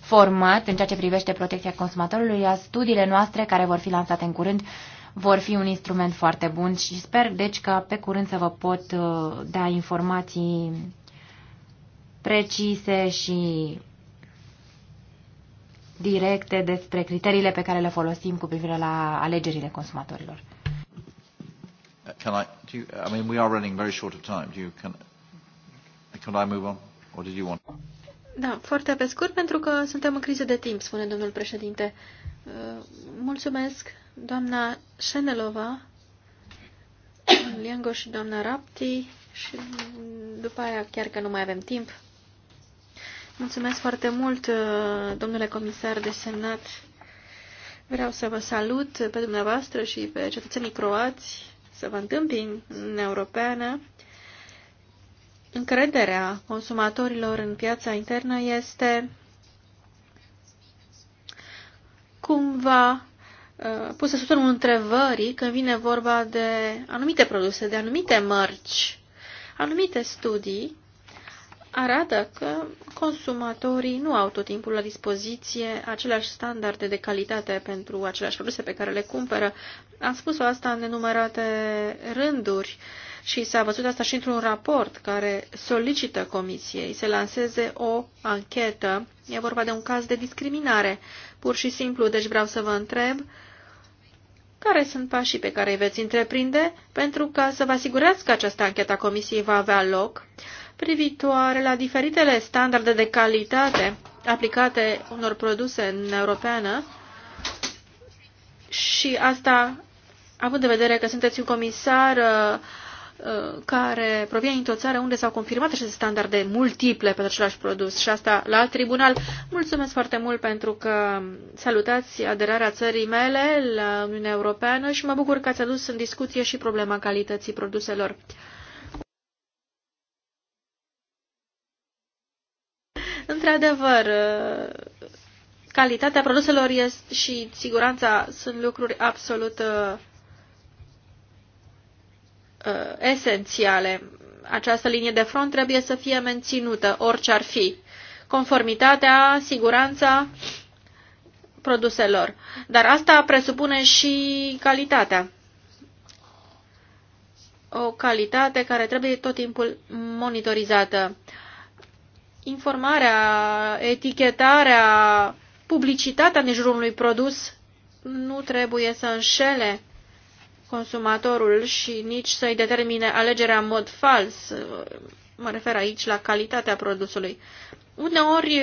format în ceea ce privește protecția consumatorului, iar studiile noastre care vor fi lansate în curând vor fi un instrument foarte bun și sper deci că pe curând să vă pot uh, da informații precise și directe despre criteriile pe care le folosim cu privire la alegerile consumatorilor.
Uh, can I, do you, I mean, we are running very short of time. Do you, can, can I move on? Or did you want? Da, foarte pe scurt, pentru că suntem în criză de timp, spune domnul președinte. Uh, mulțumesc, doamna Șenelova, Liango și doamna Rapti și după aia chiar că nu mai avem timp. Mulțumesc foarte mult, uh, domnule comisar de senat. Vreau să vă salut pe dumneavoastră și pe cetățenii croați, să vă întâmpin în Europeană încrederea consumatorilor în piața internă este cumva uh, pusă sub semnul întrebării când vine vorba de anumite produse, de anumite mărci. Anumite studii arată că consumatorii nu au tot timpul la dispoziție aceleași standarde de calitate pentru aceleași produse pe care le cumpără. Am spus-o asta în nenumărate rânduri. Uh, și s-a văzut asta și într-un raport care solicită comisiei să lanseze o anchetă. E vorba de un caz de discriminare, pur și simplu. Deci vreau să vă întreb care sunt pașii pe care îi veți întreprinde pentru ca să vă asigurați că această anchetă a comisiei va avea loc privitoare la diferitele standarde de calitate aplicate unor produse în Europeană și asta având în vedere că sunteți un comisar uh, Uh, care provine dintr-o țară unde s-au confirmat aceste standarde multiple pentru același produs și asta la alt tribunal. Mulțumesc foarte mult pentru că salutați aderarea țării mele la Uniunea Europeană și mă bucur că ați adus în discuție și problema calității produselor. Într-adevăr, uh, calitatea produselor și siguranța sunt lucruri absolut uh, Uh, esențiale. Această linie de front trebuie să fie menținută, orice ar fi. Conformitatea, siguranța produselor. Dar asta presupune și calitatea. O calitate care trebuie tot timpul monitorizată. Informarea, etichetarea, publicitatea în jurul unui produs nu trebuie să înșele consumatorul și nici să-i determine alegerea în mod fals. Mă refer aici la calitatea produsului. Uneori,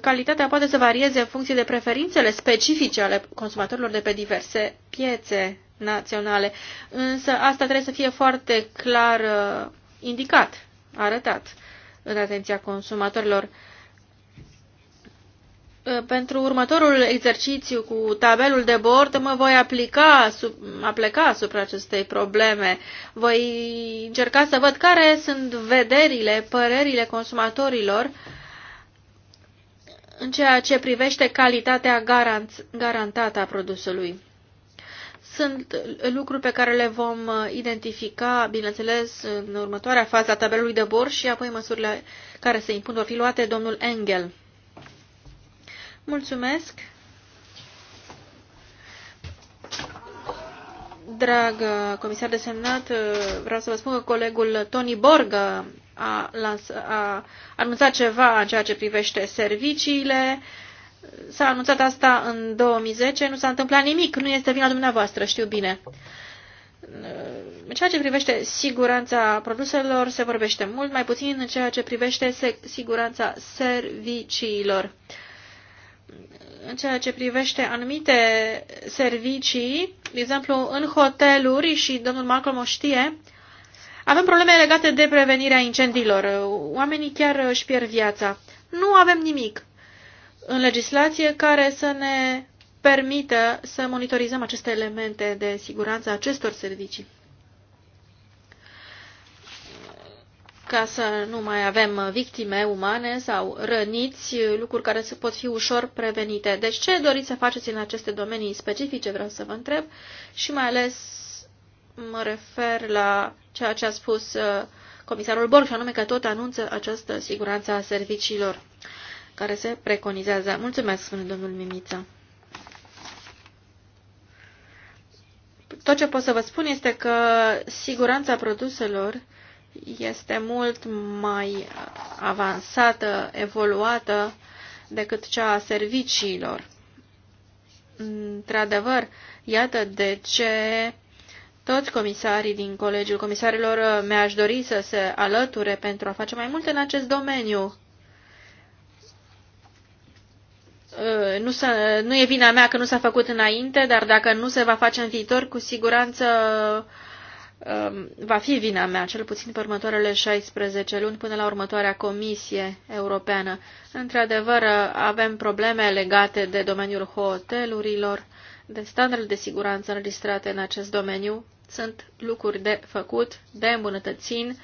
calitatea poate să varieze în funcție de preferințele specifice ale consumatorilor de pe diverse piețe naționale, însă asta trebuie să fie foarte clar uh, indicat, arătat în atenția consumatorilor. Uh, pentru următorul exercițiu cu tabelul de bord mă voi aplica, sub, apleca asupra acestei probleme. Voi încerca să văd care sunt vederile, părerile consumatorilor în ceea ce privește calitatea garanț, garantată a produsului. Sunt lucruri pe care le vom identifica, bineînțeles, în următoarea fază a tabelului de bord și apoi măsurile care se impun vor fi luate domnul Engel. Mulțumesc! Drag comisar de semnat, vreau să vă spun că colegul Tony Borga a, lans, a anunțat ceva în ceea ce privește serviciile. S-a anunțat asta în 2010, nu s-a întâmplat nimic, nu este vina dumneavoastră, știu bine. În ceea ce privește siguranța produselor, se vorbește mult, mai puțin în ceea ce privește siguranța serviciilor în ceea ce privește anumite servicii, de exemplu în hoteluri și domnul Malcolm o știe, avem probleme legate de prevenirea incendiilor. Oamenii chiar își pierd viața. Nu avem nimic în legislație care să ne permită să monitorizăm aceste elemente de siguranță acestor servicii. ca să nu mai avem victime umane sau răniți, lucruri care se pot fi ușor prevenite. Deci ce doriți să faceți în aceste domenii specifice, vreau să vă întreb, și mai ales mă refer la ceea ce a spus uh, comisarul Borg, și anume că tot anunță această siguranță a serviciilor care se preconizează. Mulțumesc, spune domnul Mimiță. Tot ce pot să vă spun este că siguranța produselor este mult mai avansată, evoluată decât cea a serviciilor. Într-adevăr, iată de ce toți comisarii din Colegiul Comisarilor mi-aș dori să se alăture pentru a face mai mult în acest domeniu. Uh, nu, s- nu e vina mea că nu s-a făcut înainte, dar dacă nu se va face în viitor, cu siguranță uh, Um, va fi vina mea, cel puțin pe următoarele 16 luni până la următoarea Comisie Europeană. Într-adevăr, avem probleme legate de domeniul hotelurilor, de standardele de siguranță înregistrate în acest domeniu. Sunt lucruri de făcut, de îmbunătățin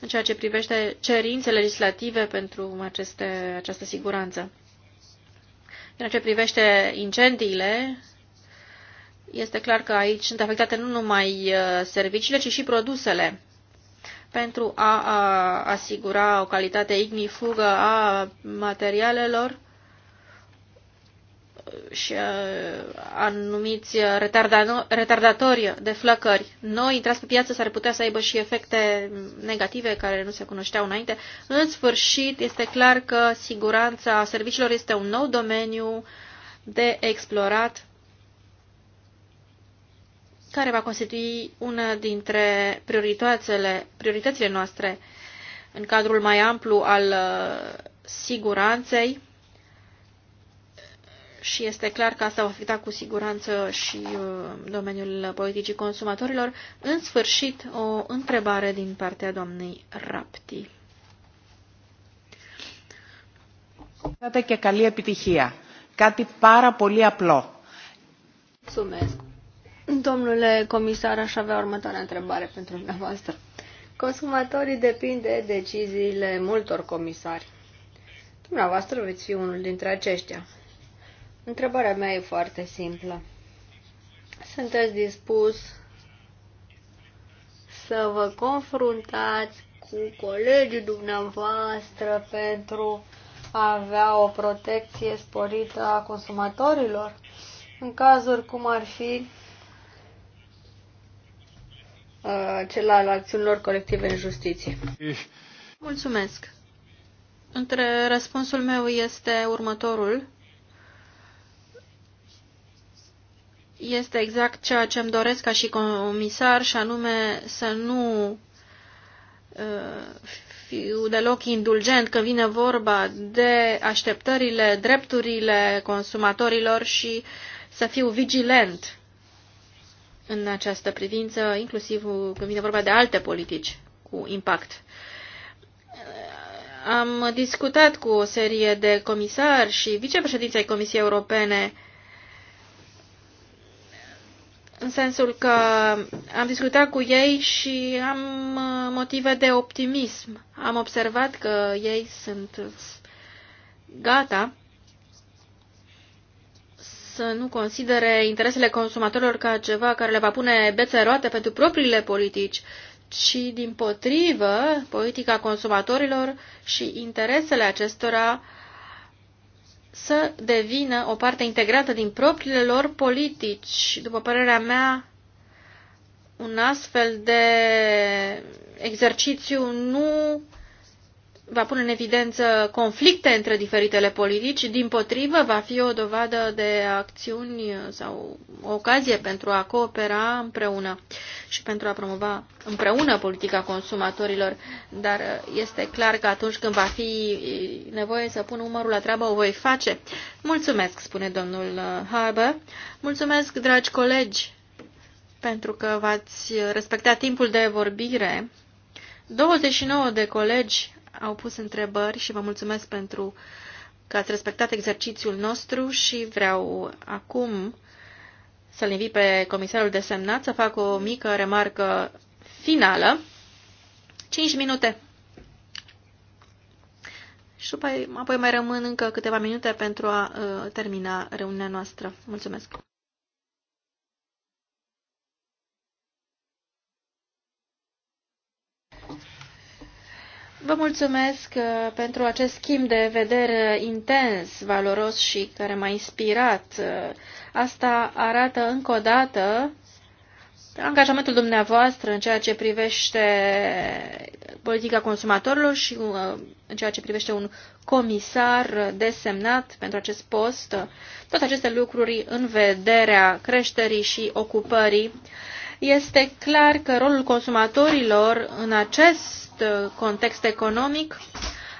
în ceea ce privește cerințele legislative pentru aceste, această siguranță. În ceea ce privește incendiile este clar că aici sunt afectate nu numai uh, serviciile, ci și produsele pentru a, a asigura o calitate ignifugă a materialelor uh, și uh, anumiți retardatori de flăcări noi intrați pe piață s-ar putea să aibă și efecte negative care nu se cunoșteau înainte. În sfârșit, este clar că siguranța serviciilor este un nou domeniu de explorat care va constitui una dintre prioritățile, prioritățile noastre în cadrul mai amplu al uh, siguranței și este clar că asta va afecta cu siguranță și uh, domeniul politicii consumatorilor. În sfârșit, o întrebare din partea doamnei Rapti.
Dată că καλή επιτυχία. Κάτι πάρα πολύ απλό.
Mulțumesc. Domnule comisar, aș avea următoarea întrebare pentru dumneavoastră. Consumatorii depind de deciziile multor comisari. Dumneavoastră veți fi unul dintre aceștia. Întrebarea mea e foarte simplă. Sunteți dispus să vă confruntați cu colegii dumneavoastră pentru a avea o protecție sporită a consumatorilor? În cazuri cum ar fi Uh, cel al acțiunilor colective în justiție.
Mulțumesc. Între răspunsul meu este următorul. Este exact ceea ce îmi doresc ca și comisar și anume să nu uh, fiu deloc indulgent când vine vorba de așteptările, drepturile consumatorilor și să fiu vigilent în această privință, inclusiv când vine vorba de alte politici cu impact. Am discutat cu o serie de comisari și vicepreședinței Comisiei Europene în sensul că am discutat cu ei și am motive de optimism. Am observat că ei sunt gata să nu considere interesele consumatorilor ca ceva care le va pune bețe roate pentru propriile politici, ci din potrivă politica consumatorilor și interesele acestora să devină o parte integrată din propriile lor politici. După părerea mea, un astfel de exercițiu nu va pune în evidență conflicte între diferitele politici, din potrivă va fi o dovadă de acțiuni sau o ocazie pentru a coopera împreună și pentru a promova împreună politica consumatorilor, dar este clar că atunci când va fi nevoie să pun umărul la treabă, o voi face. Mulțumesc, spune domnul Harbour. Mulțumesc, dragi colegi, pentru că v-ați respectat timpul de vorbire. 29 de colegi au pus întrebări și vă mulțumesc pentru că ați respectat exercițiul nostru și vreau acum să-l invit pe comisarul desemnat să fac o mică remarcă finală. 5 minute. Și apoi mai rămân încă câteva minute pentru a uh, termina reuniunea noastră. Mulțumesc! Vă mulțumesc uh, pentru acest schimb de vedere intens, valoros și care m-a inspirat. Uh, asta arată încă o dată angajamentul dumneavoastră în ceea ce privește politica consumatorilor și uh, în ceea ce privește un comisar desemnat pentru acest post, toate aceste lucruri în vederea creșterii și ocupării este clar că rolul consumatorilor în acest uh, context economic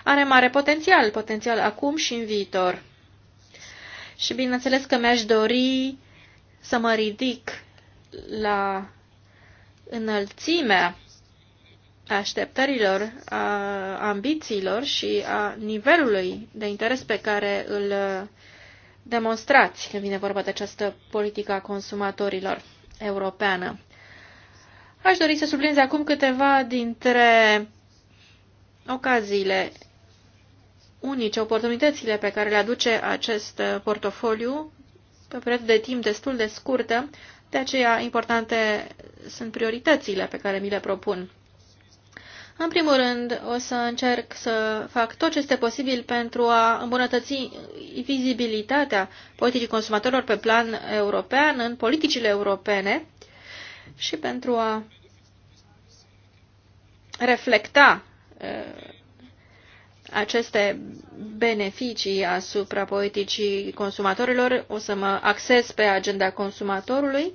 are mare potențial, potențial acum și în viitor. Și bineînțeles că mi-aș dori să mă ridic la înălțimea așteptărilor, a ambițiilor și a nivelului de interes pe care îl uh, demonstrați când vine vorba de această politică a consumatorilor europeană. Aș dori să subliniez acum câteva dintre ocaziile unice, oportunitățile pe care le aduce acest portofoliu pe o perioadă de timp destul de scurtă, de aceea importante sunt prioritățile pe care mi le propun. În primul rând, o să încerc să fac tot ce este posibil pentru a îmbunătăți vizibilitatea politicii consumatorilor pe plan european, în politicile europene și pentru a reflecta uh, aceste beneficii asupra politicii consumatorilor. O să mă acces pe agenda consumatorului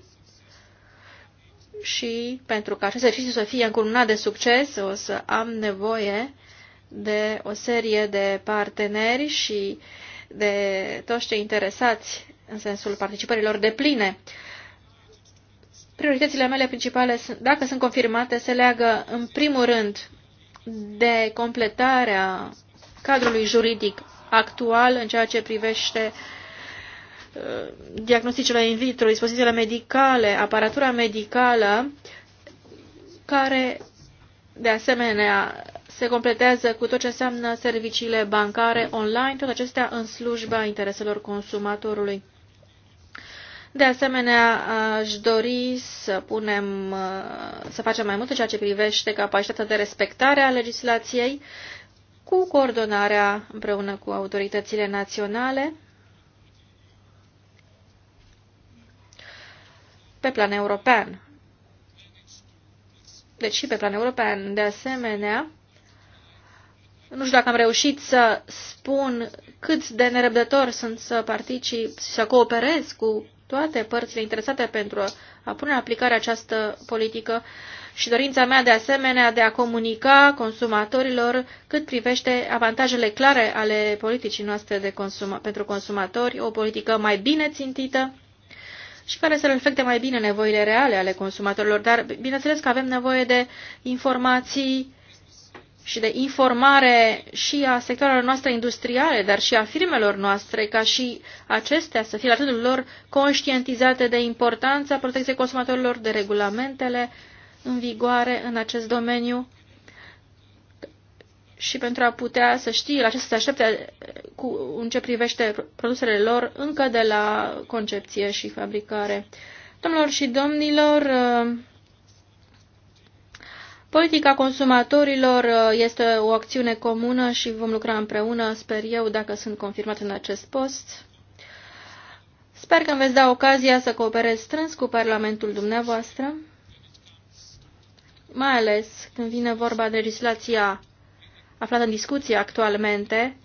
și pentru ca acest exercițiu să fie încununat de succes, o să am nevoie de o serie de parteneri și de toți cei interesați în sensul participărilor de pline. Prioritățile mele principale, sunt, dacă sunt confirmate, se leagă în primul rând de completarea cadrului juridic actual în ceea ce privește uh, diagnosticele in vitro, dispozițiile medicale, aparatura medicală, care de asemenea se completează cu tot ce înseamnă serviciile bancare online, toate acestea în slujba intereselor consumatorului. De asemenea, aș dori să punem, să facem mai mult în ceea ce privește capacitatea de respectare a legislației cu coordonarea împreună cu autoritățile naționale pe plan european. Deci și pe plan european, de asemenea, nu știu dacă am reușit să spun cât de nerăbdător sunt să particip, să cooperez cu toate părțile interesate pentru a pune în aplicare această politică și dorința mea de asemenea de a comunica consumatorilor cât privește avantajele clare ale politicii noastre de consuma, pentru consumatori, o politică mai bine țintită și care să reflecte mai bine nevoile reale ale consumatorilor. Dar bineînțeles că avem nevoie de informații și de informare și a sectoarelor noastre industriale, dar și a firmelor noastre, ca și acestea să fie la rândul lor conștientizate de importanța protecției consumatorilor, de regulamentele în vigoare în acest domeniu și pentru a putea să știe la ce să se aștepte cu, în ce privește produsele lor încă de la concepție și fabricare. Domnilor și domnilor, Politica consumatorilor uh, este o acțiune comună și vom lucra împreună, sper eu, dacă sunt confirmat în acest post. Sper că îmi veți da ocazia să cooperez strâns cu Parlamentul dumneavoastră, mai ales când vine vorba de legislația aflată în discuție actualmente,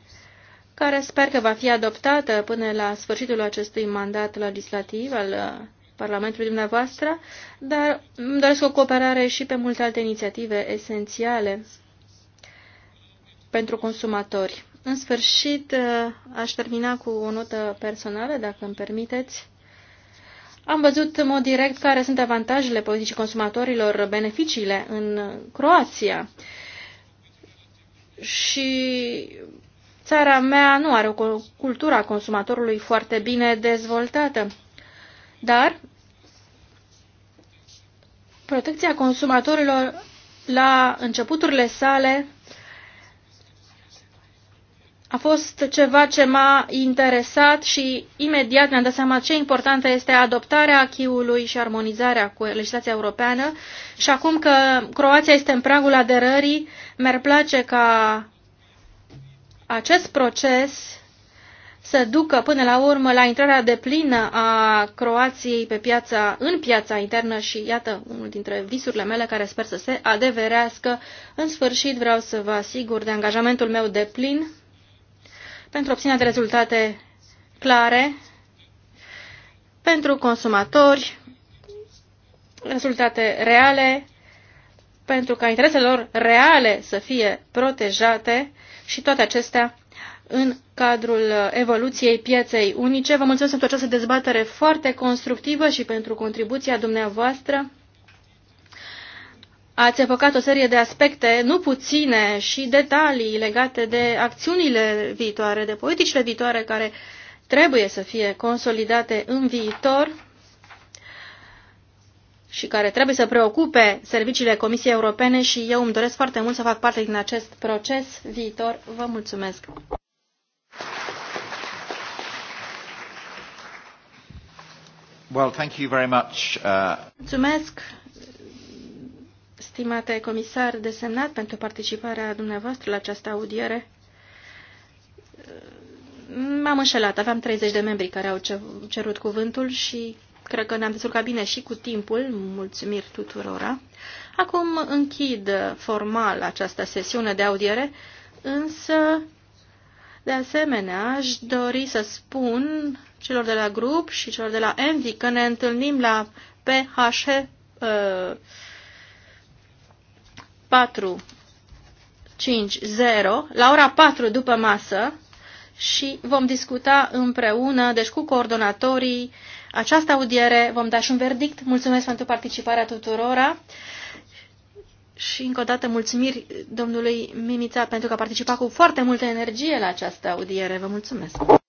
care sper că va fi adoptată până la sfârșitul acestui mandat legislativ al uh, Parlamentului dumneavoastră, dar îmi doresc o cooperare și pe multe alte inițiative esențiale pentru consumatori. În sfârșit, eh, aș termina cu o notă personală, dacă îmi permiteți. Am văzut în mod direct care sunt avantajele politicii consumatorilor, beneficiile în Croația. Și țara mea nu are o cultură a consumatorului foarte bine dezvoltată. Dar protecția consumatorilor la începuturile sale a fost ceva ce m-a interesat și imediat mi-am dat seama ce importantă este adoptarea achiului și armonizarea cu legislația europeană și acum că Croația este în pragul aderării, mi-ar place ca acest proces să ducă până la urmă la intrarea de plină a Croației pe piața, în piața internă și iată unul dintre visurile mele care sper să se adeverească. În sfârșit vreau să vă asigur de angajamentul meu de plin pentru obținerea de rezultate clare pentru consumatori, rezultate reale, pentru ca interesele lor reale să fie protejate și toate acestea în cadrul uh, evoluției pieței unice. Vă mulțumesc pentru această dezbatere foarte constructivă și pentru contribuția dumneavoastră. Ați evocat o serie de aspecte, nu puține, și detalii legate de acțiunile viitoare, de politicile viitoare care trebuie să fie consolidate în viitor și care trebuie să preocupe serviciile Comisiei Europene și eu îmi doresc foarte mult să fac parte din acest proces viitor. Vă mulțumesc! Well, thank you very much. Uh... Mulțumesc, stimate comisar desemnat, pentru participarea dumneavoastră la această audiere. M-am înșelat, aveam 30 de membri care au cerut cuvântul și cred că ne-am descurcat bine și cu timpul. Mulțumiri tuturora. Acum închid formal această sesiune de audiere, însă de asemenea, aș dori să spun celor de la grup și celor de la Envy că ne întâlnim la PH 4 uh, la ora 4 după masă și vom discuta împreună, deci cu coordonatorii, această audiere. Vom da și un verdict. Mulțumesc pentru participarea tuturora. Și încă o dată mulțumiri domnului Mimița pentru că a participat cu foarte multă energie la această audiere. Vă mulțumesc!